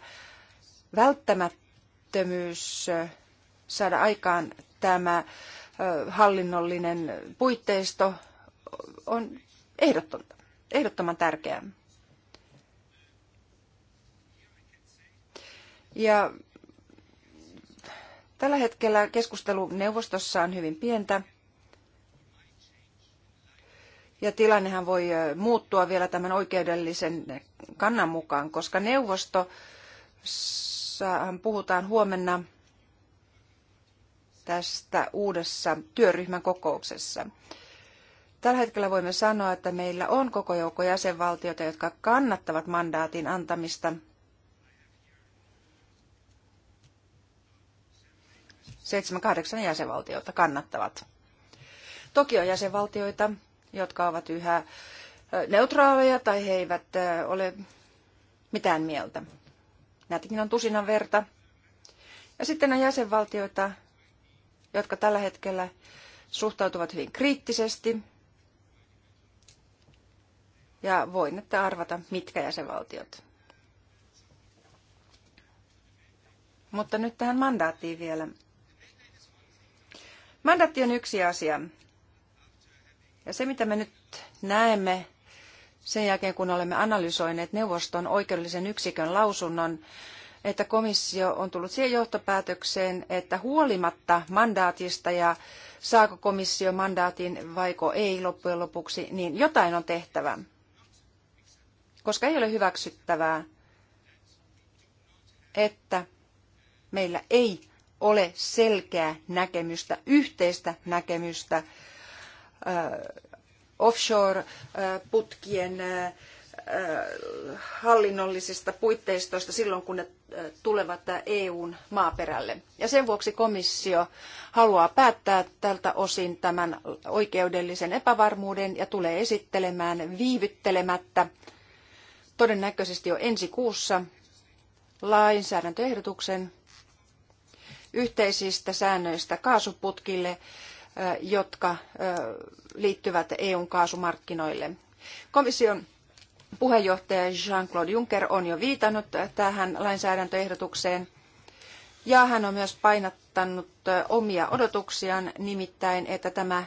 välttämättömyys saada aikaan tämä hallinnollinen puitteisto on ehdottoman tärkeää. Ja Tällä hetkellä keskustelu neuvostossa on hyvin pientä. Ja tilannehan voi muuttua vielä tämän oikeudellisen kannan mukaan, koska neuvostossahan puhutaan huomenna tästä uudessa työryhmän kokouksessa. Tällä hetkellä voimme sanoa, että meillä on koko joukko jäsenvaltioita, jotka kannattavat mandaatin antamista 7-8 jäsenvaltiota kannattavat. Toki on jäsenvaltioita, jotka ovat yhä neutraaleja tai he eivät ole mitään mieltä. Näitäkin on tusinan verta. Ja sitten on jäsenvaltioita, jotka tällä hetkellä suhtautuvat hyvin kriittisesti. Ja voin että arvata, mitkä jäsenvaltiot. Mutta nyt tähän mandaattiin vielä. Mandaatti on yksi asia. Ja se, mitä me nyt näemme sen jälkeen, kun olemme analysoineet neuvoston oikeudellisen yksikön lausunnon, että komissio on tullut siihen johtopäätökseen, että huolimatta mandaatista ja saako komissio mandaatin vaiko ei loppujen lopuksi, niin jotain on tehtävä. Koska ei ole hyväksyttävää, että meillä ei ole selkeää näkemystä, yhteistä näkemystä offshore-putkien hallinnollisista puitteistoista silloin, kun ne tulevat EUn maaperälle. Ja sen vuoksi komissio haluaa päättää tältä osin tämän oikeudellisen epävarmuuden ja tulee esittelemään viivyttelemättä todennäköisesti jo ensi kuussa lainsäädäntöehdotuksen, yhteisistä säännöistä kaasuputkille, jotka liittyvät EUn kaasumarkkinoille. Komission puheenjohtaja Jean-Claude Juncker on jo viitannut tähän lainsäädäntöehdotukseen ja hän on myös painottanut omia odotuksiaan, nimittäin että tämä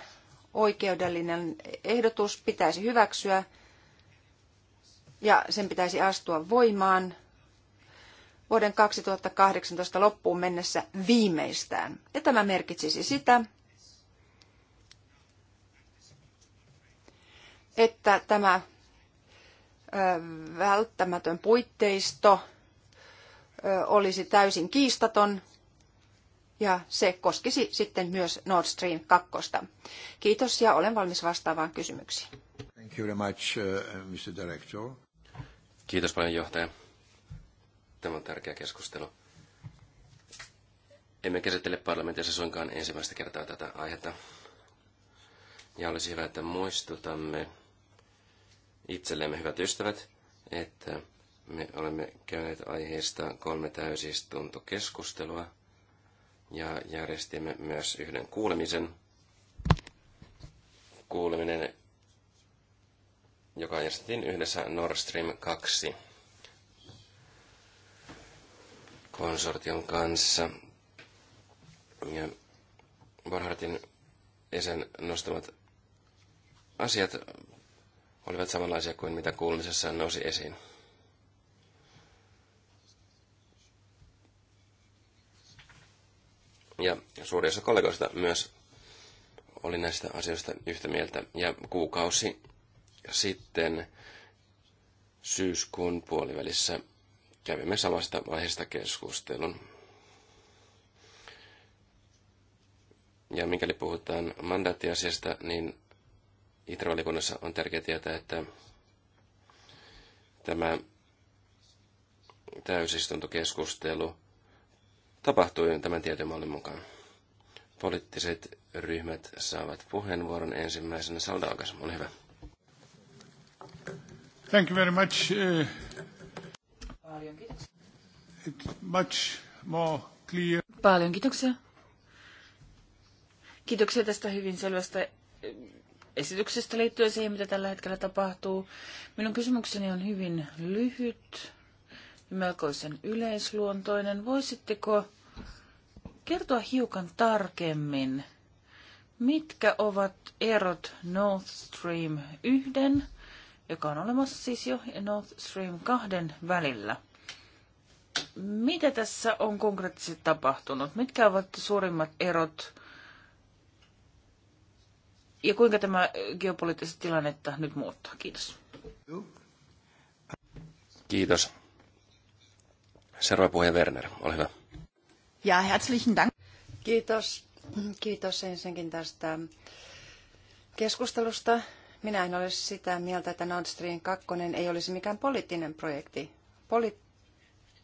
oikeudellinen ehdotus pitäisi hyväksyä ja sen pitäisi astua voimaan – vuoden 2018 loppuun mennessä viimeistään. Ja tämä merkitsisi sitä, että tämä välttämätön puitteisto olisi täysin kiistaton ja se koskisi sitten myös Nord Stream 2. Kiitos ja olen valmis vastaamaan kysymyksiin. Thank you very much, uh, Mr. Director. Kiitos paljon johtaja. Tämä on tärkeä keskustelu. Emme käsittele parlamentissa suinkaan ensimmäistä kertaa tätä aihetta. Ja olisi hyvä, että muistutamme itsellemme, hyvät ystävät, että me olemme käyneet aiheesta kolme täysistuntokeskustelua ja järjestimme myös yhden kuulemisen. Kuuleminen, joka järjestettiin yhdessä Nord Stream 2 konsortion kanssa. Ja Barhartin esen nostamat asiat olivat samanlaisia kuin mitä kuulemisessa nousi esiin. Ja suuri osa kollegoista myös oli näistä asioista yhtä mieltä. Ja kuukausi sitten syyskuun puolivälissä kävimme samasta vaiheesta keskustelun. Ja mikäli puhutaan mandaattiasiasta, niin Itävalikunnassa on tärkeää tietää, että tämä täysistuntokeskustelu tapahtui tämän tietyn mallin mukaan. Poliittiset ryhmät saavat puheenvuoron ensimmäisenä. Saldaukas, ole hyvä. Thank you very much, eh, Paljon kiitoksia. much more clear. Paljon kiitoksia. Kiitoksia tästä hyvin selvästä eh, esityksestä liittyen siihen, mitä tällä hetkellä tapahtuu. Minun kysymykseni on hyvin lyhyt ja melkoisen yleisluontoinen. Voisitteko kertoa hiukan tarkemmin, mitkä ovat erot Nord Stream 1, joka on olemassa siis jo, ja Nord Stream 2 välillä? Mitä tässä on konkreettisesti tapahtunut? Mitkä ovat suurimmat erot ja kuinka tämä geopoliittista tilannetta nyt muuttaa? Kiitos. Kiitos. Seuraava puheen Werner, ole hyvä. Ja herzlichen Dank. Kiitos. Kiitos ensinnäkin tästä keskustelusta. Minä en ole sitä mieltä, että Nord Stream 2 ei olisi mikään poliittinen projekti. Poli-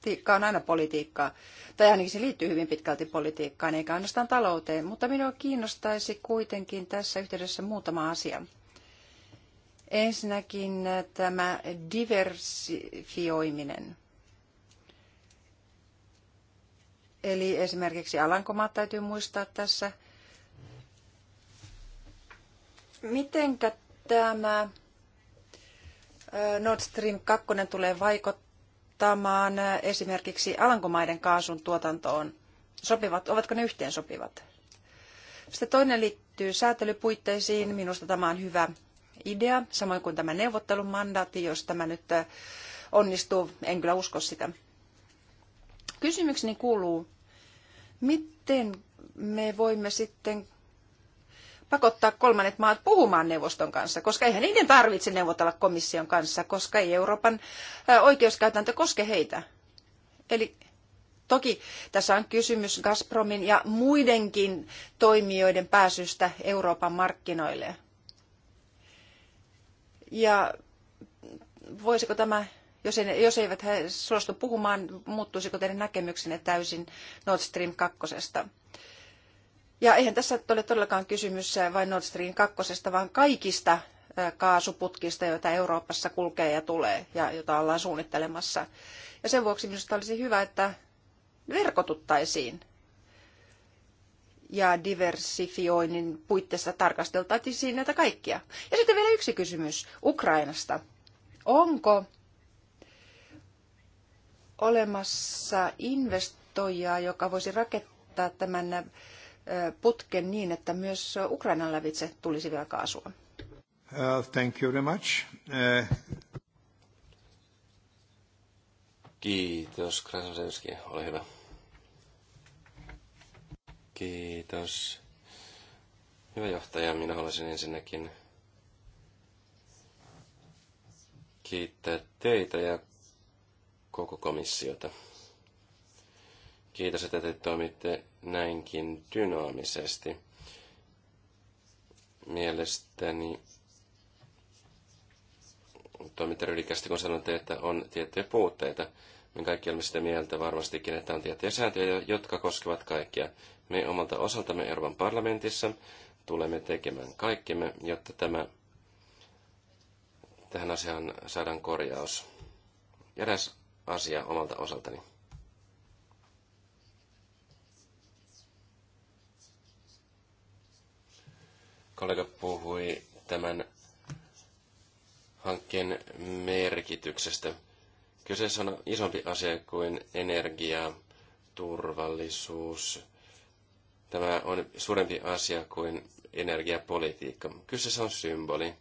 politiikka on aina politiikkaa, tai ainakin se liittyy hyvin pitkälti politiikkaan, eikä ainoastaan talouteen, mutta minua kiinnostaisi kuitenkin tässä yhteydessä muutama asia. Ensinnäkin tämä diversifioiminen. Eli esimerkiksi Alankomaat täytyy muistaa tässä. Mitenkä tämä Nord Stream 2 tulee vaikuttamaan? vaikuttamaan eh, esimerkiksi Alankomaiden kaasun tuotantoon? Sopivat, ovatko ne yhteen sopivat? Sitten toinen liittyy säätelypuitteisiin. Minusta tämä on hyvä idea, samoin kuin tämä neuvottelumandaatti, jos tämä nyt eh, onnistuu. En kyllä usko sitä. Kysymykseni kuuluu, miten me voimme sitten pakottaa kolmannet maat puhumaan neuvoston kanssa, koska eihän niiden tarvitse neuvotella komission kanssa, koska ei Euroopan oikeuskäytäntö koske heitä. Eli toki tässä on kysymys Gazpromin ja muidenkin toimijoiden pääsystä Euroopan markkinoille. Ja voisiko tämä, jos, ei, jos eivät he suostu puhumaan, muuttuisiko teidän näkemyksenne täysin Nord Stream 2? Ja eihän tässä ole todellakaan kysymys eh, vain Nord Stream 2, vaan kaikista eh, kaasuputkista, joita Euroopassa kulkee ja tulee ja joita ollaan suunnittelemassa. Ja sen vuoksi minusta olisi hyvä, että verkotuttaisiin ja diversifioinnin puitteissa tarkasteltaisiin näitä kaikkia. Ja sitten vielä yksi kysymys Ukrainasta. Onko olemassa investoijaa, joka voisi rakentaa tämän putken niin, että myös Ukrainan lävitse tulisi vielä kaasua? Uh, thank you very much. Uh... Kiitos, Krasnosenski. Ole hyvä. Kiitos. Hyvä johtaja, minä haluaisin ensinnäkin kiittää teitä ja koko komissiota. Kiitos, että te toimitte näinkin dynaamisesti. Mielestäni toimitte ryhdikästi, kun sanotte, että on tiettyjä puutteita. Me kaikki olemme sitä mieltä varmastikin, että on tiettyjä sääntöjä, jotka koskevat kaikkia. Me omalta osaltamme Euroopan parlamentissa tulemme tekemään kaikkemme, jotta tämä, tähän asiaan saadaan korjaus. Eräs asia omalta osaltani. Kollega puhui tämän hankkeen merkityksestä. Kyseessä on isompi asia kuin energia, turvallisuus. Tämä on suurempi asia kuin energiapolitiikka. Kyseessä on symboli,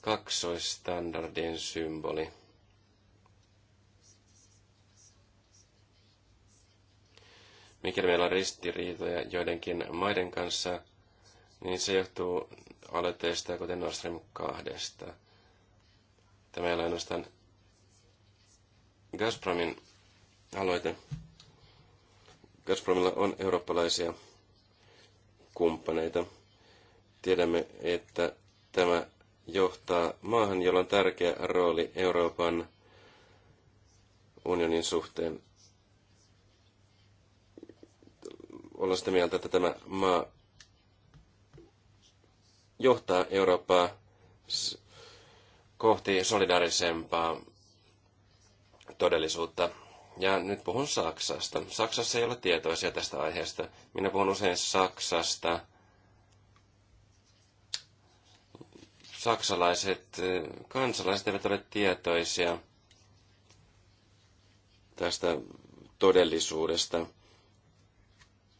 kaksoistandardien symboli. Mikäli meillä on ristiriitoja joidenkin maiden kanssa, niin se johtuu ja kuten Nord Stream 2. Tämä ei ole ainoastaan Gazpromin aloite. Gazpromilla on eurooppalaisia kumppaneita. Tiedämme, että tämä johtaa maahan, jolla on tärkeä rooli Euroopan unionin suhteen. Ollaan sitä mieltä, että tämä maa johtaa Eurooppaa kohti solidaarisempaa todellisuutta. Ja nyt puhun Saksasta. Saksassa ei ole tietoisia tästä aiheesta. Minä puhun usein Saksasta. Saksalaiset kansalaiset eivät ole tietoisia tästä todellisuudesta.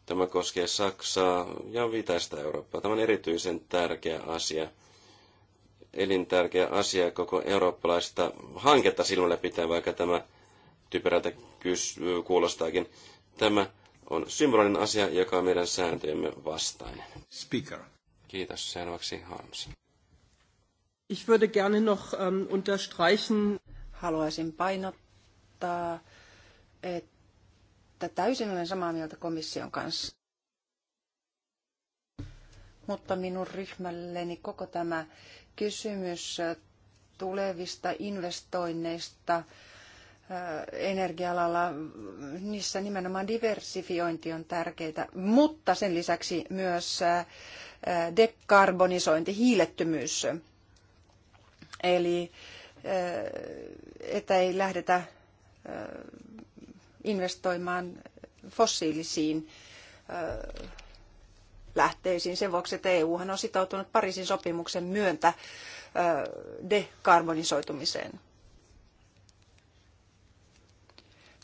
Tämä koskee Saksaa ja Vitaista Eurooppaa. Tämä on erityisen tärkeä asia, elintärkeä asia koko eurooppalaista hanketta silmällä pitää, vaikka tämä typerältä kys- kuulostaakin. Tämä on symbolinen asia, joka on meidän sääntöjemme vastainen. Speaker. Kiitos. Seuraavaksi Harms. Ich würde gerne noch ähm, unterstreichen. Haluaisin painottaa, että täysin olen samaa mieltä komission kanssa. Mutta minun ryhmälleni koko tämä kysymys tulevista investoinneista äh, energialalla, niissä nimenomaan diversifiointi on tärkeää, mutta sen lisäksi myös äh, dekarbonisointi, hiilettömyys. Eli äh, että ei lähdetä investoimaan fossiilisiin lähteisiin sen vuoksi, että EUhan on sitoutunut Pariisin sopimuksen myöntä dekarbonisoitumiseen.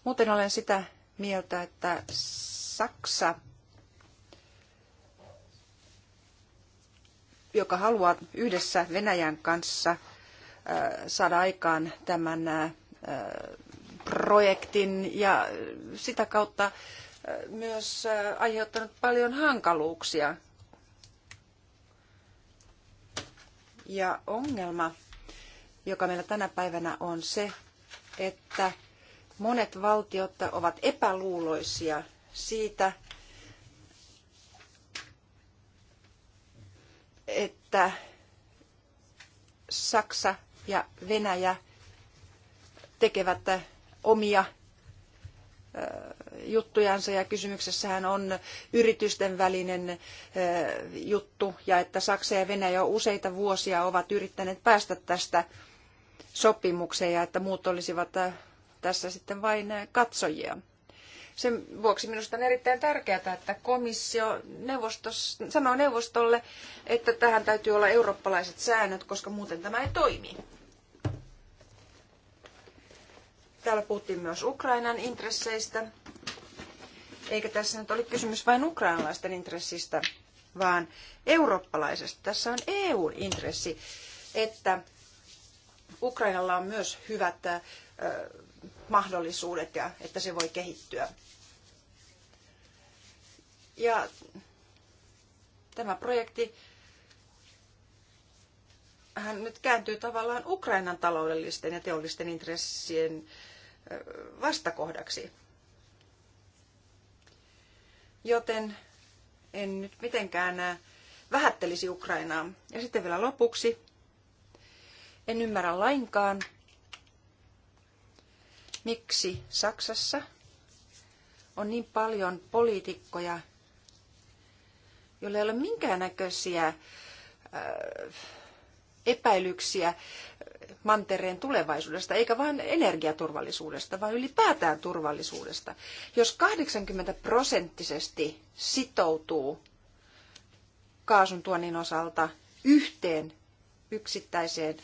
Muuten olen sitä mieltä, että Saksa, joka haluaa yhdessä Venäjän kanssa saada aikaan tämän projektin ja sitä kautta äh, myös äh, aiheuttanut paljon hankaluuksia. Ja ongelma, joka meillä tänä päivänä on se, että monet valtiot ovat epäluuloisia siitä, että Saksa ja Venäjä tekevät omia juttujansa ja kysymyksessähän on yritysten välinen juttu ja että Saksa ja Venäjä jo useita vuosia ovat yrittäneet päästä tästä sopimukseen ja että muut olisivat tässä sitten vain katsojia. Sen vuoksi minusta on erittäin tärkeää, että komissio neuvostos, sanoo neuvostolle, että tähän täytyy olla eurooppalaiset säännöt, koska muuten tämä ei toimi. Täällä puhuttiin myös Ukrainan intresseistä. Eikä tässä nyt ole kysymys vain ukrainalaisten intressistä, vaan eurooppalaisesta. Tässä on EU-intressi, että Ukrainalla on myös hyvät mahdollisuudet ja että se voi kehittyä. Ja tämä projekti hän nyt kääntyy tavallaan Ukrainan taloudellisten ja teollisten intressien vastakohdaksi. Joten en nyt mitenkään äh, vähättelisi Ukrainaa. Ja sitten vielä lopuksi. En ymmärrä lainkaan, miksi Saksassa on niin paljon poliitikkoja, joilla ei ole minkäännäköisiä äh, epäilyksiä mantereen tulevaisuudesta, eikä vain energiaturvallisuudesta, vaan ylipäätään turvallisuudesta. Jos 80 prosenttisesti sitoutuu kaasun tuonnin osalta yhteen yksittäiseen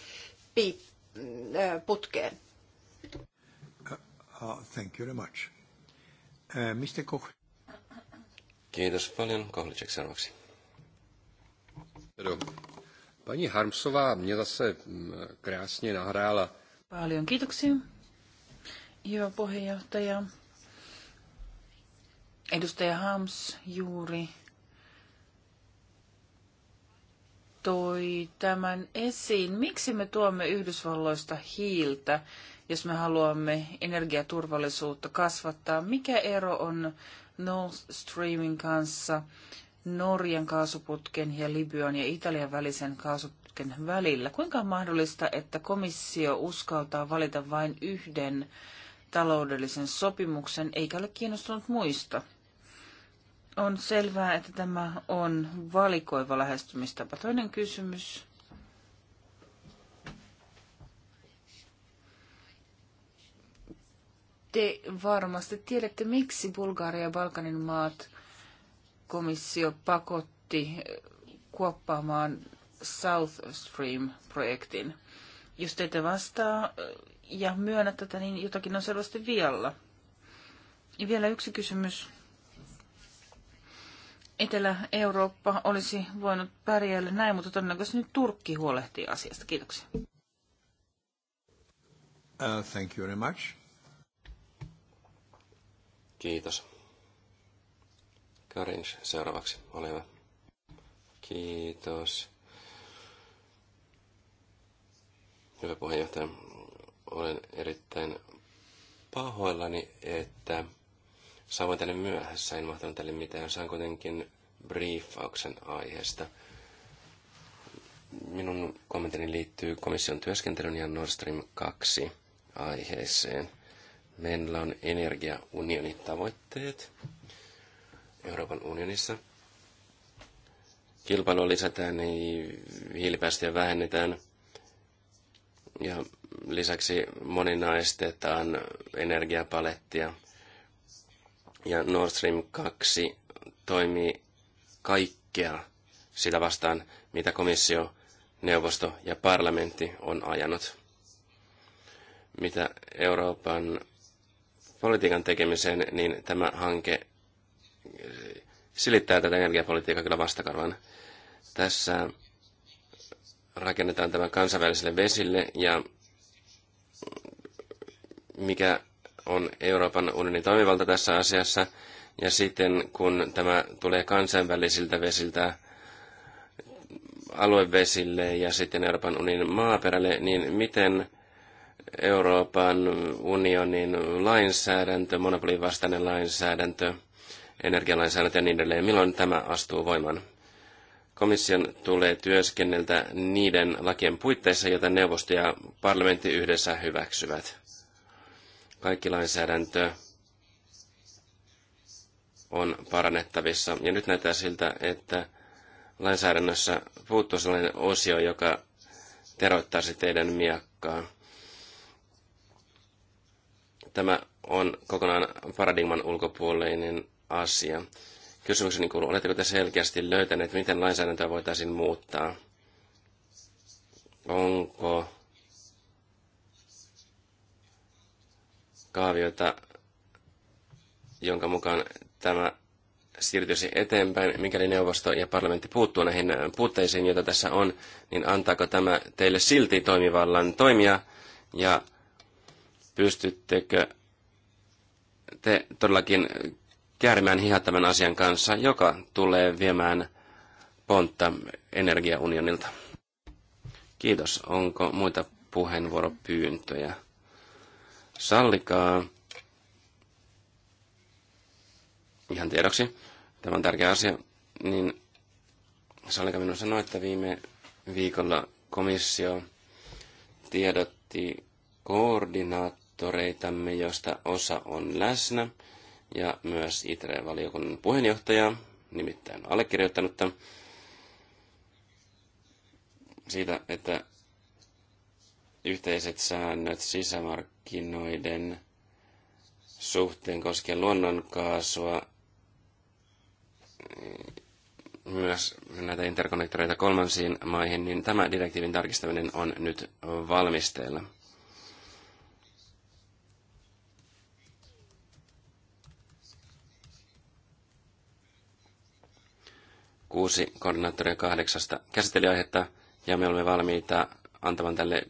äh, putkeen. Uh, uh, thank you very much. Uh, Mr. Koch. Kiitos paljon. Kohlicek seuraavaksi. Pani Harmsová mě zase mm, krásně nahrála. Paljon kiitoksia. Hyvä puheenjohtaja. Edustaja Hams juuri toi tämän esiin. Miksi me tuomme Yhdysvalloista hiiltä, jos me haluamme energiaturvallisuutta kasvattaa? Mikä ero on Nord Streamin kanssa? Norjan kaasuputken ja Libyan ja Italian välisen kaasuputken välillä. Kuinka on mahdollista, että komissio uskaltaa valita vain yhden taloudellisen sopimuksen eikä ole kiinnostunut muista? On selvää, että tämä on valikoiva lähestymistapa. Toinen kysymys. Te varmasti tiedätte, miksi Bulgaria ja Balkanin maat – komissio pakotti kuoppaamaan South Stream-projektin. Jos teitä vastaa ja myönnä tätä, niin jotakin on selvästi vialla. Ja vielä yksi kysymys. Etelä-Eurooppa olisi voinut pärjäällä näin, mutta todennäköisesti nyt Turkki huolehtii asiasta. Kiitoksia. Uh, thank you very much. Kiitos. Karinch seuraavaksi, ole hyvä. Kiitos. Hyvä puheenjohtaja, olen erittäin pahoillani, että saavuin tänne myöhässä, en mahtanut tälle mitään. Saan kuitenkin briefauksen aiheesta. Minun kommenttini liittyy komission työskentelyn ja Nord Stream 2 aiheeseen. Meillä on energiaunionitavoitteet. tavoitteet Euroopan unionissa. Kilpailua lisätään, niin hiilipäästöjä vähennetään ja lisäksi moninaistetaan energiapalettia. Ja Nord Stream 2 toimii kaikkea sitä vastaan, mitä komissio, neuvosto ja parlamentti on ajanut. Mitä Euroopan politiikan tekemiseen, niin tämä hanke silittää tätä energiapolitiikkaa kyllä vastakarvan. Tässä rakennetaan tämä kansainväliselle vesille ja mikä on Euroopan unionin toimivalta tässä asiassa. Ja sitten kun tämä tulee kansainvälisiltä vesiltä aluevesille ja sitten Euroopan unionin maaperälle, niin miten Euroopan unionin lainsäädäntö, monopolin vastainen lainsäädäntö – energialainsäädäntö ja niin edelleen. Milloin tämä astuu voimaan? Komission tulee työskennellä niiden lakien puitteissa, joita neuvosto ja parlamentti yhdessä hyväksyvät. Kaikki lainsäädäntö on parannettavissa. Ja nyt näyttää siltä, että lainsäädännössä puuttuu sellainen osio, joka teroittaisi teidän miakkaa. Tämä on kokonaan paradigman ulkopuolinen asia. Kysymykseni kuuluu, oletteko te selkeästi löytäneet, miten lainsäädäntöä voitaisiin muuttaa? Onko kaaviota, jonka mukaan tämä siirtyisi eteenpäin, mikäli neuvosto ja parlamentti puuttuu näihin puutteisiin, joita tässä on, niin antaako tämä teille silti toimivallan toimia ja pystyttekö te todellakin käärimään hihat tämän asian kanssa, joka tulee viemään pontta energiaunionilta. Kiitos. Onko muita puheenvuoropyyntöjä? Sallikaa. Ihan tiedoksi. Tämä on tärkeä asia. Niin sallikaa minun sanoi, että viime viikolla komissio tiedotti koordinaattoreitamme, josta osa on läsnä – ja myös Itreen valiokunnan puheenjohtajaa, nimittäin allekirjoittanutta, siitä, että yhteiset säännöt sisämarkkinoiden suhteen koskien luonnonkaasua, myös näitä interkonnektoreita kolmansiin maihin, niin tämä direktiivin tarkistaminen on nyt valmisteilla. Kuusi koordinaattoria kahdeksasta käsitteli aihetta ja me olemme valmiita antamaan tälle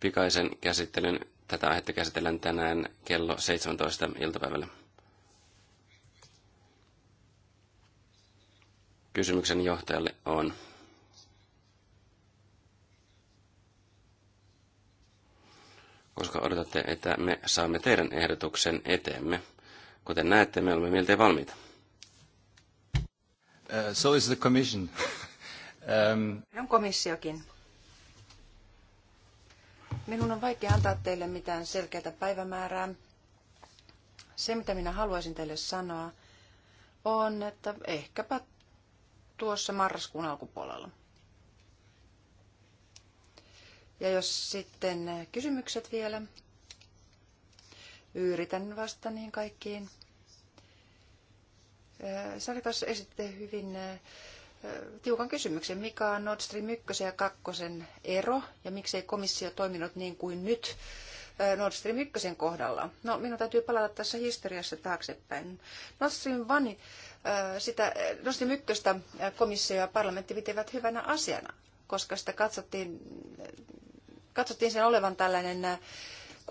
pikaisen käsittelyn. Tätä aihetta käsitellään tänään kello 17 iltapäivällä. Kysymyksen johtajalle on. Koska odotatte, että me saamme teidän ehdotuksen eteemme. Kuten näette, me olemme miltei valmiita. Uh, so is the commission. um... On komissiokin. Minun on vaikea antaa teille mitään selkeää päivämäärää. Se, mitä minä haluaisin teille sanoa, on, että ehkäpä tuossa marraskuun alkupuolella. Ja jos sitten kysymykset vielä, yritän vasta niin kaikkiin. Salikas esitti hyvin tiukan kysymyksen, mikä on Nord Stream 1 ja 2 ero ja miksei komissio toiminut niin kuin nyt Nord Stream 1 kohdalla. No, minun täytyy palata tässä historiassa taaksepäin. Nord Stream 1, sitä, Nord Stream 1 komissio ja parlamentti pitivät hyvänä asiana, koska sitä katsottiin, katsottiin sen olevan tällainen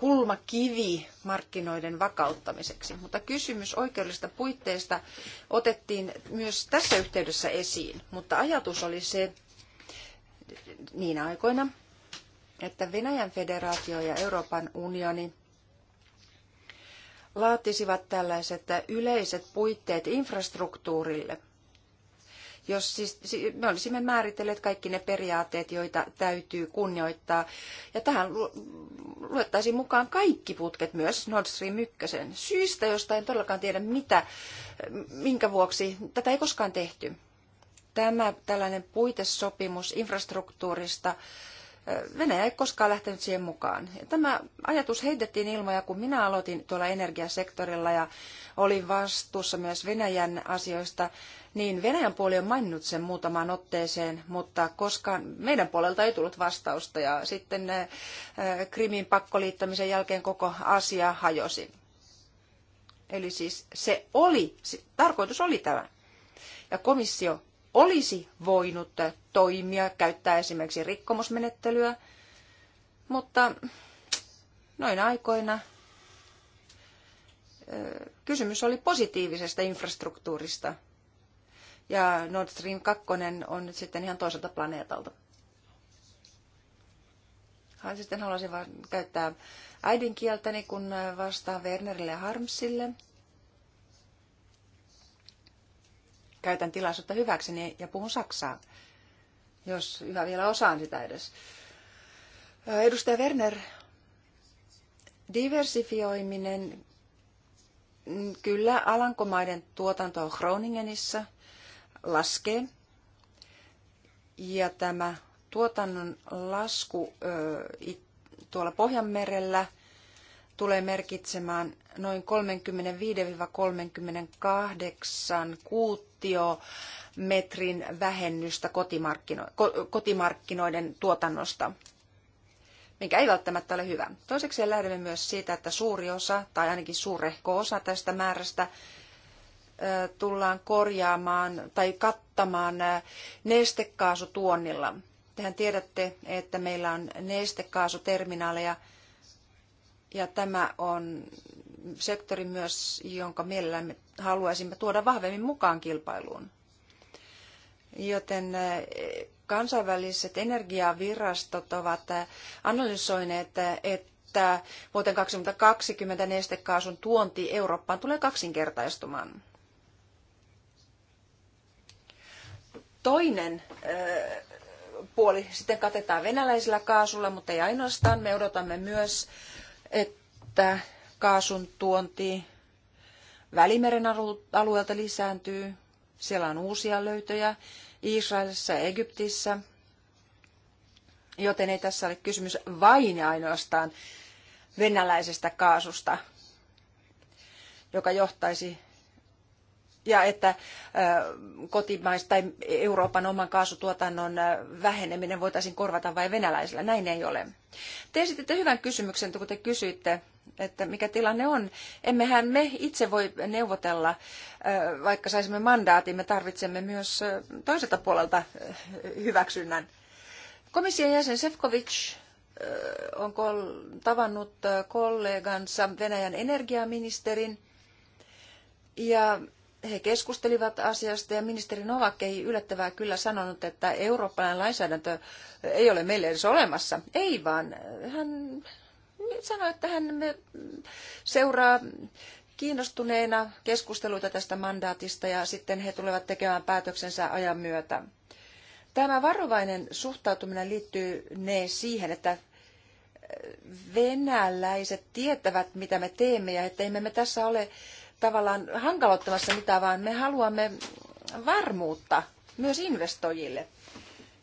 kulmakivi markkinoiden vakauttamiseksi. Mutta kysymys oikeudellisista puitteista otettiin myös tässä yhteydessä esiin. Mutta ajatus oli se niinä aikoina, että Venäjän federaatio ja Euroopan unioni laatisivat tällaiset yleiset puitteet infrastruktuurille – jos siis, me olisimme määritelleet kaikki ne periaatteet, joita täytyy kunnioittaa. Ja tähän luettaisiin mukaan kaikki putket, myös Nord Stream 1. Syystä, josta en todellakaan tiedä, mitä, minkä vuoksi tätä ei koskaan tehty. Tämä tällainen puitesopimus infrastruktuurista Venäjä ei koskaan lähtenyt siihen mukaan. Ja tämä ajatus heitettiin ilmoja, kun minä aloitin tuolla energiasektorilla ja olin vastuussa myös Venäjän asioista, niin Venäjän puoli on maininnut sen muutamaan otteeseen, mutta koskaan meidän puolelta ei tullut vastausta ja sitten eh, eh, Krimin pakkoliittämisen jälkeen koko asia hajosi. Eli siis se oli, tarkoitus oli tämä. Ja komissio olisi voinut toimia, käyttää esimerkiksi rikkomusmenettelyä, mutta noin aikoina kysymys oli positiivisesta infrastruktuurista. Ja Nord Stream 2 on nyt sitten ihan toiselta planeetalta. Hän sitten haluaisin vaan käyttää äidinkieltäni, kun vastaan Wernerille ja Harmsille. Käytän tilaisuutta hyväkseni ja puhun saksaa jos yhä vielä osaan sitä edes. Edustaja Werner, diversifioiminen, mm, kyllä Alankomaiden tuotanto on Groningenissa, laskee. Ja tämä tuotannon lasku tuolla Pohjanmerellä tulee merkitsemään noin 35-38 kuutio metrin vähennystä kotimarkkinoiden tuotannosta, mikä ei välttämättä ole hyvä. Toiseksi lähdemme myös siitä, että suuri osa tai ainakin suurehko osa tästä määrästä tullaan korjaamaan tai kattamaan nestekaasutuonnilla. Tehän tiedätte, että meillä on nestekaasuterminaaleja ja tämä on sektori myös, jonka mielellämme haluaisimme tuoda vahvemmin mukaan kilpailuun. Joten eh, kansainväliset energiavirastot ovat eh, analysoineet, eh, että vuoteen 2020 nestekaasun tuonti Eurooppaan tulee kaksinkertaistumaan. Toinen puoli sitten katetaan venäläisellä kaasulla, mutta ei ainoastaan. Me odotamme myös, että kaasun tuonti Välimeren alueelta lisääntyy siellä on uusia löytöjä Israelissa ja Egyptissä, joten ei tässä ole kysymys vain ja ainoastaan venäläisestä kaasusta, joka johtaisi ja että äh, kotimaista tai Euroopan oman kaasutuotannon äh, väheneminen voitaisiin korvata vain venäläisellä. Näin ei ole. Te esititte hyvän kysymyksen, kun te kysyitte, että mikä tilanne on. Emmehän me itse voi neuvotella, äh, vaikka saisimme mandaatin, me tarvitsemme myös toiselta puolelta hyväksynnän. Komission jäsen Sefcovic on tavannut kollegansa Venäjän energiaministerin ja he keskustelivat asiasta ja ministeri Novak ei yllättävää kyllä sanonut, että eurooppalainen lainsäädäntö ei ole meille edes olemassa. Ei vaan, hän sanoi, että hän seuraa kiinnostuneena keskusteluita tästä mandaatista ja sitten he tulevat tekemään päätöksensä ajan myötä. Tämä varovainen suhtautuminen liittyy ne siihen, että venäläiset tietävät, mitä me teemme ja että emme me tässä ole tavallaan hankaloittamassa mitään, vaan me haluamme varmuutta myös investoijille.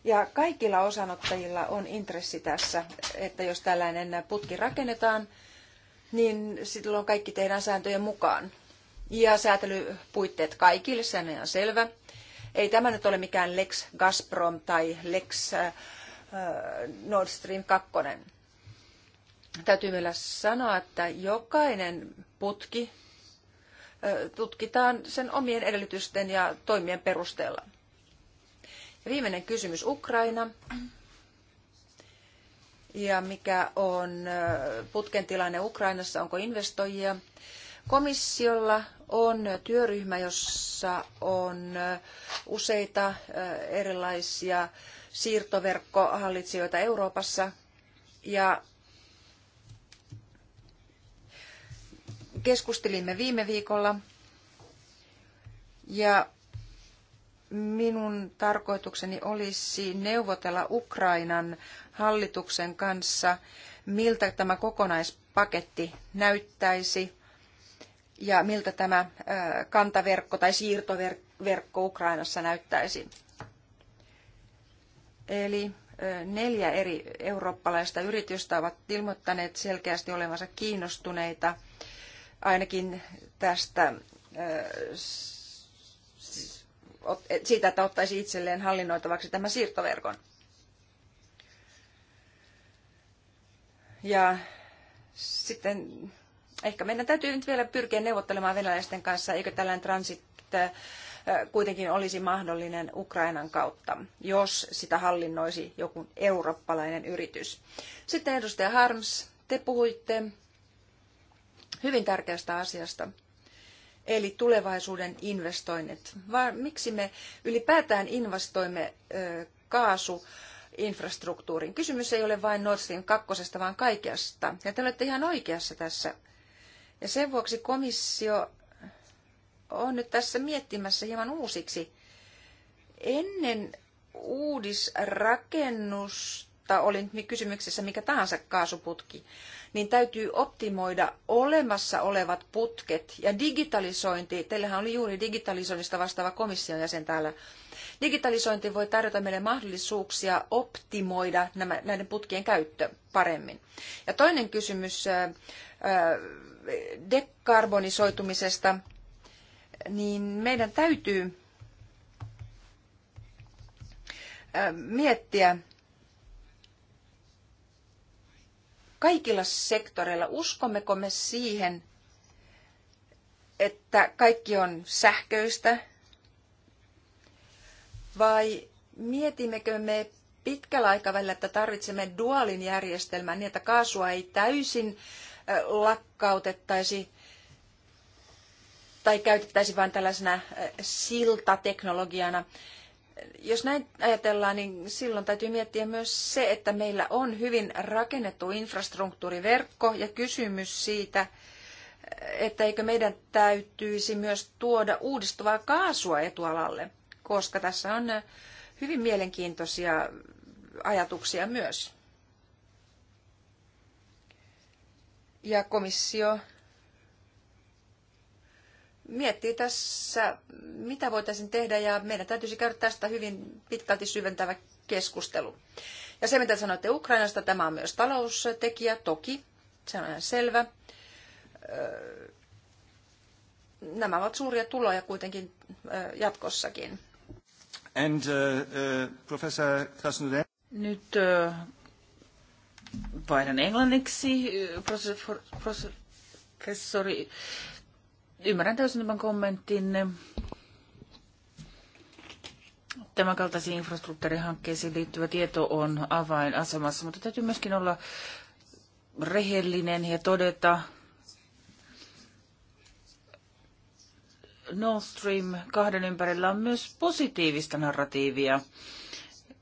Ja kaikilla osanottajilla on intressi tässä, että jos tällainen putki rakennetaan, niin silloin kaikki tehdään sääntöjen mukaan. Ja säätelypuitteet kaikille, se on ihan selvä. Ei tämä nyt ole mikään Lex Gazprom tai Lex äh, äh, Nord Stream 2. Täytyy vielä sanoa, että jokainen putki tutkitaan sen omien edellytysten ja toimien perusteella. Ja viimeinen kysymys Ukraina. Ja mikä on putken tilanne Ukrainassa, onko investoijia? Komissiolla on työryhmä, jossa on useita erilaisia siirtoverkkohallitsijoita Euroopassa. Ja keskustelimme viime viikolla ja minun tarkoitukseni olisi neuvotella Ukrainan hallituksen kanssa, miltä tämä kokonaispaketti näyttäisi ja miltä tämä kantaverkko tai siirtoverkko Ukrainassa näyttäisi. Eli neljä eri eurooppalaista yritystä ovat ilmoittaneet selkeästi olevansa kiinnostuneita ainakin tästä siitä, että ottaisi itselleen hallinnoitavaksi tämän siirtoverkon. Ja sitten ehkä meidän täytyy nyt vielä pyrkiä neuvottelemaan venäläisten kanssa, eikö tällainen transit kuitenkin olisi mahdollinen Ukrainan kautta, jos sitä hallinnoisi joku eurooppalainen yritys. Sitten edustaja Harms, te puhuitte hyvin tärkeästä asiasta, eli tulevaisuuden investoinnit. miksi me ylipäätään investoimme kaasu infrastruktuuriin. Kysymys ei ole vain Nord Stream 2, vaan kaikesta. Ja te olette ihan oikeassa tässä. Ja sen vuoksi komissio on nyt tässä miettimässä hieman uusiksi. Ennen uudisrakennusta oli kysymyksessä mikä tahansa kaasuputki, niin täytyy optimoida olemassa olevat putket ja digitalisointi. Teillähän oli juuri digitalisoinnista vastaava komission jäsen täällä. Digitalisointi voi tarjota meille mahdollisuuksia optimoida nämä, näiden putkien käyttö paremmin. Ja toinen kysymys ää, äh, äh, dekarbonisoitumisesta, niin meidän täytyy äh, miettiä kaikilla sektoreilla. Uskommeko me siihen, että kaikki on sähköistä? Vai mietimmekö me pitkällä aikavälillä, että tarvitsemme dualin järjestelmän niin, että kaasua ei täysin lakkautettaisi tai käytettäisi vain tällaisena siltateknologiana, jos näin ajatellaan, niin silloin täytyy miettiä myös se, että meillä on hyvin rakennettu infrastruktuuriverkko ja kysymys siitä, että eikö meidän täytyisi myös tuoda uudistuvaa kaasua etualalle, koska tässä on hyvin mielenkiintoisia ajatuksia myös. Ja komissio miettii tässä, mitä voitaisiin tehdä, ja meidän täytyisi käydä tästä hyvin pitkälti syventävä keskustelu. Ja se, mitä sanoitte Ukrainasta, tämä on myös taloustekijä, toki, se on ihan selvä. Nämä ovat suuria tuloja kuitenkin jatkossakin. And, uh, uh, professor Krasnuden. Nyt uh, vaihdan englanniksi. Professori Ymmärrän täysin tämän kommenttinne. Tämän kaltaisiin infrastruktuurihankkeisiin liittyvä tieto on avainasemassa, mutta täytyy myöskin olla rehellinen ja todeta, Nord Stream kahden ympärillä on myös positiivista narratiivia.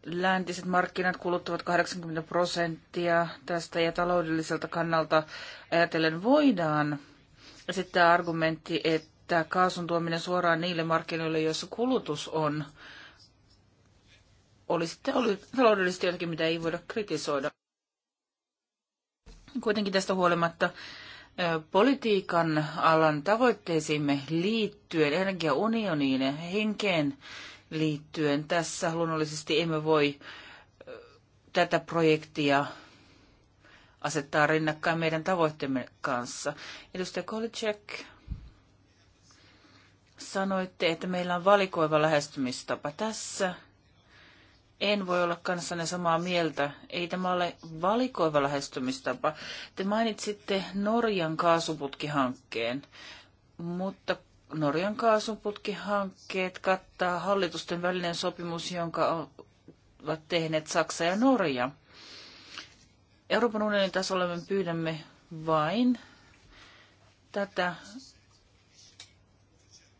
Läntiset markkinat kuluttavat 80 prosenttia tästä ja taloudelliselta kannalta ajatellen voidaan sitten argumentti, että kaasun tuominen suoraan niille markkinoille, joissa kulutus on, oli sitten ollut taloudellisesti jotakin, mitä ei voida kritisoida. Kuitenkin tästä huolimatta politiikan alan tavoitteisiimme liittyen, energiaunioniin ja henkeen liittyen, tässä luonnollisesti emme voi tätä projektia asettaa rinnakkain meidän tavoitteemme kanssa. Edustaja Kolicek, sanoitte, että meillä on valikoiva lähestymistapa tässä. En voi olla kanssanne samaa mieltä. Ei tämä ole valikoiva lähestymistapa. Te mainitsitte Norjan kaasuputkihankkeen, mutta Norjan kaasuputkihankkeet kattaa hallitusten välinen sopimus, jonka ovat tehneet Saksa ja Norja. Euroopan unionin tasolla me pyydämme vain tätä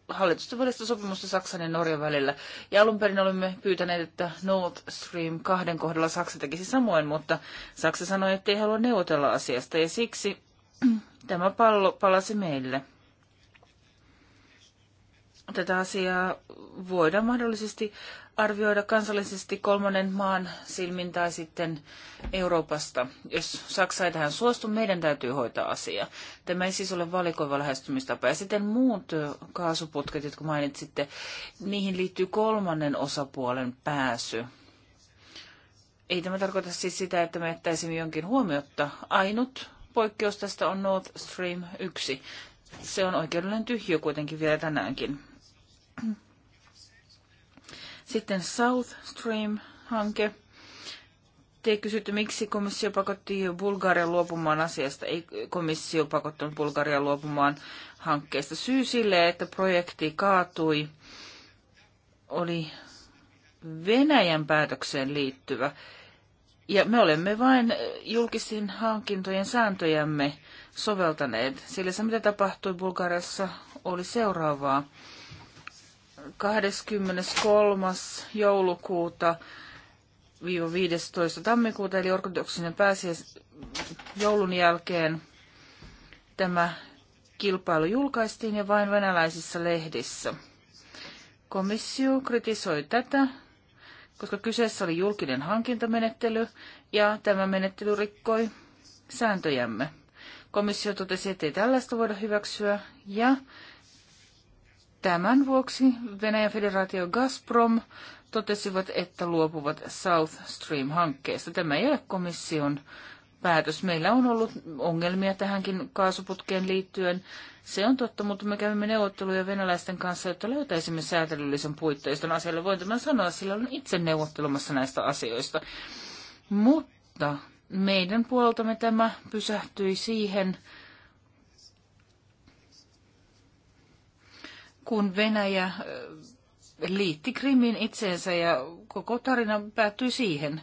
hallitusten välistä sopimusta Saksan ja Norjan välillä. Ja alun perin olimme pyytäneet, että Nord Stream 2 kohdalla Saksa tekisi samoin, mutta Saksa sanoi, että ei halua neuvotella asiasta ja siksi tämä pallo palasi meille tätä asiaa voidaan mahdollisesti arvioida kansallisesti kolmannen maan silmin tai sitten Euroopasta. Jos Saksa ei tähän suostu, meidän täytyy hoitaa asia. Tämä ei siis ole valikoiva lähestymistapa. Ja sitten muut kaasuputket, jotka mainitsitte, niihin liittyy kolmannen osapuolen pääsy. Ei tämä tarkoita siis sitä, että me jättäisimme jonkin huomiota. Ainut poikkeus tästä on Nord Stream 1. Se on oikeudellinen tyhjö kuitenkin vielä tänäänkin. Sitten South Stream-hanke. Te kysytte, miksi komissio pakotti Bulgarian luopumaan asiasta. Ei komissio pakottanut Bulgarian luopumaan hankkeesta. Syy sille, että projekti kaatui, oli Venäjän päätökseen liittyvä. Ja me olemme vain julkisin hankintojen sääntöjämme soveltaneet, sillä se mitä tapahtui Bulgariassa oli seuraavaa. 23. joulukuuta 15. tammikuuta, eli ortodoksinen pääsiäis joulun jälkeen tämä kilpailu julkaistiin ja vain venäläisissä lehdissä. Komissio kritisoi tätä, koska kyseessä oli julkinen hankintamenettely ja tämä menettely rikkoi sääntöjämme. Komissio totesi, ettei tällaista voida hyväksyä ja Tämän vuoksi Venäjän federaatio Gazprom totesivat, että luopuvat South Stream-hankkeesta. Tämä ei ole komission päätös. Meillä on ollut ongelmia tähänkin kaasuputkeen liittyen. Se on totta, mutta me kävimme neuvotteluja venäläisten kanssa, jotta löytäisimme säätelyllisen puitteiston asialle. Voin tämän sanoa, sillä olen itse neuvottelemassa näistä asioista. Mutta meidän puoleltamme tämä pysähtyi siihen, kun Venäjä liitti Krimin itseensä ja koko tarina päättyi siihen.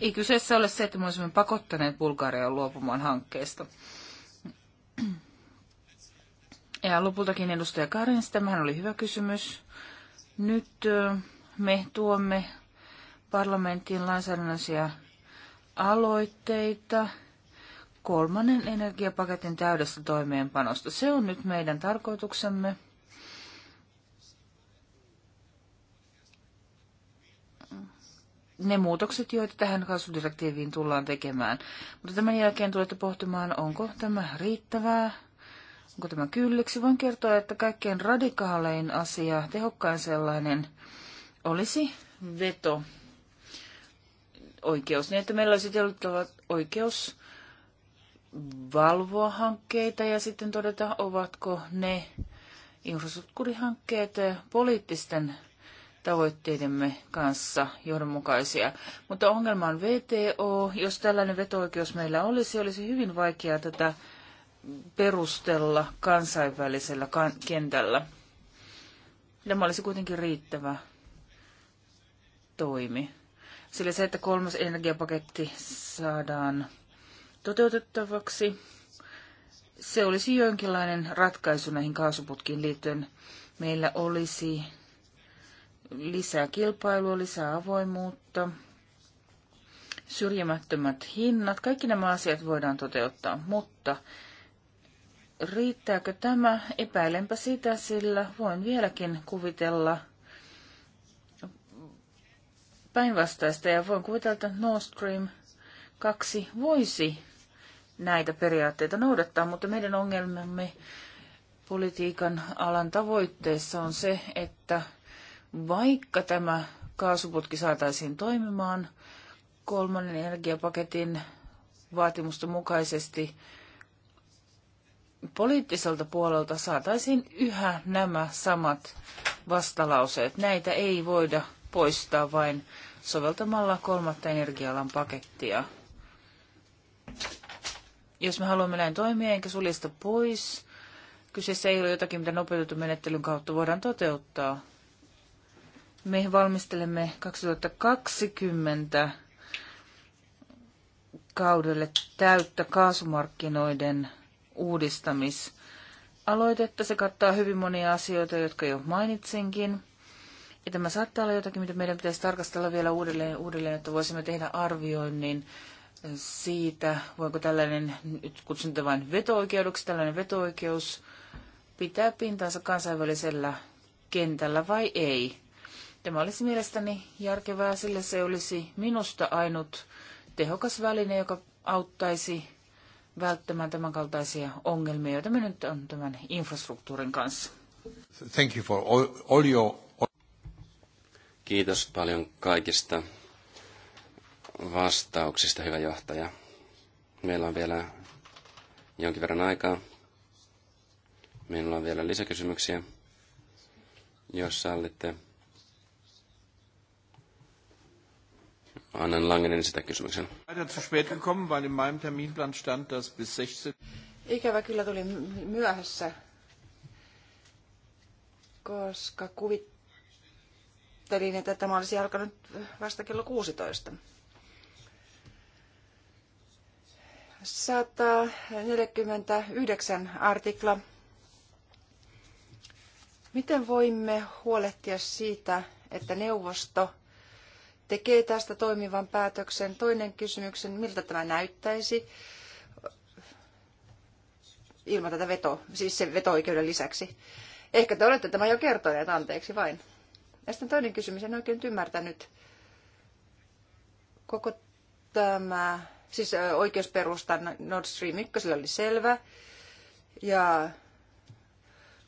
Ei kyseessä ole se, että me olisimme pakottaneet Bulgaria luopumaan hankkeesta. Ja lopultakin edustaja Karin, tämähän oli hyvä kysymys. Nyt me tuomme parlamenttiin lainsäädännöllisiä aloitteita kolmannen energiapaketin täydestä toimeenpanosta. Se on nyt meidän tarkoituksemme. ne muutokset, joita tähän kasvudirektiiviin tullaan tekemään. Mutta tämän jälkeen tulette pohtimaan, onko tämä riittävää, onko tämä kylliksi. Voin kertoa, että kaikkein radikaalein asia, tehokkain sellainen, olisi veto oikeus, niin että meillä olisi oikeus valvoa hankkeita ja sitten todeta, ovatko ne infrastruktuurihankkeet poliittisten tavoitteidemme kanssa johdonmukaisia. Mutta ongelma on VTO. Jos tällainen vetooikeus meillä olisi, olisi hyvin vaikea tätä perustella kansainvälisellä kentällä. Tämä olisi kuitenkin riittävä toimi. Sillä se, että kolmas energiapaketti saadaan toteutettavaksi, se olisi jonkinlainen ratkaisu näihin kaasuputkiin liittyen. Meillä olisi lisää kilpailua, lisää avoimuutta, syrjimättömät hinnat. Kaikki nämä asiat voidaan toteuttaa, mutta riittääkö tämä? Epäilenpä sitä, sillä voin vieläkin kuvitella päinvastaista ja voin kuvitella, että Nord Stream 2 voisi näitä periaatteita noudattaa, mutta meidän ongelmamme politiikan alan tavoitteessa on se, että vaikka tämä kaasuputki saataisiin toimimaan kolmannen energiapaketin vaatimusten mukaisesti, poliittiselta puolelta saataisiin yhä nämä samat vastalauseet. Näitä ei voida poistaa vain soveltamalla kolmatta energialan pakettia. Jos me haluamme näin toimia, enkä suljesta pois, kyseessä ei ole jotakin, mitä nopeutetun menettelyn kautta voidaan toteuttaa. Me valmistelemme 2020 kaudelle täyttä kaasumarkkinoiden uudistamisaloitetta. Se kattaa hyvin monia asioita, jotka jo mainitsinkin. Ja tämä saattaa olla jotakin, mitä meidän pitäisi tarkastella vielä uudelleen, uudelleen että voisimme tehdä arvioinnin siitä, voiko tällainen, nyt kutsun tätä vain veto-oikeudeksi, tällainen veto-oikeus pitää pintansa kansainvälisellä kentällä vai ei. Tämä olisi mielestäni järkevää, sillä se olisi minusta ainut tehokas väline, joka auttaisi välttämään tämänkaltaisia ongelmia, joita me nyt on tämän infrastruktuurin kanssa. Thank you for all, all your... Kiitos paljon kaikista vastauksista, hyvä johtaja. Meillä on vielä jonkin verran aikaa. Meillä on vielä lisäkysymyksiä, jos sallitte. annan Langenin sitä kysymyksen. Ikävä kyllä tuli myöhässä, koska kuvittelin, että tämä olisi alkanut vasta kello 16. 149 artikla. Miten voimme huolehtia siitä, että neuvosto tekee tästä toimivan päätöksen. Toinen kysymyksen, miltä tämä näyttäisi ilman tätä veto, siis sen veto-oikeuden lisäksi. Ehkä te olette tämä jo kertoneet, anteeksi vain. Ja sitten toinen kysymys, en oikein ymmärtänyt koko tämä, siis oikeusperusta Nord Stream 1 oli selvä ja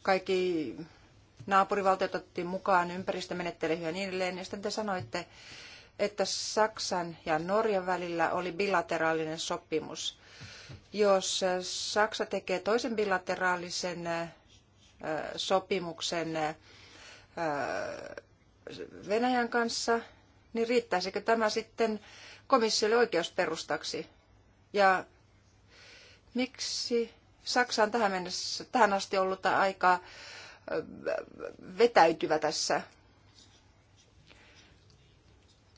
kaikki naapurivaltiot otettiin mukaan ympäristömenettelyihin ja niin edelleen. Ja sitten te sanoitte, että Saksan ja Norjan välillä oli bilateraalinen sopimus. Jos äh, Saksa tekee toisen bilateraalisen äh, sopimuksen äh, Venäjän kanssa, niin riittäisikö tämä sitten komissiolle oikeusperustaksi? Ja miksi Saksa on tähän, mennessä, tähän asti ollut aika vetäytyvä tässä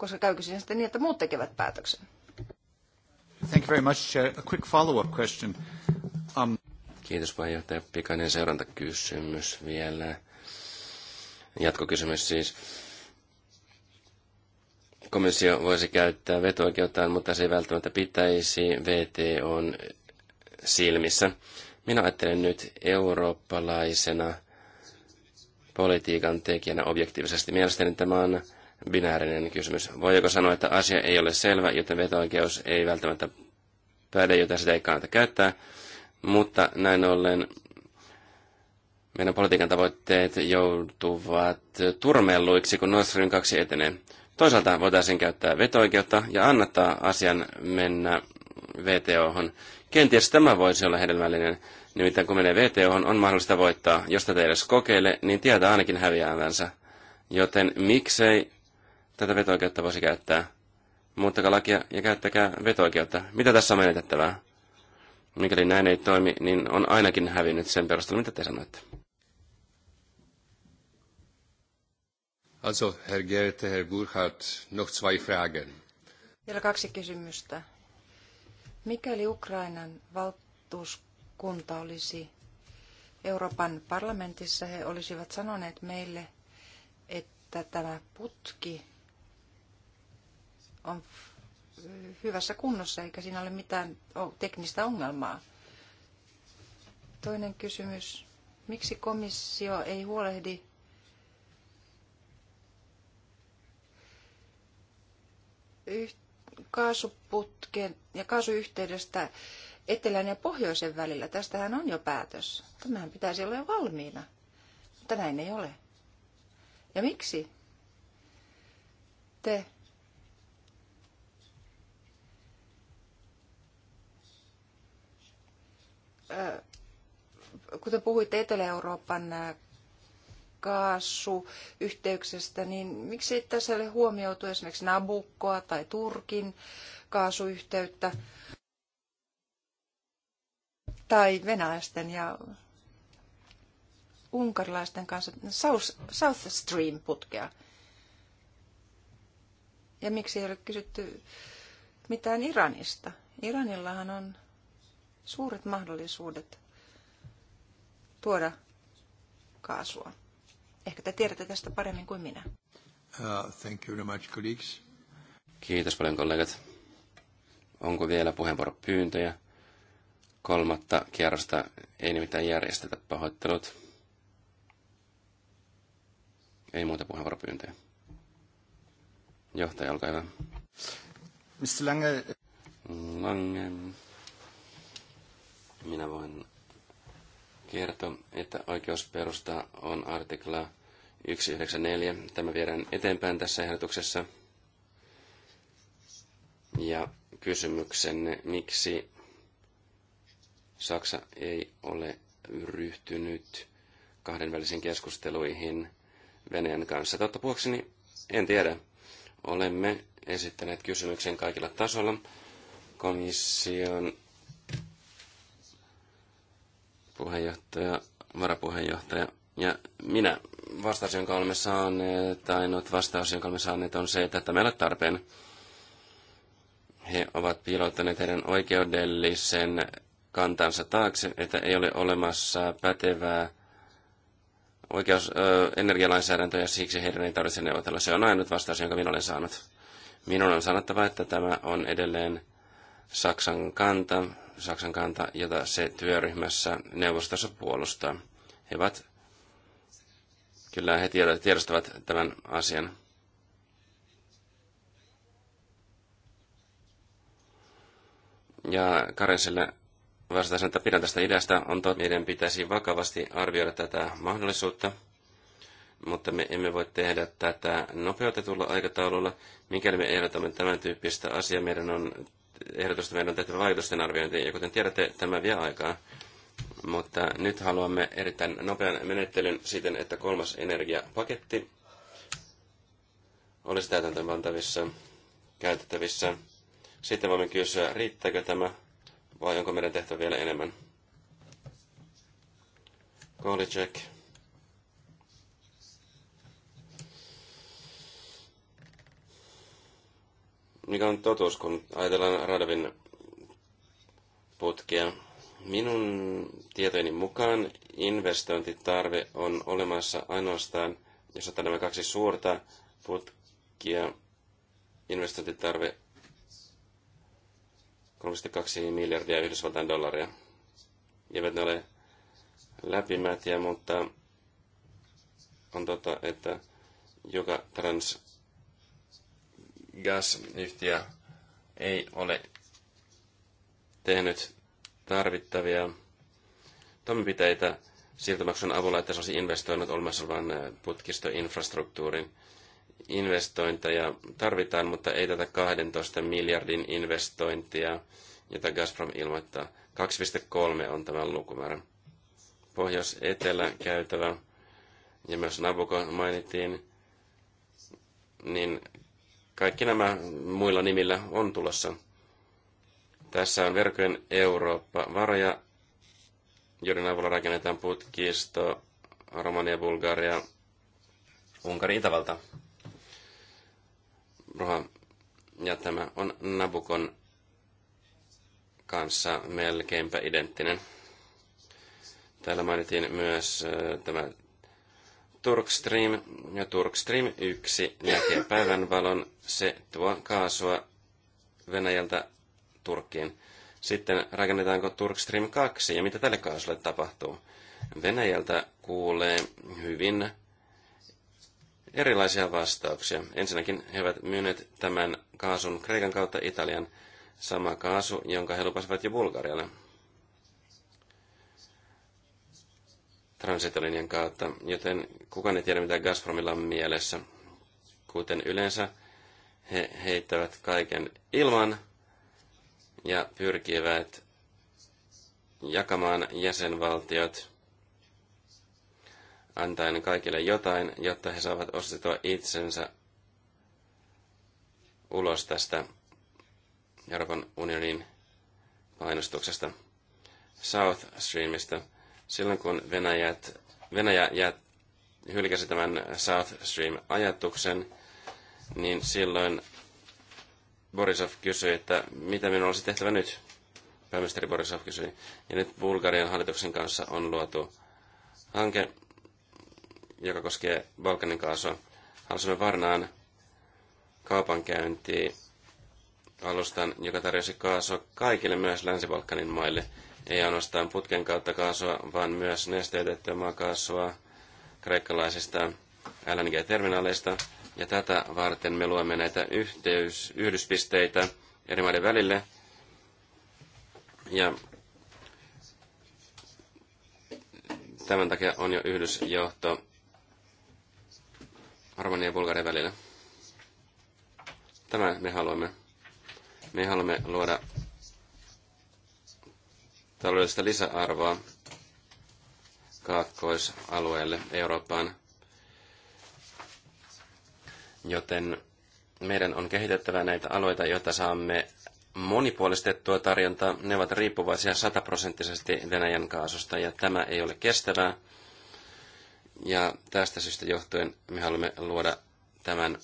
koska käykö siinä sitten niin, että muut tekevät päätöksen? Thank you very much, Chair. A quick follow-up question. Um... Kiitos puheenjohtaja. Pikainen seurantakysymys vielä. Jatkokysymys siis. Komissio voisi käyttää veto-oikeuttaan, mutta se ei välttämättä pitäisi VTOn silmissä. Minä ajattelen nyt eurooppalaisena politiikan tekijänä objektiivisesti. Mielestäni tämä on binäärinen kysymys. Voi joko sanoa, että asia ei ole selvä, joten veto-oikeus ei välttämättä päde, joten sitä ei kannata käyttää, mutta näin ollen meidän politiikan tavoitteet joutuvat turmelluiksi, kun Nord Stream 2 etenee. Toisaalta voitaisiin käyttää veto ja annattaa asian mennä VTOhon. Kenties tämä voisi olla hedelmällinen, nimittäin kun menee VTOhon, on mahdollista voittaa. Jos tätä edes kokeile, niin tietää ainakin häviäävänsä. Joten miksei tätä veto-oikeutta voisi käyttää. Muuttakaa lakia ja käyttäkää veto-oikeutta. Mitä tässä on menetettävää? Mikäli näin ei toimi, niin on ainakin hävinnyt sen perusteella, mitä te sanoitte. Also, Herr Gerte, Herr Burkhardt, noch zwei Fragen. Vielä kaksi kysymystä. Mikäli Ukrainan valtuuskunta olisi Euroopan parlamentissa, he olisivat sanoneet meille, että tämä putki on hyvässä kunnossa eikä siinä ole mitään teknistä ongelmaa. Toinen kysymys. Miksi komissio ei huolehdi kaasuputken ja kaasuyhteydestä etelän ja pohjoisen välillä? Tästähän on jo päätös. Tämähän pitäisi olla jo valmiina, mutta näin ei ole. Ja miksi te kuten puhuitte Etelä-Euroopan kaasuyhteyksistä, niin miksi tässä ei ole huomioitu esimerkiksi Nabukkoa tai Turkin kaasuyhteyttä tai venäläisten ja unkarilaisten kanssa South, South Stream-putkea? Ja miksi ei ole kysytty mitään Iranista? Iranillahan on suuret mahdollisuudet tuoda kaasua. Ehkä te tiedätte tästä paremmin kuin minä. Uh, thank you very much, colleagues. Kiitos paljon kollegat. Onko vielä puheenvuoropyyntöjä? Kolmatta kierrosta ei nimittäin järjestetä pahoittelut. Ei muuta puheenvuoropyyntöjä. Johtaja, olkaa hyvä. Mr. Lange. Lange minä voin kertoa, että oikeusperusta on artikla 194. Tämä viedään eteenpäin tässä ehdotuksessa. Ja kysymyksenne, miksi Saksa ei ole ryhtynyt kahdenvälisiin keskusteluihin Venäjän kanssa. Totta puhukseni en tiedä. Olemme esittäneet kysymyksen kaikilla tasolla. Komission puheenjohtaja, varapuheenjohtaja ja minä. Vastaus, jonka olemme saaneet, ainoat vastaus, jonka olemme saaneet, on se, että tämä ei ole tarpeen. He ovat piilottaneet heidän oikeudellisen kantansa taakse, että ei ole olemassa pätevää oikeus, ö, energialainsäädäntöä ja siksi heidän ei tarvitse neuvotella. Se on ainut vastaus, jonka minä olen saanut. Minun on sanottava, että tämä on edelleen Saksan kanta. Saksan kanta, jota se työryhmässä neuvostossa puolustaa. He ovat, kyllä he tiedostavat tämän asian. Ja Karensille vastasin, että pidän tästä ideasta, on totta, meidän pitäisi vakavasti arvioida tätä mahdollisuutta, mutta me emme voi tehdä tätä nopeutetulla aikataululla. Mikäli me ehdotamme tämän tyyppistä asiaa, meidän on ehdotusta meidän on tehtävä vaikutusten arviointi, ja kuten tiedätte, tämä vie aikaa. Mutta nyt haluamme erittäin nopean menettelyn siten, että kolmas energiapaketti olisi täytäntöönpantavissa, käytettävissä. Sitten voimme kysyä, riittääkö tämä vai onko meidän tehtävä vielä enemmän. Kolicek. mikä on totuus, kun ajatellaan Radovin putkea. Minun tietojeni mukaan investointitarve on olemassa ainoastaan, jos otetaan nämä kaksi suurta putkia, investointitarve 3,2 miljardia Yhdysvaltain dollaria. Eivät ne ole läpimätiä, mutta on totta, että joka trans GAS-yhtiö ei ole tehnyt tarvittavia toimenpiteitä siirtomaksun avulla, että se olisi investoinut olemassa olevan äh, putkistoinfrastruktuurin. Investointeja tarvitaan, mutta ei tätä 12 miljardin investointia, jota Gazprom ilmoittaa. 2,3 on tämä lukumäärä. Pohjois-etelä käytävä ja myös Nabuko mainittiin, niin kaikki nämä muilla nimillä on tulossa. Tässä on verkkojen eurooppa varja joiden avulla rakennetaan putkisto, Romania, Bulgaria, Unkari, Itävalta. Ruha. Ja tämä on Nabukon kanssa melkeinpä identtinen. Täällä mainittiin myös äh, tämä Turkstream ja Turkstream 1 näkee päivänvalon. Se tuo kaasua Venäjältä Turkkiin. Sitten rakennetaanko Turkstream 2 ja mitä tälle kaasulle tapahtuu? Venäjältä kuulee hyvin erilaisia vastauksia. Ensinnäkin he ovat myyneet tämän kaasun Kreikan kautta Italian sama kaasu, jonka he lupasivat jo Bulgarialle. transitolinjan kautta, joten kukaan ei tiedä, mitä Gazpromilla on mielessä. Kuten yleensä, he heittävät kaiken ilman ja pyrkivät jakamaan jäsenvaltiot antaen kaikille jotain, jotta he saavat ostettua itsensä ulos tästä Euroopan unionin painostuksesta South Streamista – Silloin kun Venäjät, Venäjä jät, hylkäsi tämän South Stream-ajatuksen, niin silloin Borisov kysyi, että mitä minun olisi tehtävä nyt? Pääministeri Borisov kysyi. Ja nyt Bulgarian hallituksen kanssa on luotu hanke, joka koskee Balkanin kaasua. Halusimme varnaan kaupankäyntiä alustan, joka tarjosi kaasua kaikille myös Länsi-Balkanin maille ei ainoastaan putken kautta kaasua, vaan myös nesteytettyä maakaasua kreikkalaisista LNG-terminaaleista. Ja tätä varten me luomme näitä yhteys, yhdyspisteitä eri maiden välille. Ja tämän takia on jo yhdysjohto Armenian ja Bulgarian välillä. Tämä me haluamme. Me haluamme luoda taloudellista lisäarvoa kaakkoisalueelle Eurooppaan, joten meidän on kehitettävä näitä alueita, jotta saamme monipuolistettua tarjontaa. Ne ovat riippuvaisia sataprosenttisesti Venäjän kaasusta ja tämä ei ole kestävää. Ja tästä syystä johtuen me haluamme luoda tämän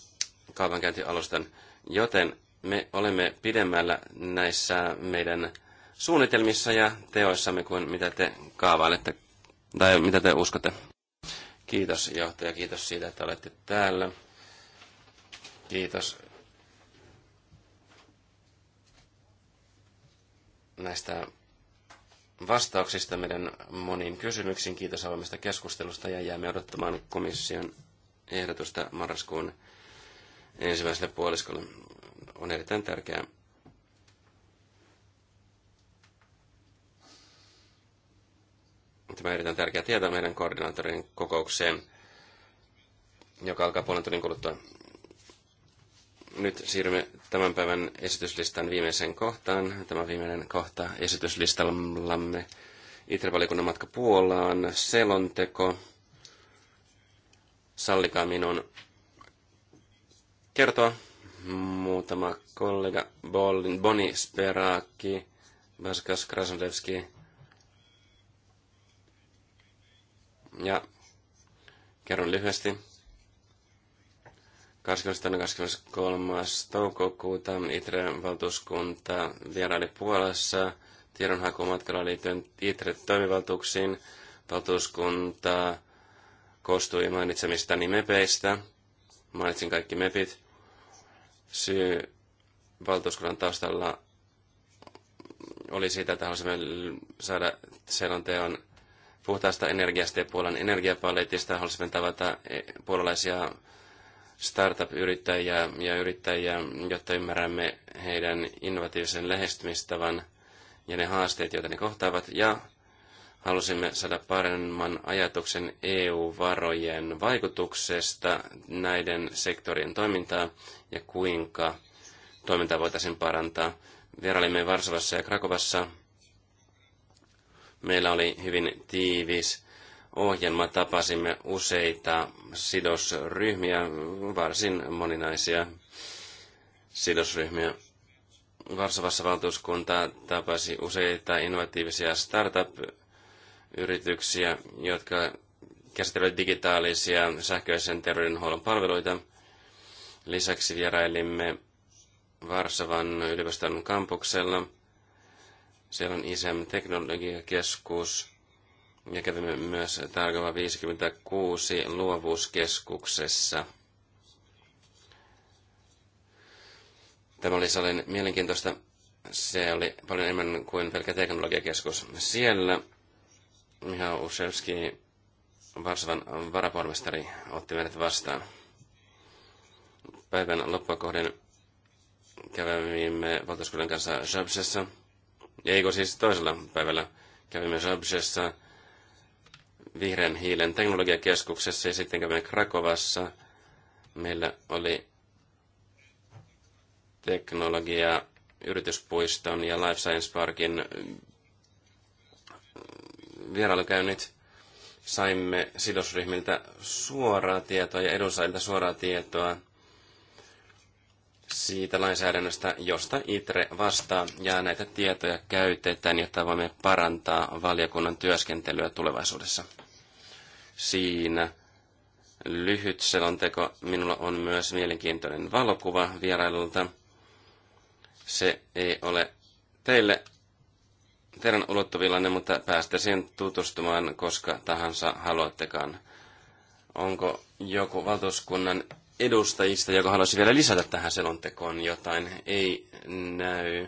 kaupankäyntialustan, joten me olemme pidemmällä näissä meidän suunnitelmissa ja teoissamme kuin mitä te kaavailette tai mitä te uskotte. Kiitos johtaja, kiitos siitä, että olette täällä. Kiitos näistä vastauksista meidän moniin kysymyksiin. Kiitos avoimesta keskustelusta ja jäämme odottamaan komission ehdotusta marraskuun ensimmäiselle puoliskolle. On erittäin tärkeää Tämä on erittäin tärkeä tieto meidän koordinaattorin kokoukseen, joka alkaa puolen tunnin kuluttua. Nyt siirrymme tämän päivän esityslistan viimeiseen kohtaan. Tämä viimeinen kohta esityslistallamme Itrevalikunnan matka Puolaan, selonteko. Sallikaa minun kertoa muutama kollega. Boni Speraki, Vaskas Krasnodevski, Ja kerron lyhyesti. 20.23. toukokuuta Itren valtuuskunta vieraili Puolassa tiedonhakumatkalla liittyen Itre toimivaltuuksiin. Valtuuskunta koostui mainitsemistani mepeistä. Mainitsin kaikki mepit. Syy valtuuskunnan taustalla oli siitä, että halusimme saada selonteon puhtaasta energiasta ja Puolan energiapaletista. Haluaisimme tavata e, puolalaisia startup-yrittäjiä ja yrittäjiä, jotta ymmärrämme heidän innovatiivisen lähestymistavan ja ne haasteet, joita ne kohtaavat. Ja halusimme saada paremman ajatuksen EU-varojen vaikutuksesta näiden sektorien toimintaa ja kuinka toimintaa voitaisiin parantaa. Vierailimme Varsovassa ja Krakovassa Meillä oli hyvin tiivis ohjelma. Tapasimme useita sidosryhmiä, varsin moninaisia sidosryhmiä. Varsovassa valtuuskunta tapasi useita innovatiivisia startup-yrityksiä, jotka käsittelevät digitaalisia sähköisen terveydenhuollon palveluita. Lisäksi vierailimme Varsovan yliopiston kampuksella – siellä on ISM-teknologiakeskus ja kävimme myös Targava 56 luovuuskeskuksessa. Tämä oli sellainen mielenkiintoista. Se oli paljon enemmän kuin pelkä teknologiakeskus. Siellä Mihail Ushevski, Varsovan varapormestari, otti meidät vastaan. Päivän loppukohden kävimme valtuuskunnan kanssa Jobsessa. Eikö siis toisella päivällä kävimme Sobsessa vihreän hiilen teknologiakeskuksessa ja sitten kävimme Krakovassa. Meillä oli teknologia yrityspuiston ja Life Science Parkin vierailukäynnit saimme sidosryhmiltä suoraa tietoa ja edunsaajilta suoraa tietoa – siitä lainsäädännöstä, josta ITRE vastaa, ja näitä tietoja käytetään, jotta voimme parantaa valiokunnan työskentelyä tulevaisuudessa. Siinä lyhyt selonteko. Minulla on myös mielenkiintoinen valokuva vierailulta. Se ei ole teille teidän ulottuvillanne, mutta päästä sen tutustumaan koska tahansa haluattekaan. Onko joku valtuuskunnan edustajista, joka haluaisi vielä lisätä tähän selontekoon jotain. Ei näy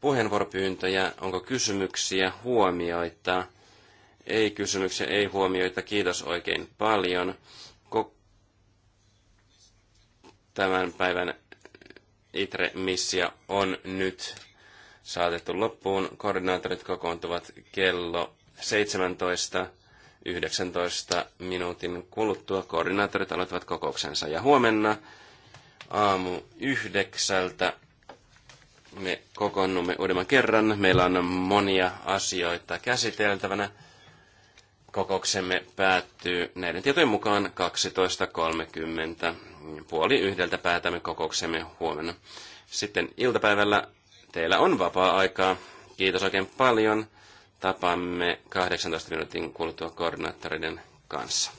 puheenvuoropyyntöjä, onko kysymyksiä, huomioita, ei kysymyksiä, ei huomioita, kiitos oikein paljon. Ko- Tämän päivän ITRE-missio on nyt saatettu loppuun. Koordinaattorit kokoontuvat kello 17. 19 minuutin kuluttua koordinaattorit aloittavat kokouksensa. Ja huomenna aamu yhdeksältä me kokoonnumme uudemman kerran. Meillä on monia asioita käsiteltävänä. Kokouksemme päättyy näiden tietojen mukaan 12.30. Puoli yhdeltä päätämme kokouksemme huomenna. Sitten iltapäivällä teillä on vapaa-aikaa. Kiitos oikein paljon. Tapaamme 18 minuutin kuluttua koordinaattoreiden kanssa.